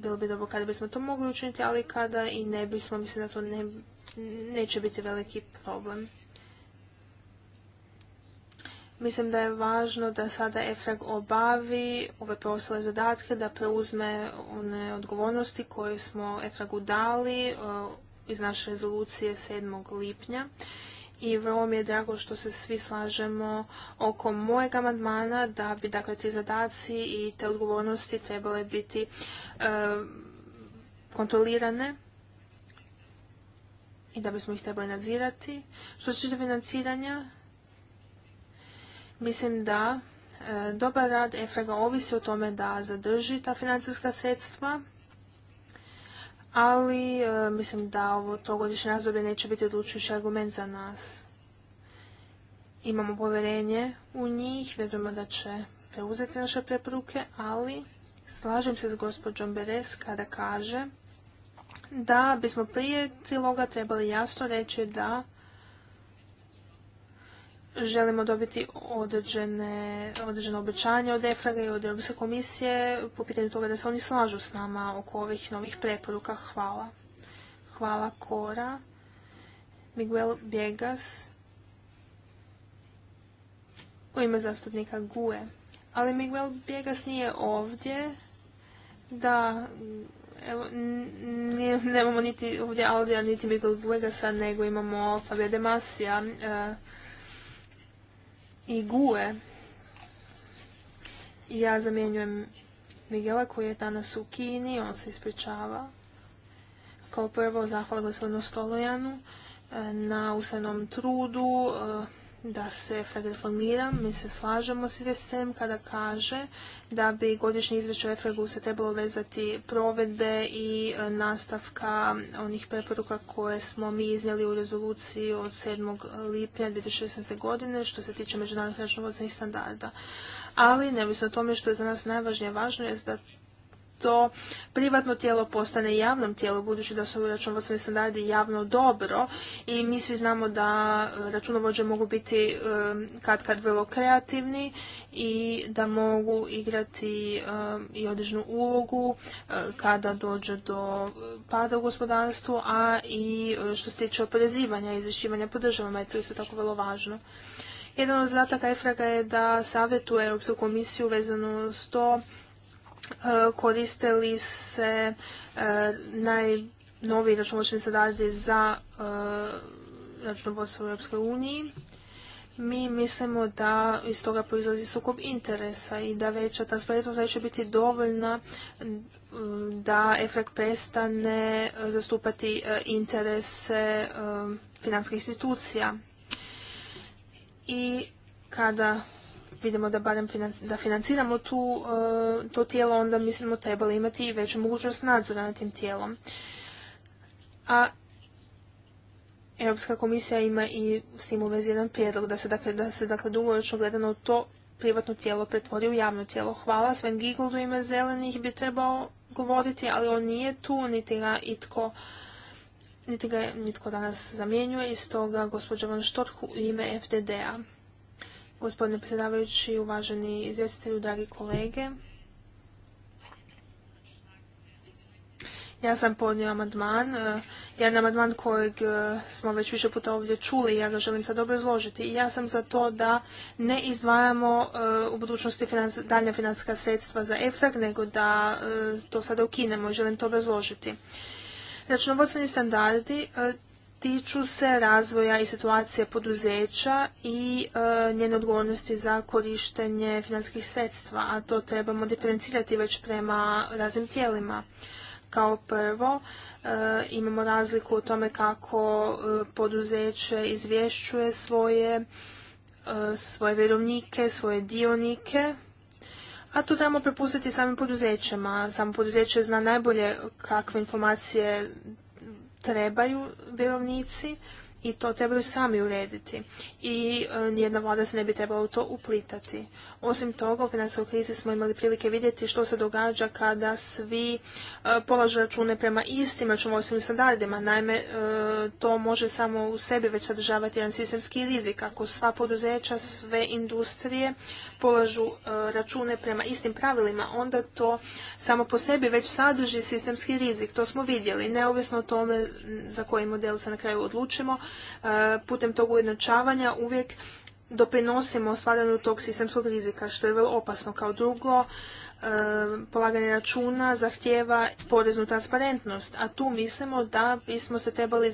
bilo bi dobro kada bismo to mogli učiniti, ali kada i ne bismo, mislim da to neće biti veliki problem. Mislim da je važno da sada EFRAG obavi ove preostale zadatke, da preuzme one odgovornosti koje smo EFRAG-u dali uh, iz naše rezolucije 7. lipnja i vrlo mi je drago što se svi slažemo oko mojeg amandmana da bi dakle ti zadaci i te odgovornosti trebale biti e, kontrolirane i da bismo ih trebali nadzirati. Što se tiče financiranja, mislim da e, dobar rad efrag ovisi o tome da zadrži ta financijska sredstva ali e, mislim da ovo trogodišnje razdoblje neće biti odlučujući argument za nas. Imamo povjerenje u njih, vjerujemo da će preuzeti naše preporuke, ali slažem se s gospođom Beres kada kaže da bismo prije triloga trebali jasno reći da želimo dobiti određene, određene obećanja od EFRAGA i od Europske komisije po pitanju toga da se oni slažu s nama oko ovih novih preporuka. Hvala. Hvala Kora. Miguel Bjegas u ime zastupnika GUE. Ali Miguel Bjegas nije ovdje da evo, nemamo niti ovdje Aldija, niti Miguel Bjegasa, nego imamo Fabio Demasija, e, i GUE. Ja zamjenjujem Miguela koji je danas u Kini, on se ispričava. Kao prvo zahvala gospodinu Stolojanu eh, na usajnom trudu, eh, da se EFRAG reformira. Mi se slažemo s ISM kada kaže da bi godišnje izvješće o EFRAG-u se trebalo vezati provedbe i e, nastavka onih preporuka koje smo mi iznijeli u rezoluciji od 7. lipnja 2016. godine što se tiče međunarodnih računovodstvenih standarda. Ali, nevisno o tome što je za nas najvažnije, važno je da to privatno tijelo postane javnom tijelu, budući da su računovodstveni standardi javno dobro i mi svi znamo da e, računovođe mogu biti e, kad kad vrlo kreativni i da mogu igrati e, i određenu ulogu kada dođe do pada u gospodarstvu, a i što se tiče oporezivanja i izvješćivanja po državama, je to isto tako vrlo važno. Jedan od zadataka IFRAG-a je da savjetuje Europsku komisiju vezanu s to koriste li se e, najnoviji računovodstveni standardi za e, računovodstvo u Europskoj uniji. Mi mislimo da iz toga proizlazi sukob interesa i da veća transparentnost neće biti dovoljna da efekt prestane e, zastupati interese financijskih institucija. I kada vidimo da barem da financiramo tu, eh, to tijelo, onda mislimo trebali imati i veću mogućnost nadzora nad tim tijelom. A Europska komisija ima i s tim u jedan prijedlog da se dakle, da se dakle dugoročno gledano to privatno tijelo pretvori u javno tijelo. Hvala. Sven Gigoldu u ime zelenih bi trebao govoriti, ali on nije tu, niti ga itko niti ga nitko danas zamjenjuje i stoga gospođa Van Štorh u ime FDD-a. Gospodine predsjedavajući, uvaženi izvjestitelju, dragi kolege. Ja sam podnio amandman, jedan amandman kojeg e, smo već više puta ovdje čuli i ja ga želim sad obrazložiti. I ja sam za to da ne izdvajamo e, u budućnosti dalje financijska sredstva za EFRAG, nego da e, to sada ukinemo i želim to obrazložiti. Računovodstveni standardi tiču se razvoja i situacije poduzeća i e, njene odgovornosti za korištenje financijskih sredstva, a to trebamo diferencirati već prema raznim tijelima. Kao prvo e, imamo razliku u tome kako e, poduzeće izvješćuje svoje, svoje vjerovnike, svoje dionike, a to trebamo prepustiti samim poduzećima. Samo poduzeće zna najbolje kakve informacije trebaju vjerovnici i to trebaju sami urediti i e, nijedna vlada se ne bi trebala u to uplitati. Osim toga, u financijskoj krizi smo imali prilike vidjeti što se događa kada svi e, polažu račune prema istim računovodstvenim standardima. Naime, e, to može samo u sebi već sadržavati jedan sistemski rizik. Ako sva poduzeća, sve industrije polažu račune prema istim pravilima, onda to samo po sebi već sadrži sistemski rizik. To smo vidjeli. Neovisno o tome za koji model se na kraju odlučimo, E, putem tog ujednačavanja uvijek doprinosimo stvaranju tog sistemskog rizika, što je vrlo opasno. Kao drugo, e, polaganje računa zahtjeva poreznu transparentnost, a tu mislimo da bismo se trebali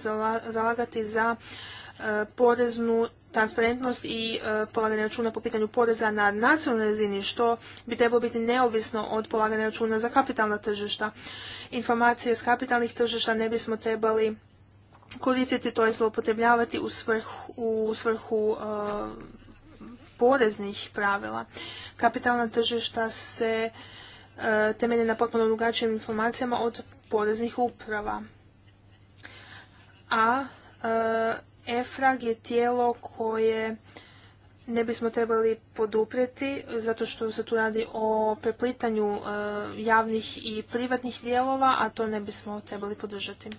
zalagati za e, poreznu transparentnost i polaganje računa po pitanju poreza na nacionalnoj razini, što bi trebalo biti neovisno od polaganja računa za kapitalna tržišta. Informacije s kapitalnih tržišta ne bismo trebali koristiti, to je zloupotrebljavati u svrhu, u svrhu uh, poreznih pravila. Kapitalna tržišta se uh, temelje na potpuno drugačijim informacijama od poreznih uprava. A uh, EFRAG je tijelo koje ne bismo trebali poduprijeti zato što se tu radi o preplitanju javnih i privatnih dijelova, a to ne bismo trebali podržati.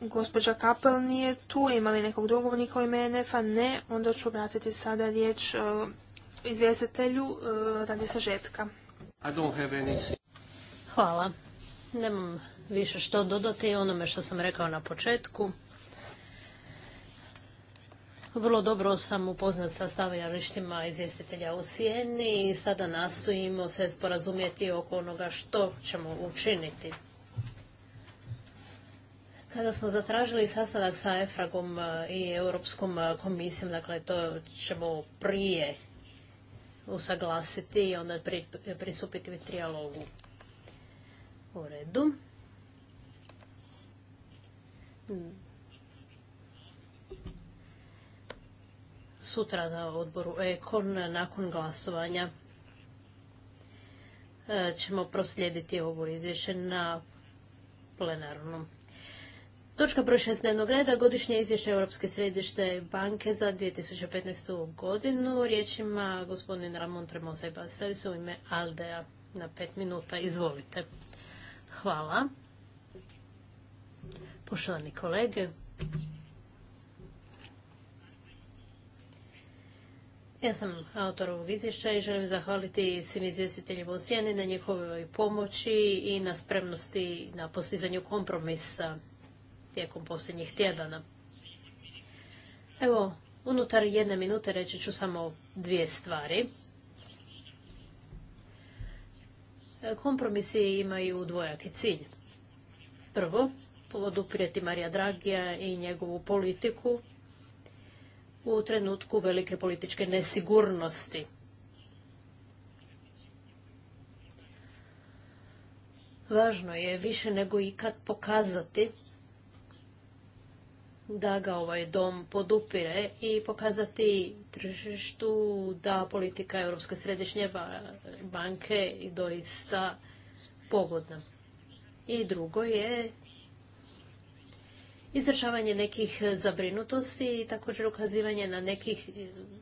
Gospođa Kapel nije tu, imali nekog drugog u mene, nf Ne, onda ću vratiti sada riječ e, izvjestitelju uh, e, radi sažetka. Hvala. Nemam više što dodati onome što sam rekao na početku. Vrlo dobro sam upoznat sa stavljalištima izvjestitelja u Sijeni i sada nastojimo se sporazumjeti oko onoga što ćemo učiniti kada smo zatražili sastanak sa EFRAGom e, i Europskom e, komisijom, dakle to ćemo prije usaglasiti i onda pristupiti trijalogu. U redu. Sutra na odboru Ekon, nakon glasovanja, e, ćemo proslijediti ovo izvješće na plenarnom Točka broj 6 dnevnog reda, godišnje izvješće Europske središte banke za 2015. godinu. Riječ ima gospodin Ramon Tremosa i u ime Aldea na pet minuta. Izvolite. Hvala. Poštovani kolege, Ja sam autor ovog izvješća i želim zahvaliti svim izvjestiteljima u Sjeni na njihovoj pomoći i na spremnosti na postizanju kompromisa tijekom posljednjih tjedana. Evo, unutar jedne minute reći ću samo dvije stvari. E, kompromisi imaju dvojaki cilj. Prvo, poduprijeti Marija Dragija i njegovu politiku u trenutku velike političke nesigurnosti. Važno je više nego ikad pokazati da ga ovaj dom podupire i pokazati tržištu da politika Europske središnje banke je doista pogodna. I drugo je izražavanje nekih zabrinutosti i također ukazivanje na nekih,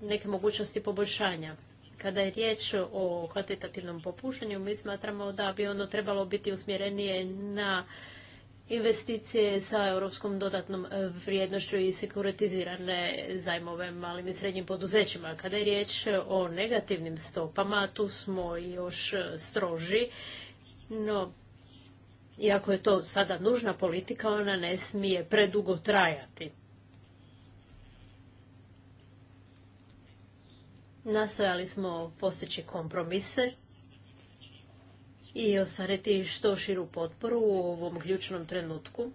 neke mogućnosti poboljšanja. Kada je riječ o kvantitativnom popuštanju, mi smatramo da bi ono trebalo biti usmjerenije na investicije sa europskom dodatnom vrijednošću i sekuritizirane zajmove malim i srednjim poduzećima. Kada je riječ o negativnim stopama, tu smo još stroži, no iako je to sada nužna politika, ona ne smije predugo trajati. Nastojali smo postići kompromise i ostvariti što širu potporu u ovom ključnom trenutku.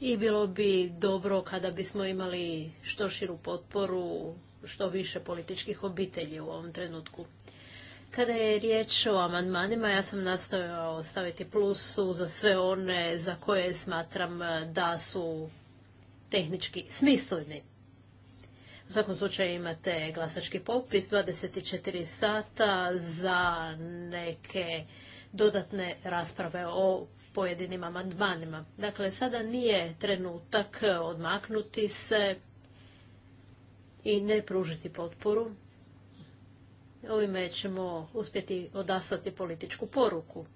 I bilo bi dobro kada bismo imali što širu potporu, što više političkih obitelji u ovom trenutku. Kada je riječ o amandmanima, ja sam nastojao ostaviti plusu za sve one za koje smatram da su tehnički smisleni. U svakom slučaju imate glasački popis 24 sata za neke dodatne rasprave o pojedinim amandmanima. Dakle, sada nije trenutak odmaknuti se i ne pružiti potporu. Ovime ćemo uspjeti odaslati političku poruku.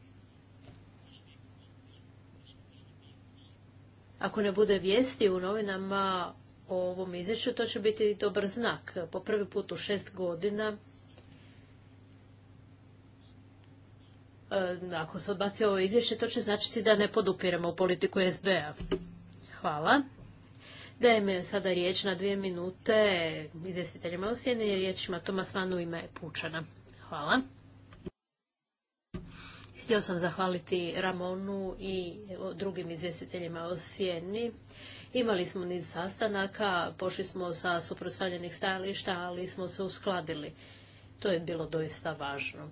Ako ne bude vijesti u novinama o ovom izvješću, to će biti dobar znak. Po prvi put u šest godina, e, ako se odbaci ovo izvješće, to će značiti da ne podupiramo politiku SDA. Hvala. Dajem sada riječ na dvije minute izvjestiteljima u sjeni riječima Tomas Vanu ime Pučana. Hvala. Htio sam zahvaliti Ramonu i drugim izvjestiteljima o Imali smo niz sastanaka, pošli smo sa suprotstavljenih stajališta, ali smo se uskladili. To je bilo doista važno.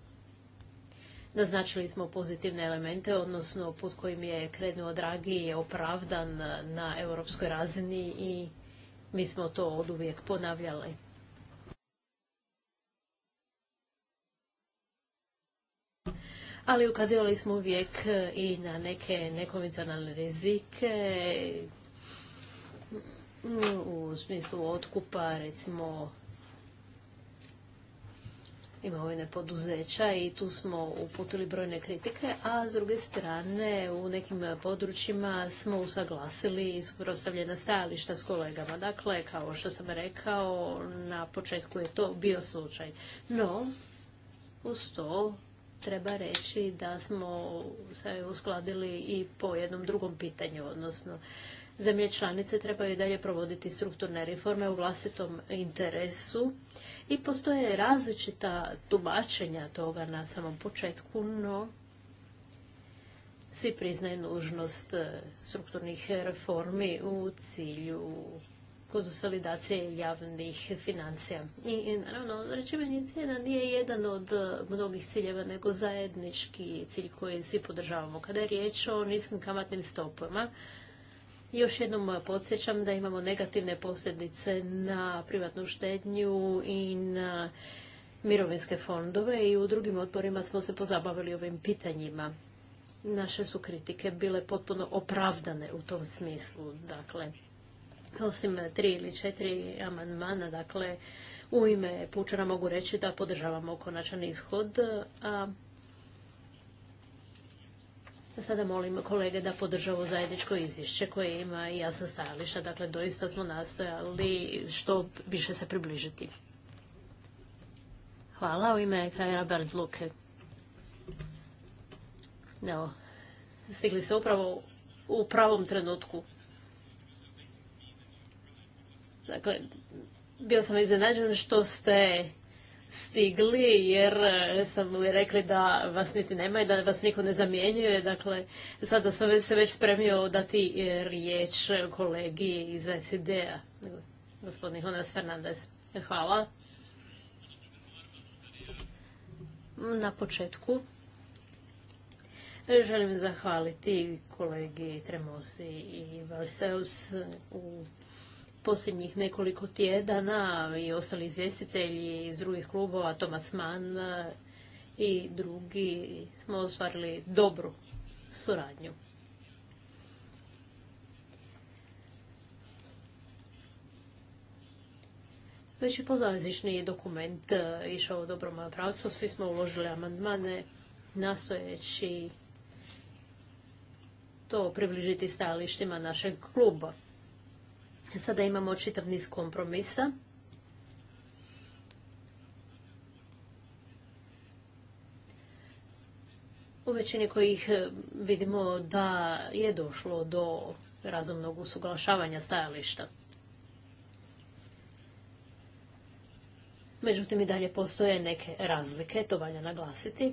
Naznačili smo pozitivne elemente, odnosno put kojim je krenuo Dragi je opravdan na europskoj razini i mi smo to od uvijek ponavljali. ali ukazivali smo uvijek i na neke nekonvencionalne rizike u smislu otkupa recimo imovine poduzeća i tu smo uputili brojne kritike, a s druge strane u nekim područjima smo usaglasili i suprostavljena stajališta s kolegama. Dakle, kao što sam rekao, na početku je to bio slučaj. No, uz to treba reći da smo se uskladili i po jednom drugom pitanju, odnosno zemlje članice trebaju i dalje provoditi strukturne reforme u vlastitom interesu i postoje različita tumačenja toga na samom početku, no svi priznaju nužnost e, strukturnih reformi u cilju konsolidacije javnih financija. I, naravno, meni cijena nije jedan od e, mnogih ciljeva, nego zajednički cilj koji svi podržavamo. Kada je riječ o niskim kamatnim stopama, još jednom podsjećam da imamo negativne posljedice na privatnu štednju i na mirovinske fondove i u drugim odborima smo se pozabavili ovim pitanjima. Naše su kritike bile potpuno opravdane u tom smislu. Dakle, osim tri ili četiri amandmana, dakle, u ime Pučana mogu reći da podržavamo konačan ishod, a Sada molim kolege da podržavu zajedničko izvješće koje ima i jasna stajališta. Dakle, doista smo nastojali što više se približiti. Hvala. U ime Kajra Luke. Evo, stigli se upravo u pravom trenutku. Dakle, bio sam iznenađen što ste stigli jer e, sam mu rekli da vas niti nema i da vas niko ne zamjenjuje. Dakle, sada sam se već spremio dati e, riječ kolegi iz SID-a, gospodin Jonas Fernandez. Hvala. Na početku želim zahvaliti kolegi Tremosi i Varsels u posljednjih nekoliko tjedana i ostali izvjestitelji iz drugih klubova, Tomas Mann eh, i drugi, smo ostvarili dobru suradnju. Već je pozalazišni dokument eh, išao u dobrom pravcu, svi smo uložili amandmane nastojeći to približiti stajalištima našeg kluba. Sada imamo čitav niz kompromisa. U većini kojih e, vidimo da je došlo do razumnog usuglašavanja stajališta. Međutim, i dalje postoje neke razlike, to valja naglasiti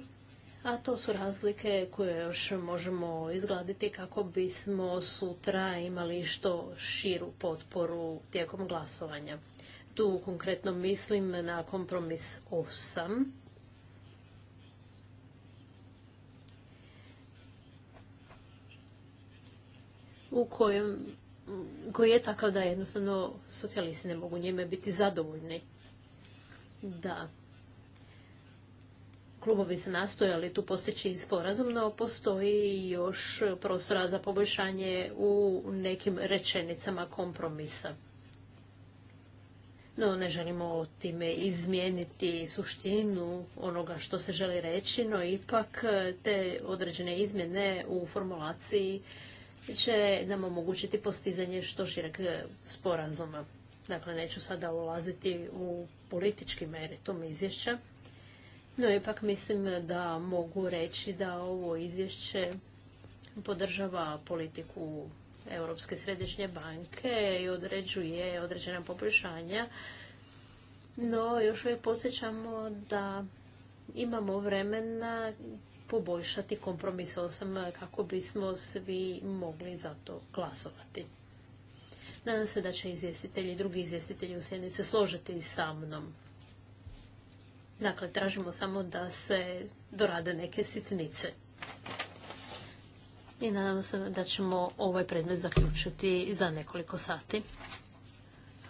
a to su razlike koje još možemo izgladiti kako bismo sutra imali što širu potporu tijekom glasovanja. Tu konkretno mislim na kompromis 8. u kojem koji je takav da jednostavno socijalisti ne mogu njime biti zadovoljni. Da, klubovi se nastojali tu postići sporazum, no postoji još prostora za poboljšanje u nekim rečenicama kompromisa. No, ne želimo time izmijeniti suštinu onoga što se želi reći, no ipak te određene izmjene u formulaciji će nam omogućiti postizanje što šireg sporazuma. Dakle, neću sada ulaziti u politički meritum izvješća. No, ipak mislim da mogu reći da ovo izvješće podržava politiku Europske središnje banke i određuje određena poboljšanja. No, još uvijek podsjećamo da imamo vremena poboljšati kompromis osam kako bismo svi mogli za to glasovati. Nadam se da će izvjestitelji i drugi izvjestitelji u sjednice složiti sa mnom. Dakle, tražimo samo da se dorade neke sitnice. I nadam se da ćemo ovaj predmet zaključiti za nekoliko sati.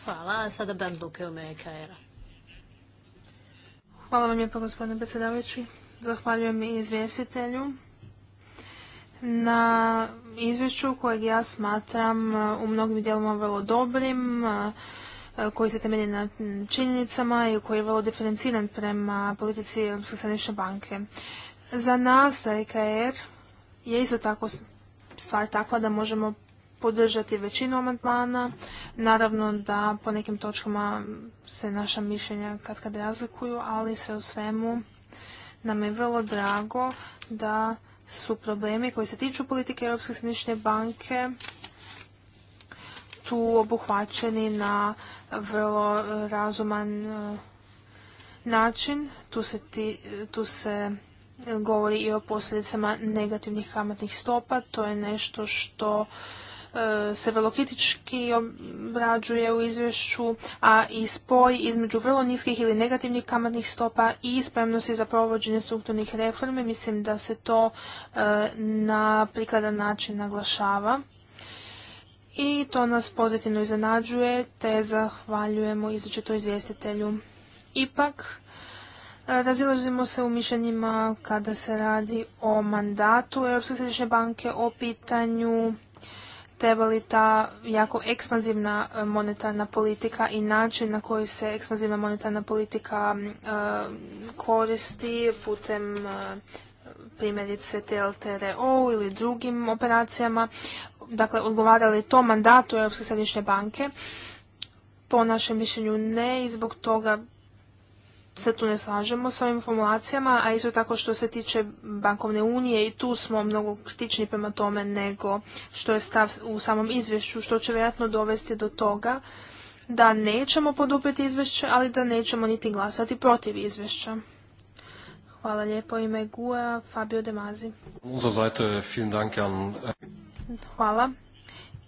Hvala. Sada ben Duke u e Hvala vam lijepa gospodine predsjedavajući. Zahvaljujem i izvjestitelju na izvješću kojeg ja smatram uh, u mnogim dijelima vrlo dobrim, uh, E, koji se temelji na činjenicama i koji je vrlo diferenciran prema politici Europske središnje banke. Za nas, za EKR, je isto tako stvar takva da možemo podržati većinu amandmana. Naravno da po nekim točkama se naša mišljenja kad kad razlikuju, ali sve u svemu nam je vrlo drago da su problemi koji se tiču politike Europske središnje banke tu obuhvaćeni na vrlo e, razuman e, način. Tu se, tu se govori i o posljedicama negativnih kamatnih stopa. To je nešto što e, se vrlo kritički obrađuje u izvješću, a i spoj između vrlo niskih ili negativnih kamatnih stopa i spremnosti za provođenje strukturnih reforme, Mislim da se to na prikladan način naglašava i to nas pozitivno iznenađuje te zahvaljujemo izričito izvjestitelju. Ipak, e, razilazimo se u mišljenjima kada se radi o mandatu Europske središnje banke, o pitanju treba li ta jako ekspanzivna e, monetarna politika i način na koji se ekspanzivna monetarna politika e, koristi putem primjerice TLTRO ili drugim operacijama dakle, odgovarali to mandatu Europske središnje banke? Po našem mišljenju ne i zbog toga se tu ne slažemo s ovim formulacijama, a isto tako što se tiče bankovne unije i tu smo mnogo kritični prema tome nego što je stav u samom izvješću, što će vjerojatno dovesti do toga da nećemo poduprijeti izvješće, ali da nećemo niti glasati protiv izvješća. Hvala lijepo ime Gua, Fabio De Hvala.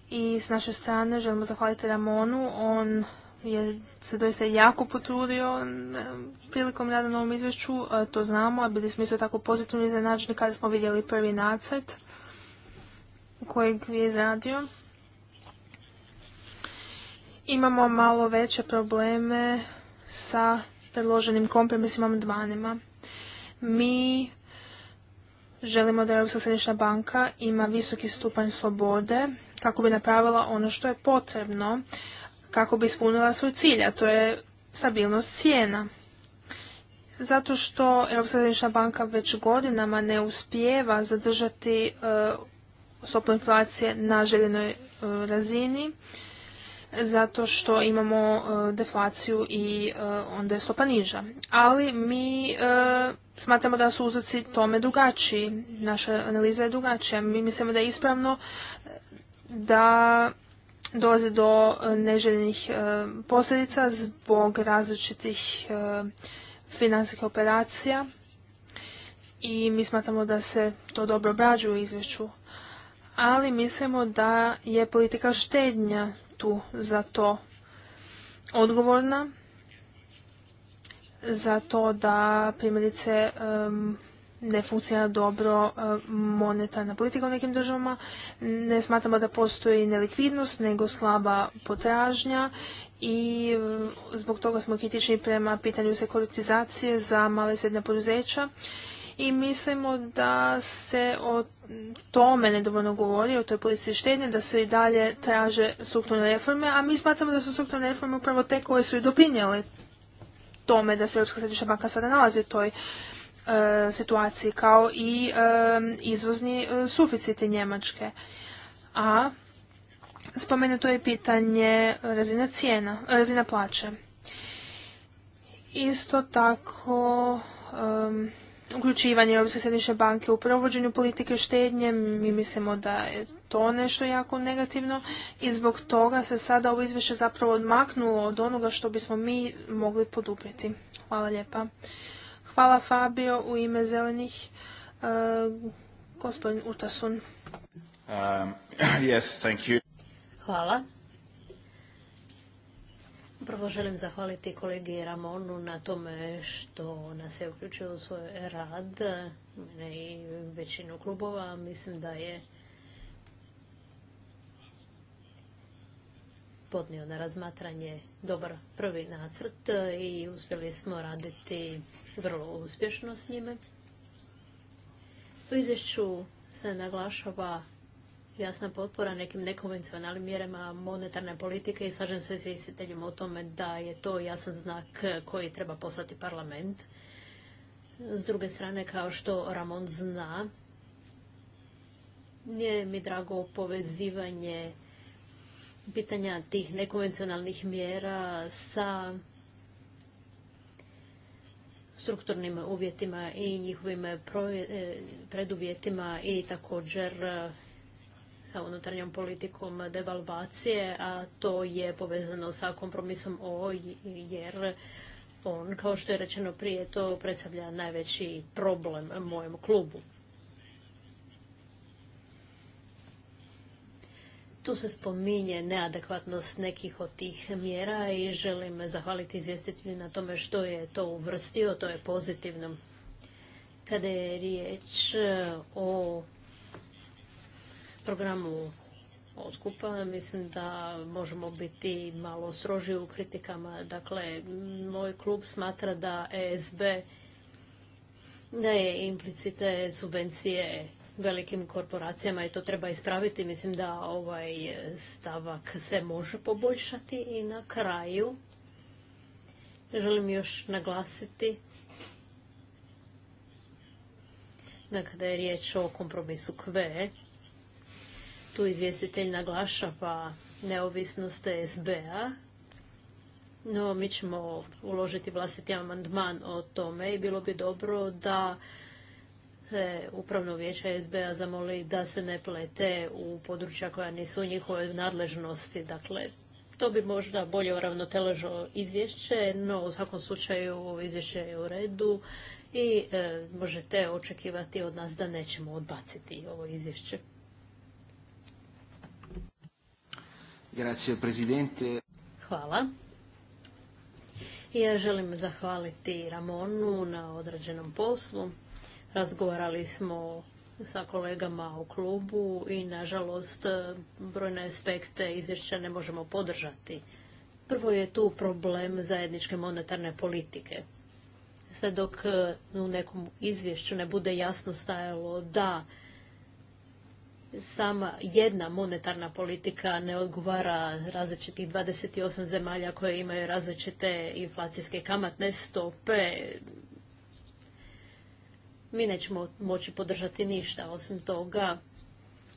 I s naše strane želimo zahvaliti Ramonu. On je se doista jako potrudio e, prilikom rada na ovom izvješću, e, to znamo, a bili smo isto tako pozitivno iznenađeni kada smo vidjeli prvi nacrt kojeg je izradio. Imamo malo veće probleme sa predloženim kompromisima amandmanima. Mi Želimo da Europska središnja banka ima visoki stupanj slobode kako bi napravila ono što je potrebno kako bi ispunila svoj cilj, a to je stabilnost cijena. Zato što Europska središnja banka već godinama ne uspijeva zadržati e, stopu inflacije na željenoj e, razini, zato što imamo e, deflaciju i e, onda je stopa niža. Ali mi e, smatramo da su uzroci tome drugačiji. Naša analiza je drugačija. Mi mislimo da je ispravno da dolazi do neželjenih posljedica zbog različitih financijskih operacija i mi smatramo da se to dobro obrađuje u izvješću. Ali mislimo da je politika štednja tu za to odgovorna, za to da primjerice ne funkcionira dobro monetarna politika u nekim državama. Ne smatramo da postoji nelikvidnost, nego slaba potražnja i zbog toga smo kritični prema pitanju sekuritizacije za male i srednje poduzeća i mislimo da se o tome nedovoljno govori, o toj politici štednje, da se i dalje traže strukturne reforme, a mi smatramo da su strukturne reforme upravo te koje su i doprinijele tome da se Europska središnja banka sada nalazi u toj e, situaciji kao i e, izvozni e, suficiti Njemačke. A spomenuto je pitanje razina cijena, razina plaće. Isto tako uključivanje Europske središnje banke u provođenju politike štednje. Mi mislimo da je to nešto jako negativno i zbog toga se sada ovo izvješće zapravo odmaknulo od onoga što bismo mi mogli poduprijeti. Hvala lijepa. Hvala Fabio u ime zelenih. E, gospodin Utasun. Um, Hvala. Prvo želim zahvaliti kolegi Ramonu na tome što nas je uključio u svoj rad, mene i većinu klubova. Mislim da je podnio na razmatranje dobar prvi nacrt i uspjeli smo raditi vrlo uspješno s njime. U izvješću se naglašava jasna potpora nekim nekonvencionalnim mjerama monetarne politike i slažem se s izvjestiteljima o tome da je to jasan znak koji treba poslati parlament. S druge strane, kao što Ramon zna, nije mi drago povezivanje pitanja tih nekonvencionalnih mjera sa strukturnim uvjetima i njihovim preduvjetima i također sa unutarnjom politikom devalvacije, a to je povezano sa kompromisom o jer on, kao što je rečeno prije, to predstavlja najveći problem mojem klubu. Tu se spominje neadekvatnost nekih od tih mjera i želim zahvaliti izvjestitelju na tome što je to uvrstio, to je pozitivno. Kada je riječ e, o programu otkupa. Mislim da možemo biti malo sroži u kritikama. Dakle, moj klub smatra da ESB je implicite subvencije velikim korporacijama i to treba ispraviti. Mislim da ovaj stavak se može poboljšati i na kraju želim još naglasiti da kada je riječ o kompromisu KVE, tu izvjestitelj naglašava neovisnost SBA, no mi ćemo uložiti vlastiti amandman o tome i bilo bi dobro da se upravno vijeće SBA zamoli da se ne plete u područja koja nisu u njihove nadležnosti. Dakle, to bi možda bolje uravnotežilo izvješće, no u svakom slučaju ovo izvješće je u redu i e, možete očekivati od nas da nećemo odbaciti ovo izvješće. Hvala. Ja želim zahvaliti Ramonu na odrađenom poslu. Razgovarali smo sa kolegama u klubu i nažalost brojne aspekte izvješća ne možemo podržati. Prvo je tu problem zajedničke monetarne politike. Sve dok u nekom izvješću ne bude jasno stajalo da sama jedna monetarna politika ne odgovara različitih 28 zemalja koje imaju različite inflacijske kamatne stope. Mi nećemo moći podržati ništa. Osim toga,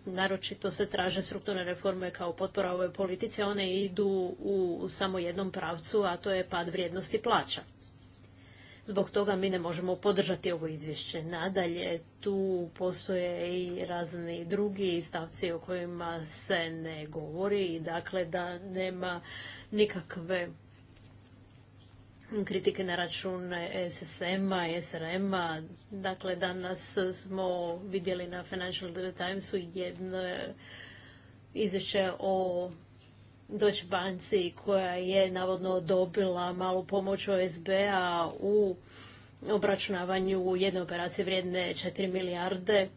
naročito se traže strukturne reforme kao potpora ove politice. One idu u samo jednom pravcu, a to je pad vrijednosti plaća. Zbog toga mi ne možemo podržati ovo izvješće. Nadalje, tu postoje i razni drugi stavci o kojima se ne govori i dakle da nema nikakve kritike na račune SSM-a, SRM-a. Dakle, danas smo vidjeli na Financial Timesu jedno izvješće o Deutsche Banci koja je navodno dobila malu pomoć OSB-a u obračunavanju jedne operacije vrijedne 4 milijarde.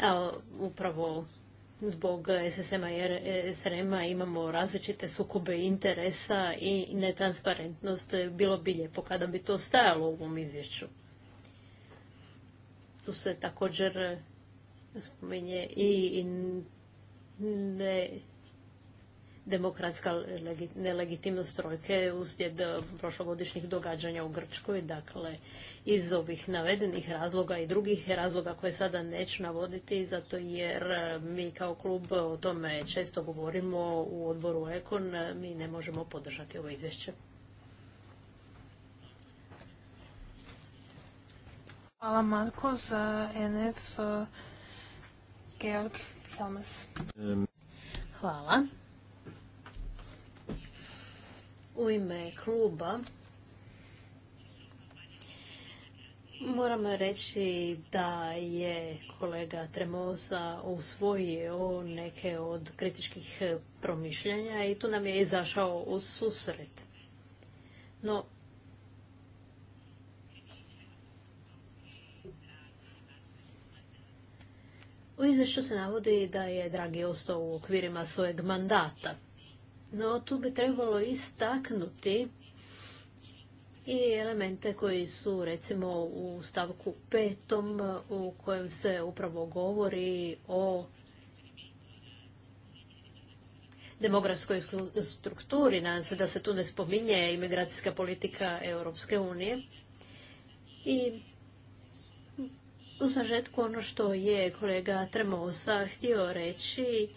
A upravo zbog SSM-a i SRM-a imamo različite sukobe interesa i netransparentnost. Bilo bi lijepo kada bi to stajalo u ovom izvješću. Tu se također spominje i ne demokratska nelegitimnost trojke uslijed e, prošlogodišnjih događanja u Grčkoj. Dakle, iz ovih navedenih razloga i drugih razloga koje sada neću navoditi, zato jer e, mi kao klub o tome često govorimo u odboru Ekon, e, mi ne možemo podržati ovo izvješće. Hvala Marko za NF Georg Thomas. Hvala. U ime kluba moramo reći da je kolega Tremosa usvojio neke od kritičkih promišljenja i tu nam je izašao u susret. No, U izvješću se navodi da je Dragi ostao u okvirima svojeg mandata. No, tu bi trebalo istaknuti i elemente koji su recimo u stavku petom u kojem se upravo govori o demografskoj strukturi, nadam se da se tu ne spominje imigracijska politika Europske unije. I u sažetku ono što je kolega Tremosa htio reći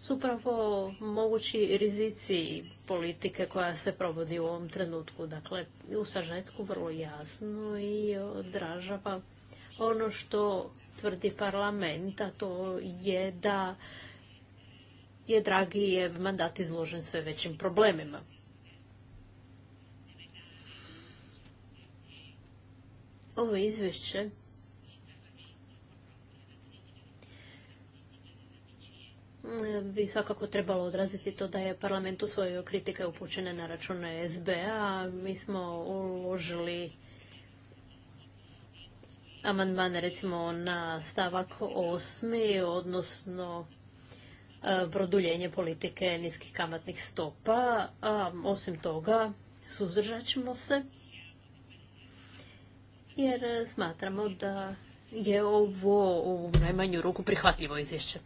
su upravo mogući rizici politike koja se provodi u ovom trenutku. Dakle, u sažetku vrlo jasno i odražava ono što tvrdi parlament, a to je da je dragi mandat izložen sve većim problemima. Ovo izvješće Mm, bi svakako trebalo odraziti to da je parlament usvojio kritike upućene na račune SBA. Mi smo uložili amandmane recimo na stavak osmi, odnosno e, produljenje politike niskih kamatnih stopa. A osim toga, suzdržat ćemo se jer smatramo da je ovo u najmanju ruku prihvatljivo izvješće.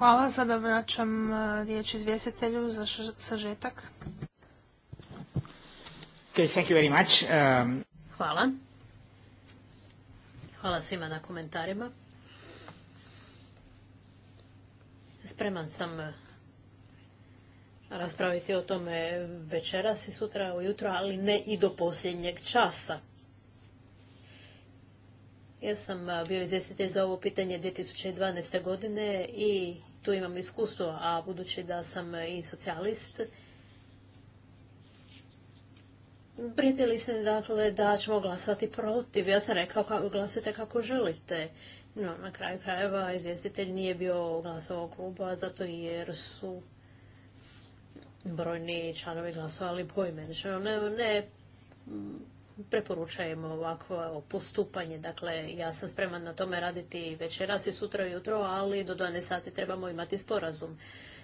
Hvala. Sada vraćam e, riječ izvjestitelju za sažetak. Okay, thank you very much. Um... Hvala. Hvala svima na komentarima. Spreman sam e, raspraviti o tome večeras i sutra ujutro, ali ne i do posljednjeg časa. Ja sam e, bio izvjestitelj za ovo pitanje 2012. godine i tu imam iskustvo, a budući da sam i socijalist, prijatelji se dakle da ćemo glasovati protiv. Ja sam rekao kako glasujete kako želite. No, na kraju krajeva izvjestitelj nije bio glasovao kluba zato jer su brojni članovi glasovali poimenično. Ne, ne preporučajemo ovakvo postupanje. Dakle, ja sam spreman na tome raditi večeras i sutra i jutro, ali do 12 sati trebamo imati sporazum.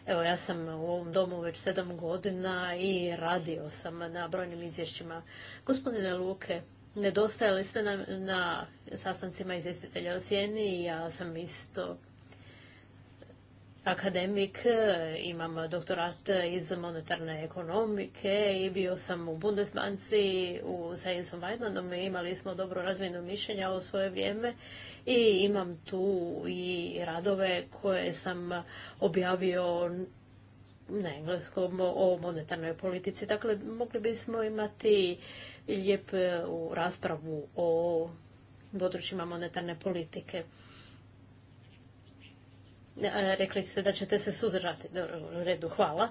Evo, ja sam u ovom domu već sedam godina i radio sam na brojnim izvješćima. Gospodine Luke, nedostajali ste nam na sastancima izvjestitelja o i ja sam isto akademik, imam doktorat iz monetarne ekonomike i bio sam u Bundesbanci u, sa Jensom Weidmanom i imali smo dobro razvijeno mišljenja o svoje vrijeme i imam tu i radove koje sam objavio na engleskom o monetarnoj politici. Dakle, mogli bismo imati lijep raspravu o područjima monetarne politike. E, rekli ste da ćete se suzdržati. Dobro, u redu, hvala.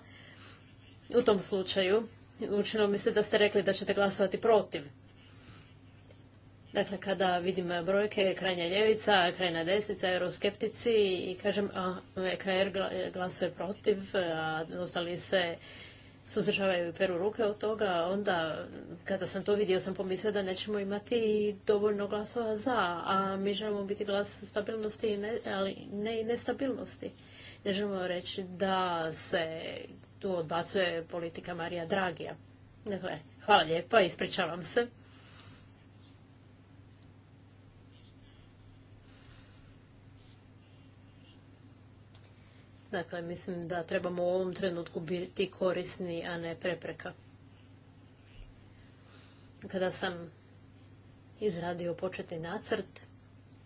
U tom slučaju, učinilo mi se da ste rekli da ćete glasovati protiv. Dakle, kada vidim brojke, krajnja ljevica, krajnja desnica, euroskeptici i kažem, a, EKR glasuje protiv, a ostali se suzdržavaju i peru ruke od toga, onda kada sam to vidio sam pomislio da nećemo imati dovoljno glasova za, a mi želimo biti glas stabilnosti, ali ne i nestabilnosti. Ne želimo reći da se tu odbacuje politika Marija Dragija. Dakle, hvala lijepa, ispričavam se. Dakle, mislim da trebamo u ovom trenutku biti korisni, a ne prepreka. Kada sam izradio početni nacrt,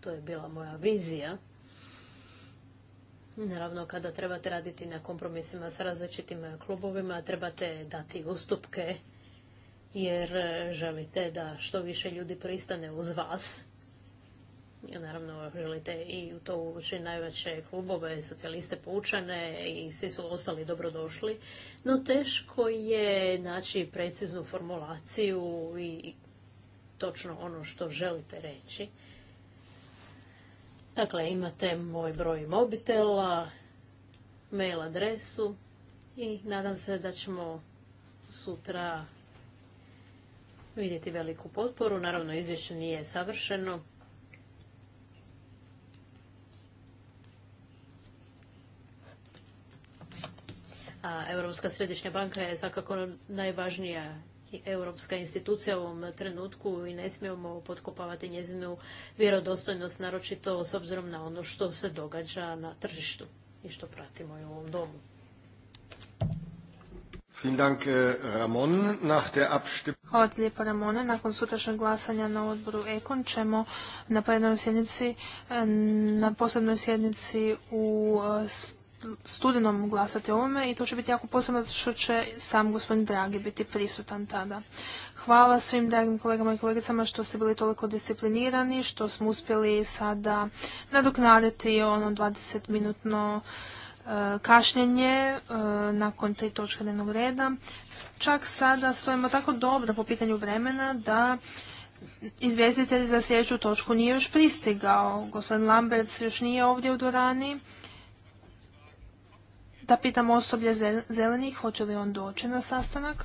to je bila moja vizija, Naravno, kada trebate raditi na kompromisima sa različitim klubovima, trebate dati ustupke jer želite da što više ljudi pristane uz vas. Naravno, želite i u to uvući najveće klubove, socijaliste poučane i svi su ostali dobrodošli. No teško je naći preciznu formulaciju i točno ono što želite reći. Dakle, imate moj broj mobitela, mail adresu i nadam se da ćemo sutra vidjeti veliku potporu. Naravno, izvješće nije savršeno a Europska središnja banka je svakako najvažnija europska institucija u ovom trenutku i ne smijemo potkopavati njezinu vjerodostojnost, naročito s obzirom na ono što se događa na tržištu i što pratimo i u ovom domu. Eh, Hvala ti lijepo Ramone. Nakon sutrašnjeg glasanja na odboru Ekon ćemo na plenarnoj sjednici, eh, na posebnoj sjednici u eh, studenom glasati o ovome i to će biti jako posebno što će sam gospodin Dragi biti prisutan tada. Hvala svim dragim kolegama i kolegicama što ste bili toliko disciplinirani, što smo uspjeli sada nadoknaditi ono 20-minutno e, kašnjenje e, nakon te točke dnevnog reda. Čak sada stojimo tako dobro po pitanju vremena da izvjestitelj za sljedeću točku nije još pristigao. Gospodin Lamberts još nije ovdje u dvorani da pitam osoblje zelenih, hoće li on doći na sastanak?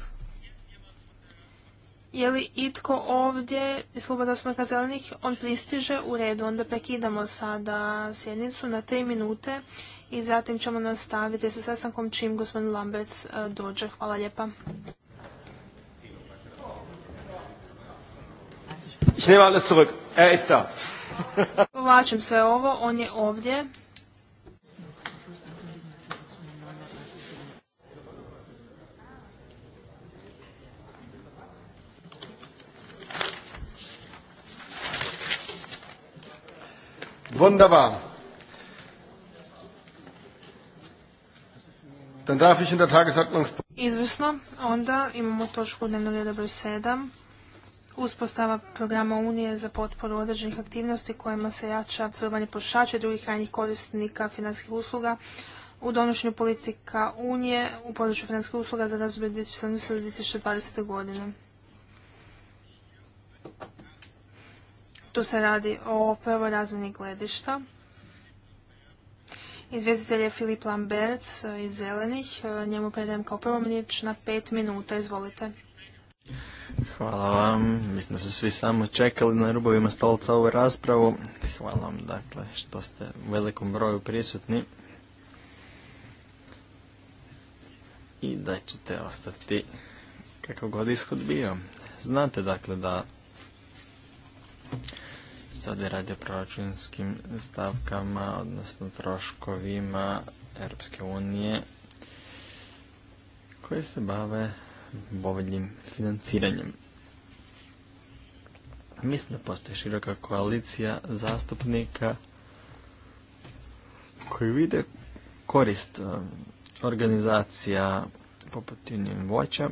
Je li itko ovdje iz kluba zastupnika zelenih? On pristiže u redu, onda prekidamo sada sjednicu na tri minute i zatim ćemo nastaviti sa sastankom čim gospodin Lambec e, dođe. Hvala lijepa. Ich zurück. Er ist da. Povlačim sve ovo, on je ovdje. Wunderbar. Dann darf ich in der Tagesordnungspunkt. Izvrsno, onda imamo točku dnevnog reda broj 7. Uspostava programa Unije za potporu određenih aktivnosti kojima se jača absorbanje potrošača i drugih krajnjih korisnika financijskih usluga u donošenju politika Unije u području financijskih usluga za razdoblje 2017. do 2020. godine. Tu se radi o prvoj razmjeni gledišta. Izvjestitelj je Filip Lamberts e, iz Zelenih. E, Njemu predajem kao prvom riječ na pet minuta. Izvolite. Hvala vam. Mislim da su svi samo čekali na rubovima stolca ovu raspravu. Hvala vam dakle što ste u velikom broju prisutni. I da ćete ostati kako god ishod bio. Znate dakle da sada radi o proračunskim stavkama, odnosno troškovima Europske unije koje se bave boveljim financiranjem. Mislim da postoji široka koalicija zastupnika koji vide korist e, organizacija poput Union Voća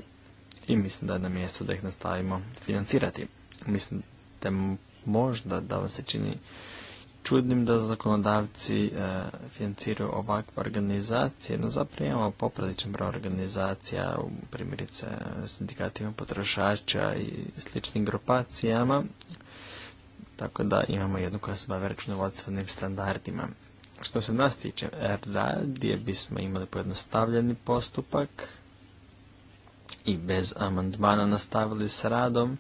i mislim da je na mjestu da ih nastavimo financirati. Mislim da možda da vam se čini čudnim da zakonodavci e, financiraju ovakve organizacije, no zapravo imamo popriličan broj organizacija, primjerice sindikatima potrošača i sličnim grupacijama, tako da imamo jednu koja se bave računovodstvenim standardima. Što se nas tiče, gdje bismo imali pojednostavljeni postupak i bez amandmana nastavili s radom,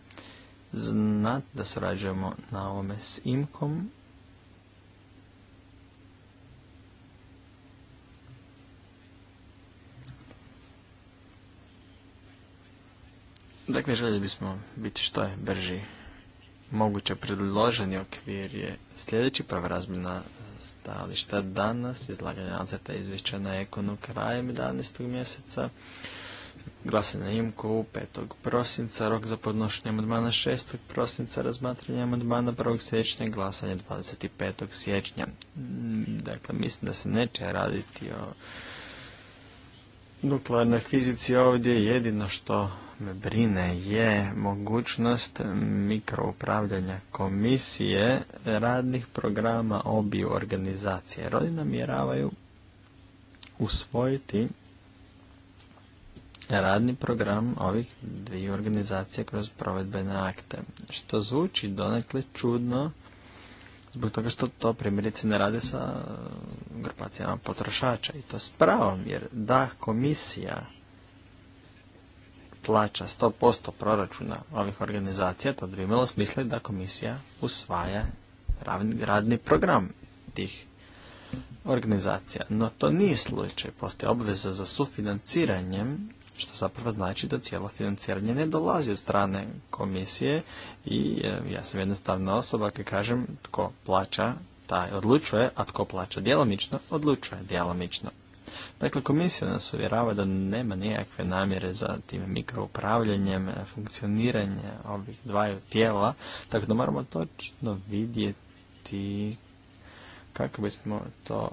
Zna da surađujemo na ovome s imkom. Dakle, željeli bismo biti što je brži moguće predloženi okvir je sljedeći prava razmjena stajališta danas, izlaganje nacrta izvješća na ekonu krajem 11. mjeseca. Glasanje imko u 5. prosinca, rok za podnošenje amandmana 6. prosinca, razmatranje amandmana 1. siječnja, glasanje 25. siječnja. Mm, dakle, mislim da se neće raditi o nuklearnoj fizici ovdje. Jedino što me brine je mogućnost mikroupravljanja komisije radnih programa obiju organizacije. Rodina mjeravaju namjeravaju usvojiti radni program ovih dvije organizacije kroz provedbene akte. Što zvuči donekle čudno, zbog toga što to primjerice ne rade sa uh, grupacijama potrošača i to s pravom, jer da komisija plaća 100% proračuna ovih organizacija, to bi imalo smisla da komisija usvaja radni program tih organizacija. No to nije slučaj, postoje obveza za sufinanciranjem što zapravo znači da cijelo financiranje ne dolazi od strane komisije i e, ja sam jednostavna osoba kad kažem tko plaća taj odlučuje, a tko plaća djelomično odlučuje djelomično. Dakle, komisija nas uvjerava da nema nikakve namjere za tim mikroupravljanjem, funkcioniranje ovih dvaju tijela, tako da moramo točno vidjeti kako bismo to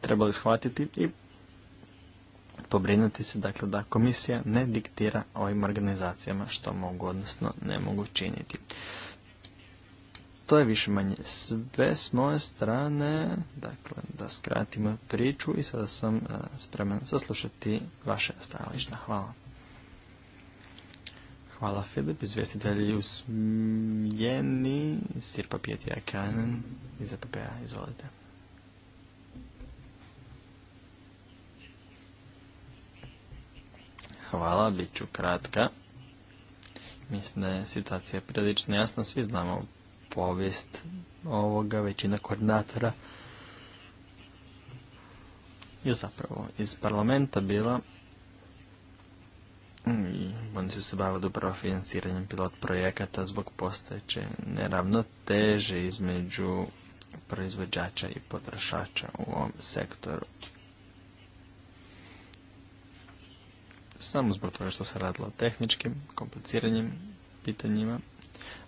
trebali shvatiti i pobrinuti se dakle da komisija ne diktira ovim organizacijama što mogu odnosno ne mogu činiti. To je više manje sve s moje strane, dakle da skratimo priču i sada sam e, spreman saslušati vaše stajališta. Hvala. Hvala Filip, izvjestitelji u Smjeni, Sirpa Kanen iz EPP-a, izvolite. Hvala, bit ću kratka. Mislim da je situacija prilično jasna, svi znamo povijest ovoga, većina koordinatora je zapravo iz parlamenta bila i oni su se bavili upravo financiranjem pilot projekata zbog postojeće neravnoteže između proizvođača i potrošača u ovom sektoru. samo zbog toga što se radilo o tehničkim, kompliciranim pitanjima,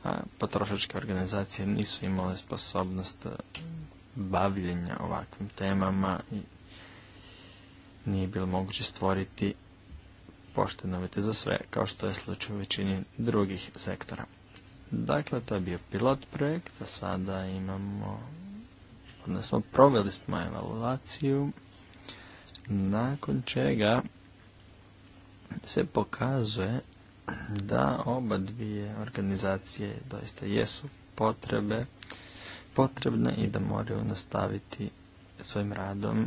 a potrošačke organizacije nisu imale sposobnost e, bavljenja ovakvim temama i nije bilo moguće stvoriti poštene za sve, kao što je slučaj u većini drugih sektora. Dakle, to je bio pilot projekt, a sada imamo, odnosno proveli smo evaluaciju, nakon čega se pokazuje da oba dvije organizacije doista jesu potrebe, potrebne i da moraju nastaviti svojim radom,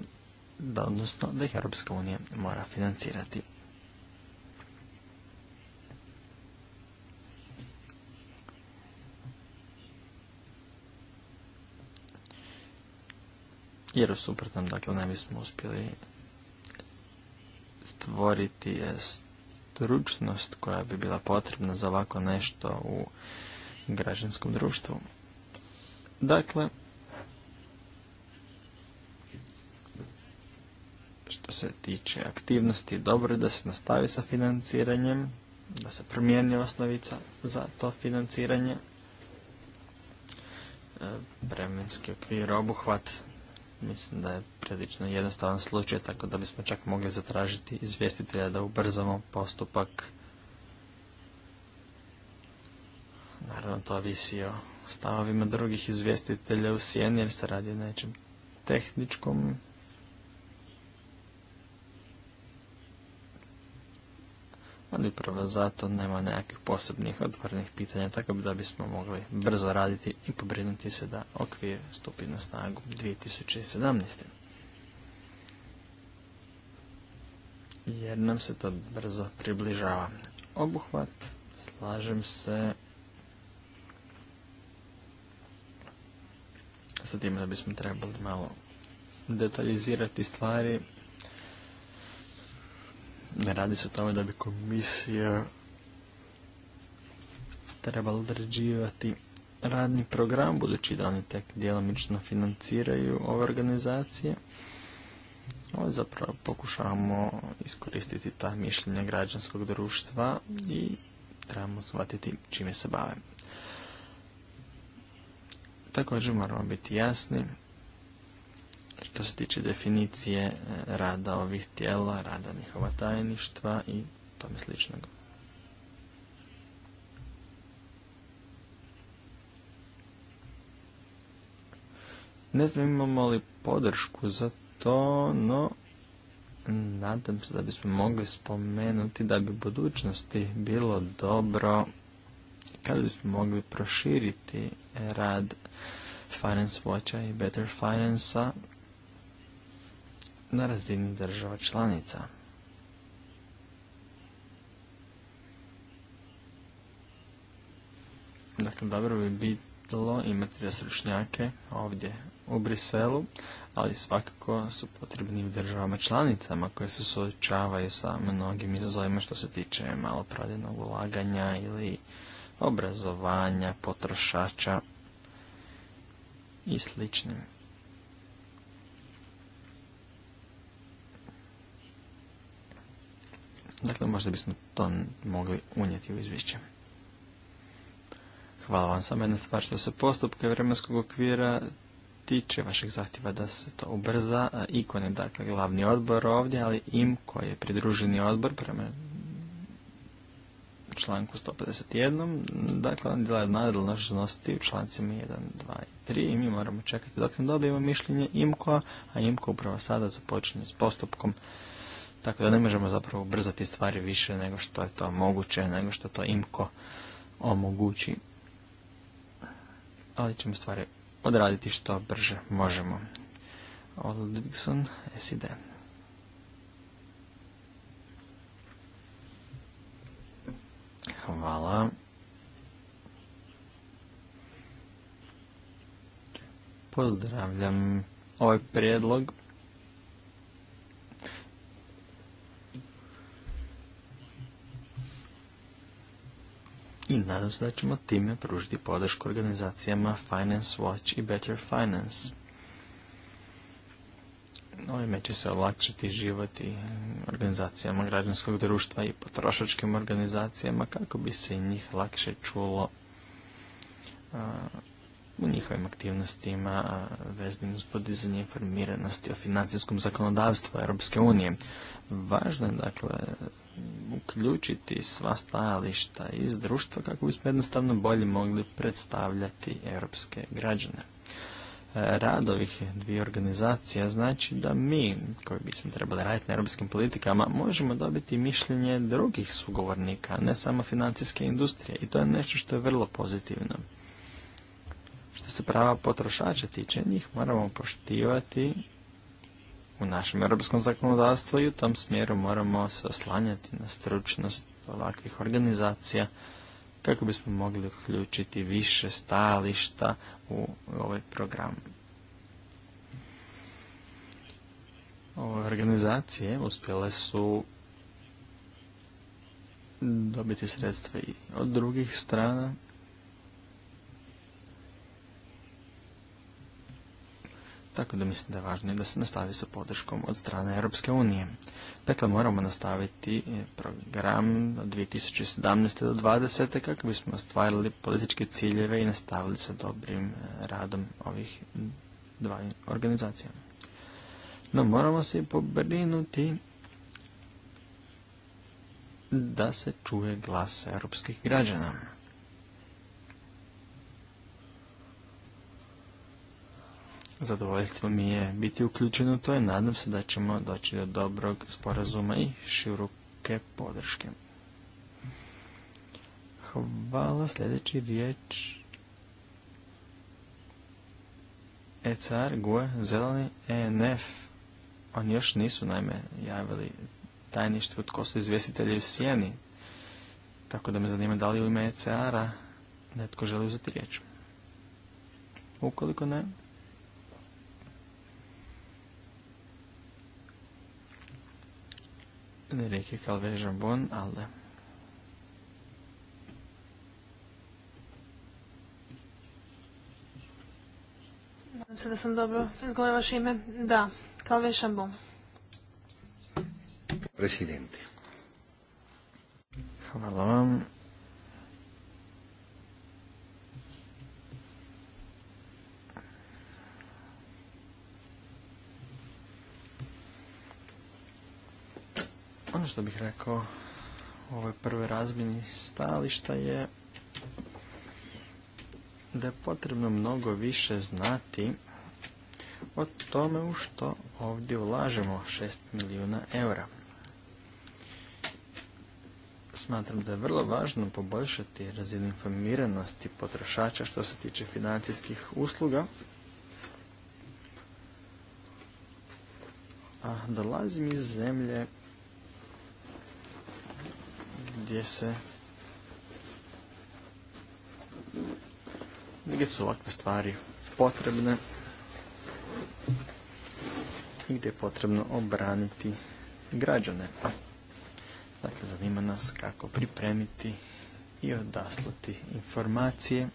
da, odnosno da ih Europska unija mora financirati. Jer u suprotnom, dakle, ne bismo uspjeli stvoriti je stručnost koja bi bila potrebna za ovako nešto u građanskom društvu. Dakle, što se tiče aktivnosti, dobro je da se nastavi sa financiranjem, da se promijeni osnovica za to financiranje, Bremenski e, okvir, obuhvat Mislim da je prilično jednostavan slučaj, tako da bismo čak mogli zatražiti izvjestitelja da ubrzamo postupak. Naravno, to visi o stavovima drugih izvjestitelja u sjeni, jer se radi o nečem tehničkom ali upravo zato nema nekakvih posebnih otvorenih pitanja, tako da bismo mogli brzo raditi i pobrinuti se da okvir stupi na snagu 2017. Jer nam se to brzo približava. Obuhvat, slažem se, sa tim da bismo trebali malo detaljizirati stvari, ne radi se o tome da bi komisija trebala određivati radni program, budući da oni tek djelomično financiraju ove organizacije. Ovo zapravo pokušavamo iskoristiti ta mišljenja građanskog društva i trebamo shvatiti čime se bave. Također moramo biti jasni što se tiče definicije e, rada ovih tijela, rada njihova tajništva i tome sličnog. Ne znam imamo li podršku za to, no nadam se da bismo mogli spomenuti da bi u budućnosti bilo dobro kada bismo mogli proširiti rad Finance Watcha i Better Finance-a na razini država članica. Dakle, dobro bi bilo imati stručnjake ovdje u Briselu, ali svakako su potrebni u državama članicama koje se suočavaju sa mnogim izazovima što se tiče malopravljenog ulaganja ili obrazovanja, potrošača i sličnim. Dakle, možda bismo to mogli unijeti u izvješće. Hvala vam samo jedna stvar što se postupke vremenskog okvira tiče vašeg zahtjeva da se to ubrza. Ikon je dakle glavni odbor ovdje, ali im koji je pridruženi odbor prema članku 151. Dakle, on djela nadležnosti u člancima 1, 2 i 3 i mi moramo čekati dok ne dobijemo mišljenje IMKO, a IMKO upravo sada započinje s postupkom tako da ne možemo zapravo ubrzati stvari više nego što je to moguće, nego što to imko omogući. Ali ćemo stvari odraditi što brže možemo. Od Ludvigson, SID. Hvala. Pozdravljam ovaj prijedlog i nadam se da ćemo time pružiti podršku organizacijama Finance Watch i Better Finance. Ovime će se olakšati život i organizacijama građanskog društva i potrošačkim organizacijama kako bi se njih lakše čulo u njihovim aktivnostima veznim uz podizanje informiranosti o financijskom zakonodavstvu Europske unije. Važno je dakle uključiti sva stajališta iz društva kako bismo jednostavno bolje mogli predstavljati europske građane. E, rad ovih dvije organizacija znači da mi, koji bismo trebali raditi na europskim politikama, možemo dobiti mišljenje drugih sugovornika, ne samo financijske industrije. I to je nešto što je vrlo pozitivno. Što se prava potrošača tiče, njih moramo poštivati u našem europskom zakonodavstvu i u tom smjeru moramo se oslanjati na stručnost ovakvih organizacija kako bismo mogli uključiti više stajališta u ovaj program. Ove organizacije uspjele su dobiti sredstva i od drugih strana tako da mislim da je važno da se nastavi sa podrškom od strane Europske unije. Dakle, moramo nastaviti e, program od 2017. do 2020. kako bismo ostvarili političke ciljeve i nastavili sa dobrim e, radom ovih dva organizacija. No, moramo se pobrinuti da se čuje glas europskih građana. Zadovoljstvo mi je biti uključeno u to i nadam se da ćemo doći do dobrog sporazuma i široke podrške. Hvala. Sljedeći riječ. ECR, GUE, Zeleni, ENF. Oni još nisu naime javili tajništvu tko su izvjestitelji u Sijeni. Tako da me zanima da li u ime ECR-a netko želi uzeti riječ. Ukoliko ne, kao Kalve Bon, Alde. Nadam se da sam dobro izgovorila vaše ime. Da, Kalve Šambon. Presidente. Hvala vam. Ono što bih rekao u ovoj prvoj razmjeni stališta je da je potrebno mnogo više znati o tome u što ovdje ulažemo 6 milijuna eura. Smatram da je vrlo važno poboljšati razinu informiranosti potrošača što se tiče financijskih usluga. A dolazim iz zemlje gdje se gdje su ovakve stvari potrebne i gdje je potrebno obraniti građane. Dakle, zanima nas kako pripremiti i odaslati informacije,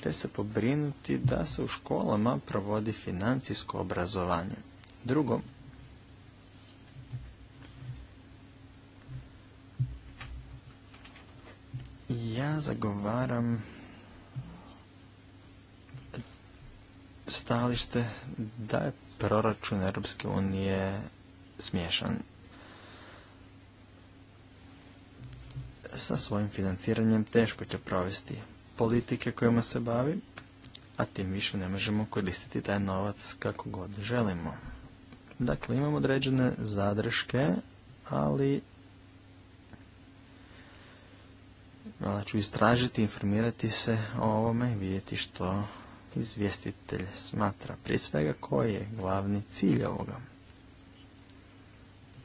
te se pobrinuti da se u školama provodi financijsko obrazovanje. Drugo, Ja zagovaram stalište da je proračun Europske unije smješan. Sa svojim financiranjem teško će provesti politike kojima se bavi, a tim više ne možemo koristiti taj novac kako god želimo. Dakle, imamo određene zadrške, ali Malo ću istražiti, informirati se o ovome i vidjeti što izvjestitelj smatra. Prije svega koji je glavni cilj ovoga.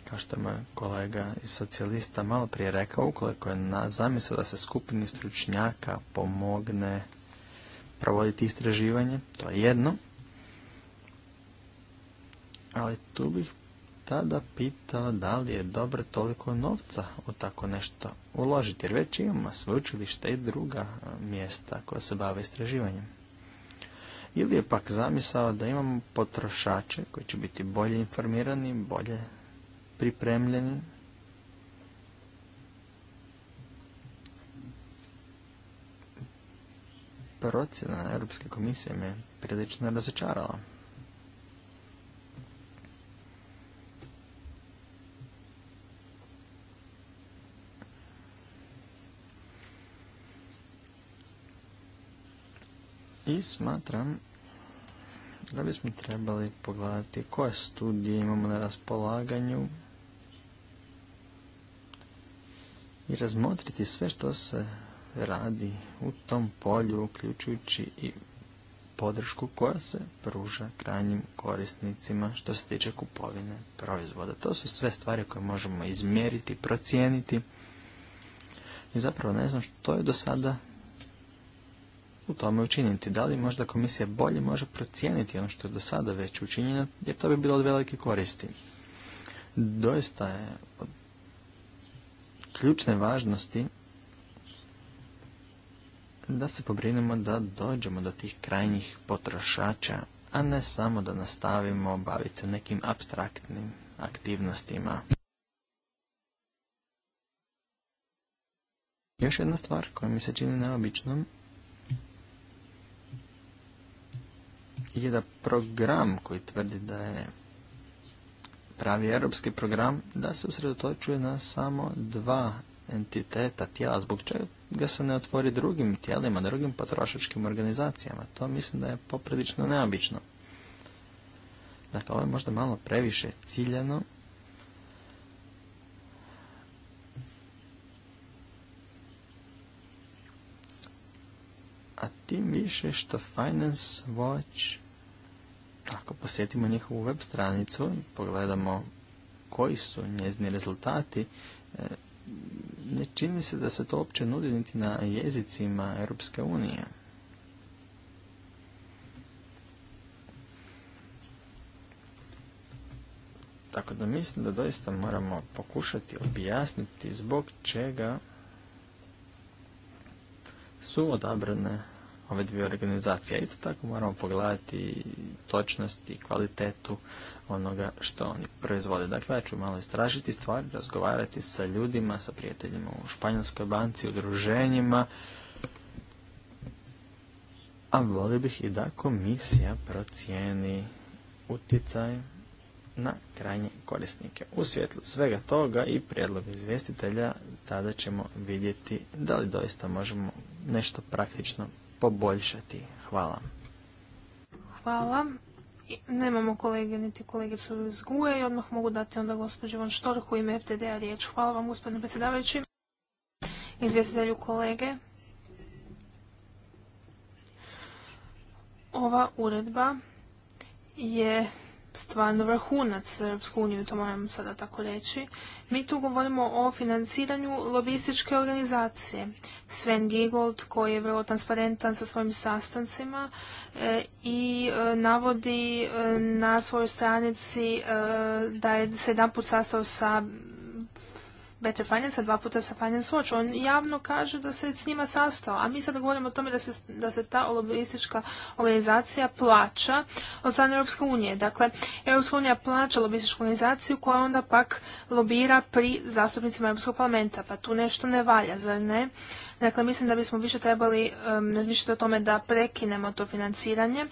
Kao što je kolega iz socijalista malo prije rekao, ukoliko je na zamisla da se skupini stručnjaka pomogne provoditi istraživanje, to je jedno. Ali tu bih tada pitao da li je dobro toliko novca u tako nešto uložiti, jer već imamo sveučilište i druga e, mjesta koja se bave istraživanjem. Ili je pak zamisao da imamo potrošače koji će biti bolje informirani, bolje pripremljeni, procjena Europske komisije me prilično razočarala. I smatram da bismo trebali pogledati koje studije imamo na raspolaganju i razmotriti sve što se radi u tom polju, uključujući i podršku koja se pruža krajnjim korisnicima što se tiče kupovine proizvoda. To su sve stvari koje možemo izmjeriti, procijeniti i zapravo ne znam što je do sada u tome učiniti? Da li možda komisija bolje može procijeniti ono što je do sada već učinjeno, jer to bi bilo od velike koristi. Doista je od ključne važnosti da se pobrinemo da dođemo do tih krajnjih potrošača, a ne samo da nastavimo baviti se nekim abstraktnim aktivnostima. Još jedna stvar koja mi se čini neobičnom je da program koji tvrdi da je pravi europski program da se usredotočuje na samo dva entiteta tijela, zbog čega ga se ne otvori drugim tijelima, drugim potrošačkim organizacijama. To mislim da je poprilično neobično. Dakle, ovo je možda malo previše ciljano. A tim više što Finance Watch ako posjetimo njihovu web stranicu i pogledamo koji su njezni rezultati, e, ne čini se da se to uopće nudi niti na jezicima Europske unije. Tako da mislim da doista moramo pokušati objasniti zbog čega su odabrane ove dvije organizacije. Isto tako moramo pogledati točnost i kvalitetu onoga što oni proizvode. Dakle, ja ću malo istražiti stvari, razgovarati sa ljudima, sa prijateljima u Španjolskoj banci, udruženjima, a volio bih i da komisija procijeni utjecaj na krajnje korisnike. U svjetlu svega toga i prijedlog izvjestitelja tada ćemo vidjeti da li doista možemo nešto praktično poboljšati. Hvala. Hvala. Nemamo kolege niti kolegicu iz Guje i odmah mogu dati onda gospođi Von Štorhu ime FTD-a riječ. Hvala vam gospodine predsjedavajući. Izvjestitelju kolege. Ova uredba je stvarno vrhunac Europsku uniju, to moram sada tako reći. Mi tu govorimo o financiranju lobističke organizacije. Sven Giegold koji je vrlo transparentan sa svojim sastancima e, i e, navodi e, na svojoj stranici da je se jedan put sastao sa Better Finance, dva puta sa Finance Watch. On javno kaže da se s njima sastao, a mi sada govorimo o tome da se, da se ta lobistička organizacija plaća od strane Europske unije. Dakle, Europska unija plaća lobističku organizaciju koja onda pak lobira pri zastupnicima Europskog parlamenta, pa tu nešto ne valja, zar ne? Dakle, mislim da bismo više trebali razmišljati o tome da prekinemo to financiranje,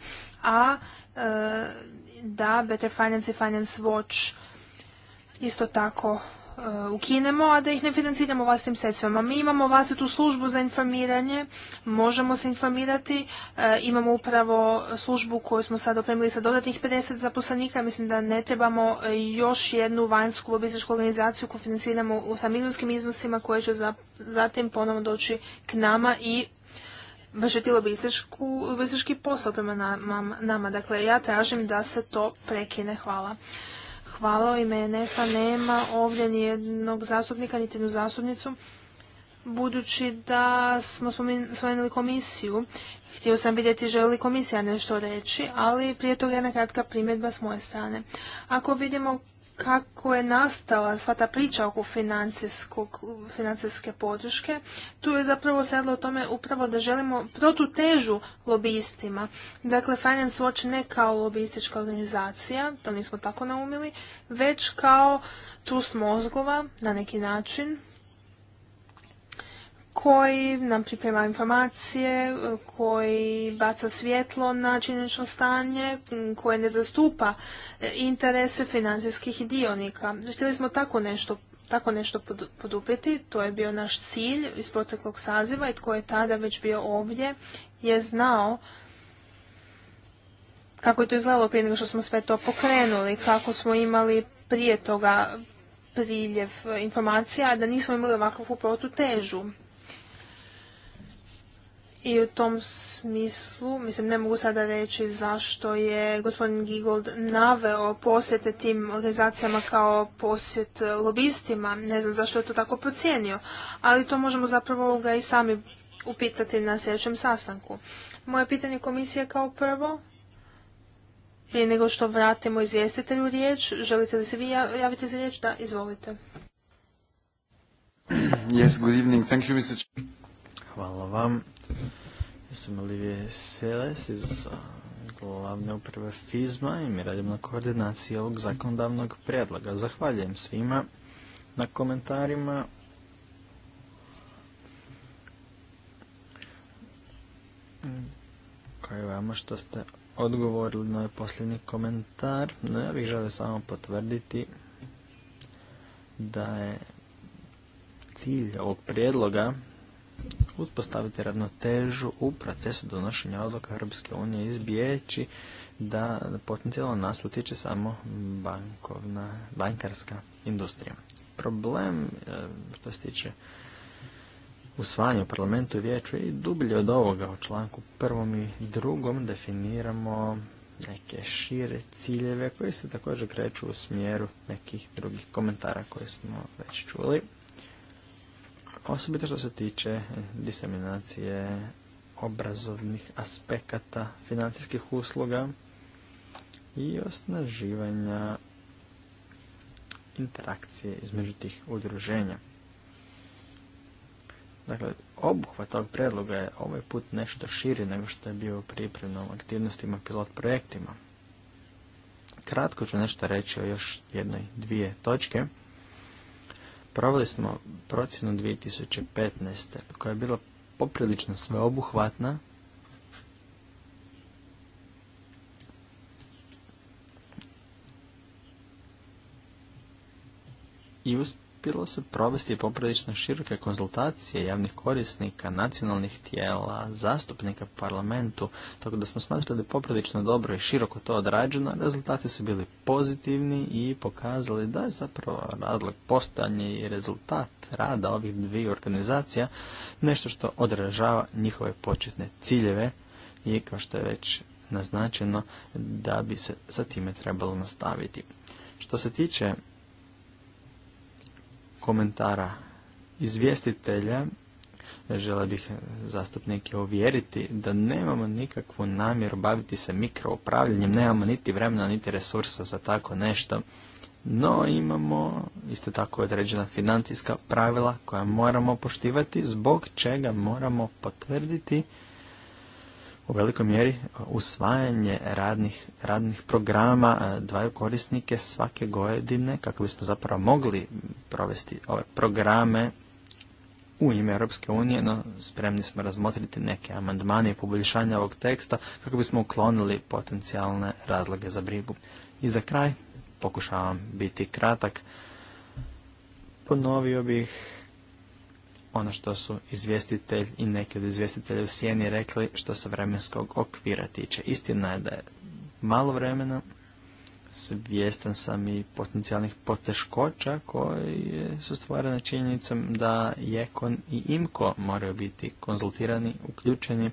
a e, da Better Finance i Finance Watch isto tako ukinemo, a da ih ne financiramo vlastnim sredstvima. Mi imamo vlastitu službu za informiranje, možemo se informirati, e, imamo upravo službu koju smo sad opremili sa dodatnih 50 zaposlenika, mislim da ne trebamo e, još jednu vanjsku lobističku organizaciju koju financiramo sa milijunskim iznosima koje će zatim ponovno doći k nama i vršiti lobistički posao prema nama. Dakle, ja tražim da se to prekine. Hvala hvala u ime nf nema ovdje ni jednog zastupnika, niti jednu zastupnicu. Budući da smo spomenuli komisiju, htio sam vidjeti želi li komisija nešto reći, ali prije toga jedna kratka primjedba s moje strane. Ako vidimo kako je nastala sva ta priča oko financijske podrške, tu je zapravo se o tome upravo da želimo protutežu lobistima. Dakle, Finance Watch ne kao lobistička organizacija, to nismo tako naumili, već kao trus mozgova na neki način, koji nam priprema informacije, koji baca svjetlo na činjenično stanje, koje ne zastupa e, interese financijskih dionika. Htjeli smo tako nešto tako nešto podupiti, to je bio naš cilj iz proteklog saziva i tko je tada već bio ovdje je znao kako je to izgledalo prije nego što smo sve to pokrenuli, kako smo imali prije toga priljev informacija, a da nismo imali ovakvu protutežu. I u tom smislu, mislim, ne mogu sada reći zašto je gospodin Gigold naveo posjete tim organizacijama kao posjet lobistima. Ne znam zašto je to tako procijenio, ali to možemo zapravo ga i sami upitati na sljedećem sastanku. Moje pitanje komisije kao prvo, prije nego što vratimo izvjestitelju riječ, želite li se vi javiti za riječ? Da, izvolite. Hvala vam. Ja Olivije Seles iz glavne uprave FIZMA i mi radimo na koordinaciji ovog zakonodavnog predloga. Zahvaljujem svima na komentarima. Kao i vama što ste odgovorili na ovaj posljednji komentar, no ja bih želio samo potvrditi da je cilj ovog prijedloga uspostaviti ravnotežu u procesu donošenja odluka Europske unije izbjeći da potencijalno nas utječe samo bankovna, bankarska industrija. Problem e, što se tiče usvajanja u parlamentu i vijeću i dublje od ovoga u članku prvom i drugom definiramo neke šire ciljeve koji se također kreću u smjeru nekih drugih komentara koje smo već čuli osobito što se tiče eh, diseminacije obrazovnih aspekata financijskih usluga i osnaživanja interakcije između tih udruženja. Dakle, obuhvat tog predloga je ovaj put nešto širi nego što je bio u aktivnostima pilot projektima. Kratko ću nešto reći o još jednoj dvije točke Proveli smo procjenu 2015. koja je bila poprilično sveobuhvatna. I uz bilo se provesti poprilično široke konzultacije javnih korisnika, nacionalnih tijela, zastupnika parlamentu, tako da smo smatrali da je poprilično dobro i široko to odrađeno. Rezultati su bili pozitivni i pokazali da je zapravo razlog postojanja i rezultat rada ovih dvije organizacija nešto što odražava njihove početne ciljeve i kao što je već naznačeno da bi se sa time trebalo nastaviti. Što se tiče komentara izvjestitelja žele bih zastupnike ovjeriti da nemamo nikakvu namjeru baviti se mikroupravljanjem, nemamo niti vremena niti resursa za tako nešto, no imamo isto tako određena financijska pravila koja moramo poštivati, zbog čega moramo potvrditi u velikoj mjeri usvajanje radnih, radnih programa e, dvaju korisnike svake godine kako bismo zapravo mogli provesti ove programe u ime Europske unije, no spremni smo razmotriti neke amandmane i poboljšanja ovog teksta kako bismo uklonili potencijalne razloge za brigu. I za kraj, pokušavam biti kratak, ponovio bih ono što su izvjestitelj i neki od izvjestitelja u sjeni rekli što se vremenskog okvira tiče. Istina je da je malo vremena, svjestan sam i potencijalnih poteškoća koje su stvarane činjenicom da Jekon i Imko moraju biti konzultirani, uključeni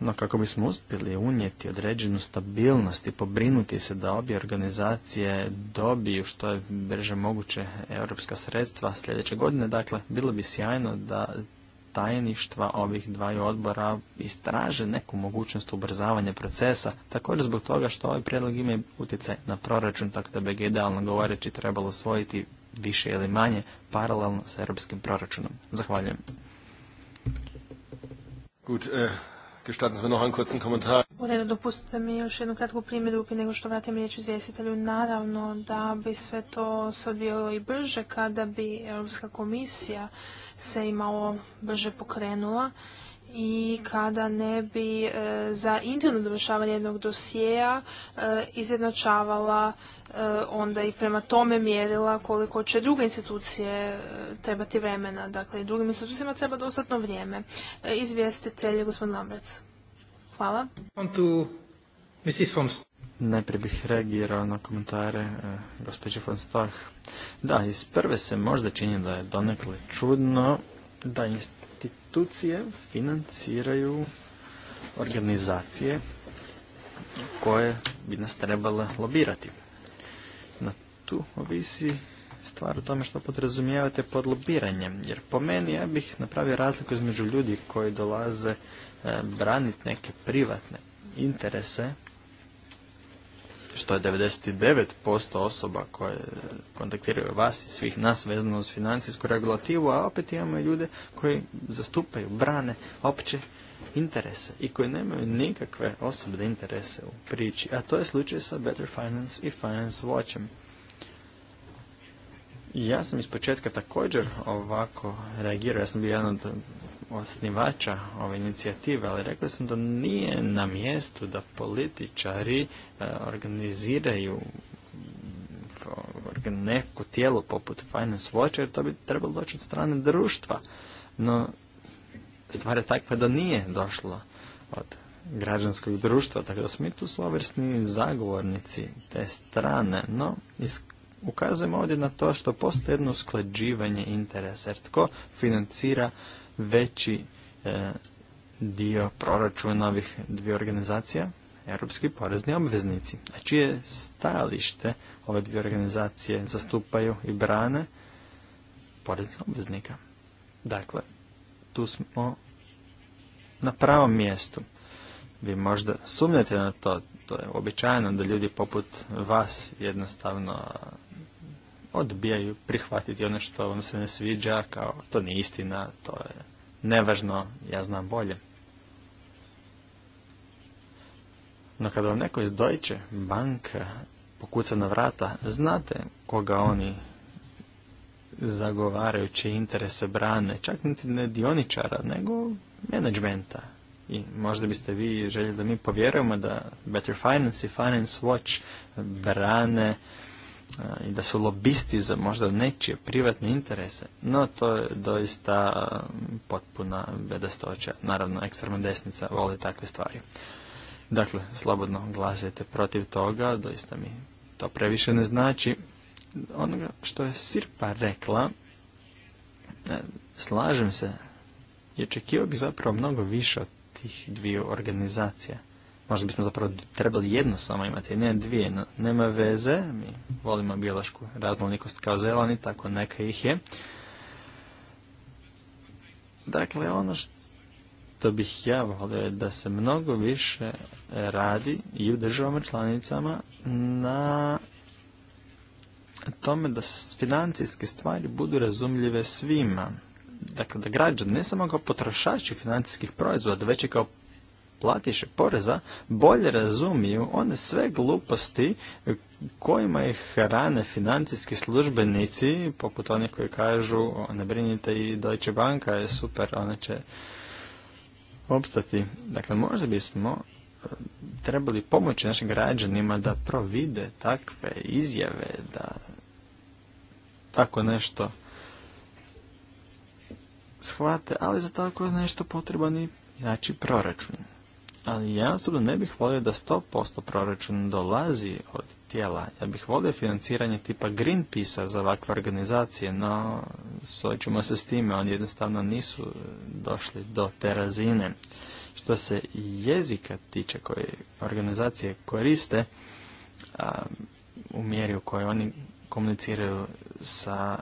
no kako bismo uspjeli unijeti određenu stabilnost i pobrinuti se da obje organizacije dobiju što je brže moguće europska sredstva sljedeće godine, dakle, bilo bi sjajno da tajništva ovih dvaju odbora istraže neku mogućnost ubrzavanja procesa, također zbog toga što ovaj prijedlog ima utjecaj na proračun, tako da bi ga idealno govoreći trebalo osvojiti više ili manje paralelno sa europskim proračunom. Zahvaljujem. Gut, eh, Gestatten Sie U redu, dopustite mi još jednu kratku primjeru prije nego što vratim riječ izvjestitelju. Naravno da bi sve to se odvijalo i brže kada bi Europska komisija se imao brže pokrenula i kada ne bi e, za interno dovršavanje jednog dosijeja e, izjednačavala e, onda i prema tome mjerila koliko će druge institucije trebati vremena. Dakle, i drugim institucijama treba dostatno vrijeme. Izvijestitelj je gospodin Lambrec. Hvala. Najprije bih reagirao na komentare gospođe von Starh. Da, iz prve se možda čini da je donekle čudno da institucije institucije financiraju organizacije koje bi nas trebale lobirati. No tu ovisi stvar u tome što podrazumijevate pod lobiranjem. Jer po meni ja bih napravio razliku između ljudi koji dolaze e, braniti neke privatne interese što je 99% osoba koje kontaktiraju vas i svih nas vezano uz financijsku regulativu, a opet imamo ljude koji zastupaju, brane opće interese i koji nemaju nikakve osobne interese u priči, a to je slučaj sa Better Finance i Finance Watchem. Ja sam iz početka također ovako reagirao, ja sam bio jedan od osnivača ove inicijative, ali rekli sam da nije na mjestu da političari e, organiziraju neko tijelo poput Finance Watch, jer to bi trebalo doći od strane društva. No, stvar je takva da nije došlo od građanskog društva, tako da smo mi tu svovrsni zagovornici te strane, no ukazujemo ovdje na to što postoje jedno usklađivanje interesa, jer tko financira veći e, dio proračuna ovih dvije organizacija, europski porezni obveznici, a čije stajalište ove dvije organizacije zastupaju i brane poreznih obveznika. Dakle, tu smo na pravom mjestu. Vi možda sumnjate na to, to je običajno da ljudi poput vas jednostavno odbijaju prihvatiti ono što vam se ne sviđa, kao to nije istina, to je nevažno, ja znam bolje. No kada vam neko iz Deutsche banka pokuca na vrata, znate koga oni zagovarajući interese brane, čak niti ne dioničara, nego menadžmenta. I možda biste vi željeli da mi povjerujemo da Better Finance i Finance Watch brane i da su lobisti za možda nečije privatne interese, no to je doista um, potpuna bedastoća. Naravno, ekstremna desnica voli takve stvari. Dakle, slobodno glasajte protiv toga, doista mi to previše ne znači. Onoga što je Sirpa rekla, e, slažem se, i očekivao bih zapravo mnogo više od tih dviju organizacija. Možda bismo zapravo trebali jednu samo imati, ne dvije. nema veze, mi volimo biološku raznolikost kao zelani, tako neka ih je. Dakle, ono što bih ja volio je da se mnogo više radi i u državama članicama na tome da financijske stvari budu razumljive svima. Dakle, da građan ne samo kao potrošači financijskih proizvoda, već i kao platiše poreza bolje razumiju one sve gluposti kojima ih hrane financijski službenici, poput onih koji kažu ne brinite i Deutsche Banka je super, ona će opstati. Dakle, možda bismo e, trebali pomoći našim građanima da provide takve izjave, da tako nešto shvate, ali za tako nešto potreban i znači proračun. Ali ja osobno ne bih volio da 100% proračun dolazi od tijela. Ja bih volio financiranje tipa Greenpeace-a za ovakve organizacije, no soćemo se s time, oni jednostavno nisu e, došli do te razine. Što se jezika tiče koje organizacije koriste, a, u mjeri u kojoj oni komuniciraju sa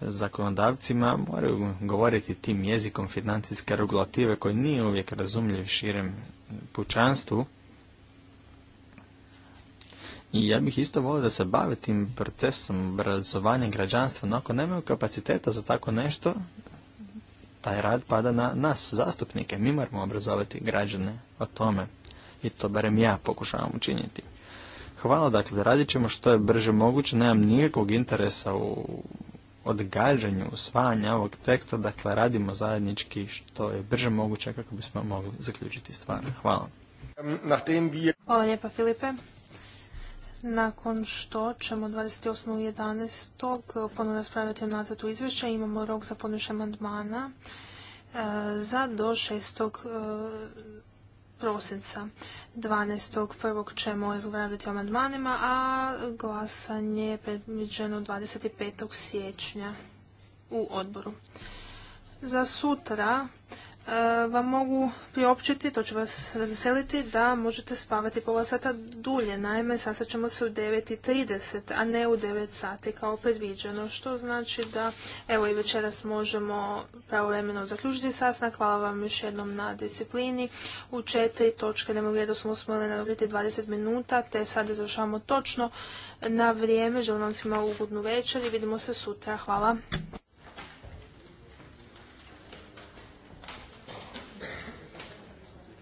zakonodavcima moraju govoriti tim jezikom financijske regulative koji nije uvijek razumljiv širem pučanstvu. I ja bih isto volio da se bave tim procesom obrazovanja građanstva, no ako nemaju kapaciteta za tako nešto, taj rad pada na nas, zastupnike. Mi moramo obrazovati građane o tome. I to barem ja pokušavam učiniti. Hvala, dakle, radit ćemo što je brže moguće. Nemam nikakvog interesa u odgađanju usvajanja ovog teksta, dakle radimo zajednički što je brže moguće kako bismo mogli zaključiti stvar. Hvala. Hvala lijepa Filipe. Nakon što ćemo 28.11. ponovno raspravljati o nacrtu izvješća, imamo rok za podnošenje amandmana e, za do 6 prosinca. prvog ćemo razgovarati o amandmanima, a glasanje je predviđeno 25. siječnja u odboru. Za sutra E, vam mogu priopćiti, to će vas razveseliti, da možete spavati pola sata dulje. Naime, sasad ćemo se u 9.30, a ne u 9 sati kao predviđeno, što znači da evo i večeras možemo pravovremeno zaključiti sasna Hvala vam još jednom na disciplini. U četiri točke dnevnog reda smo uspjeli na 20 minuta, te sada završavamo točno na vrijeme. Želim vam svima ugodnu večer i vidimo se sutra. Hvala.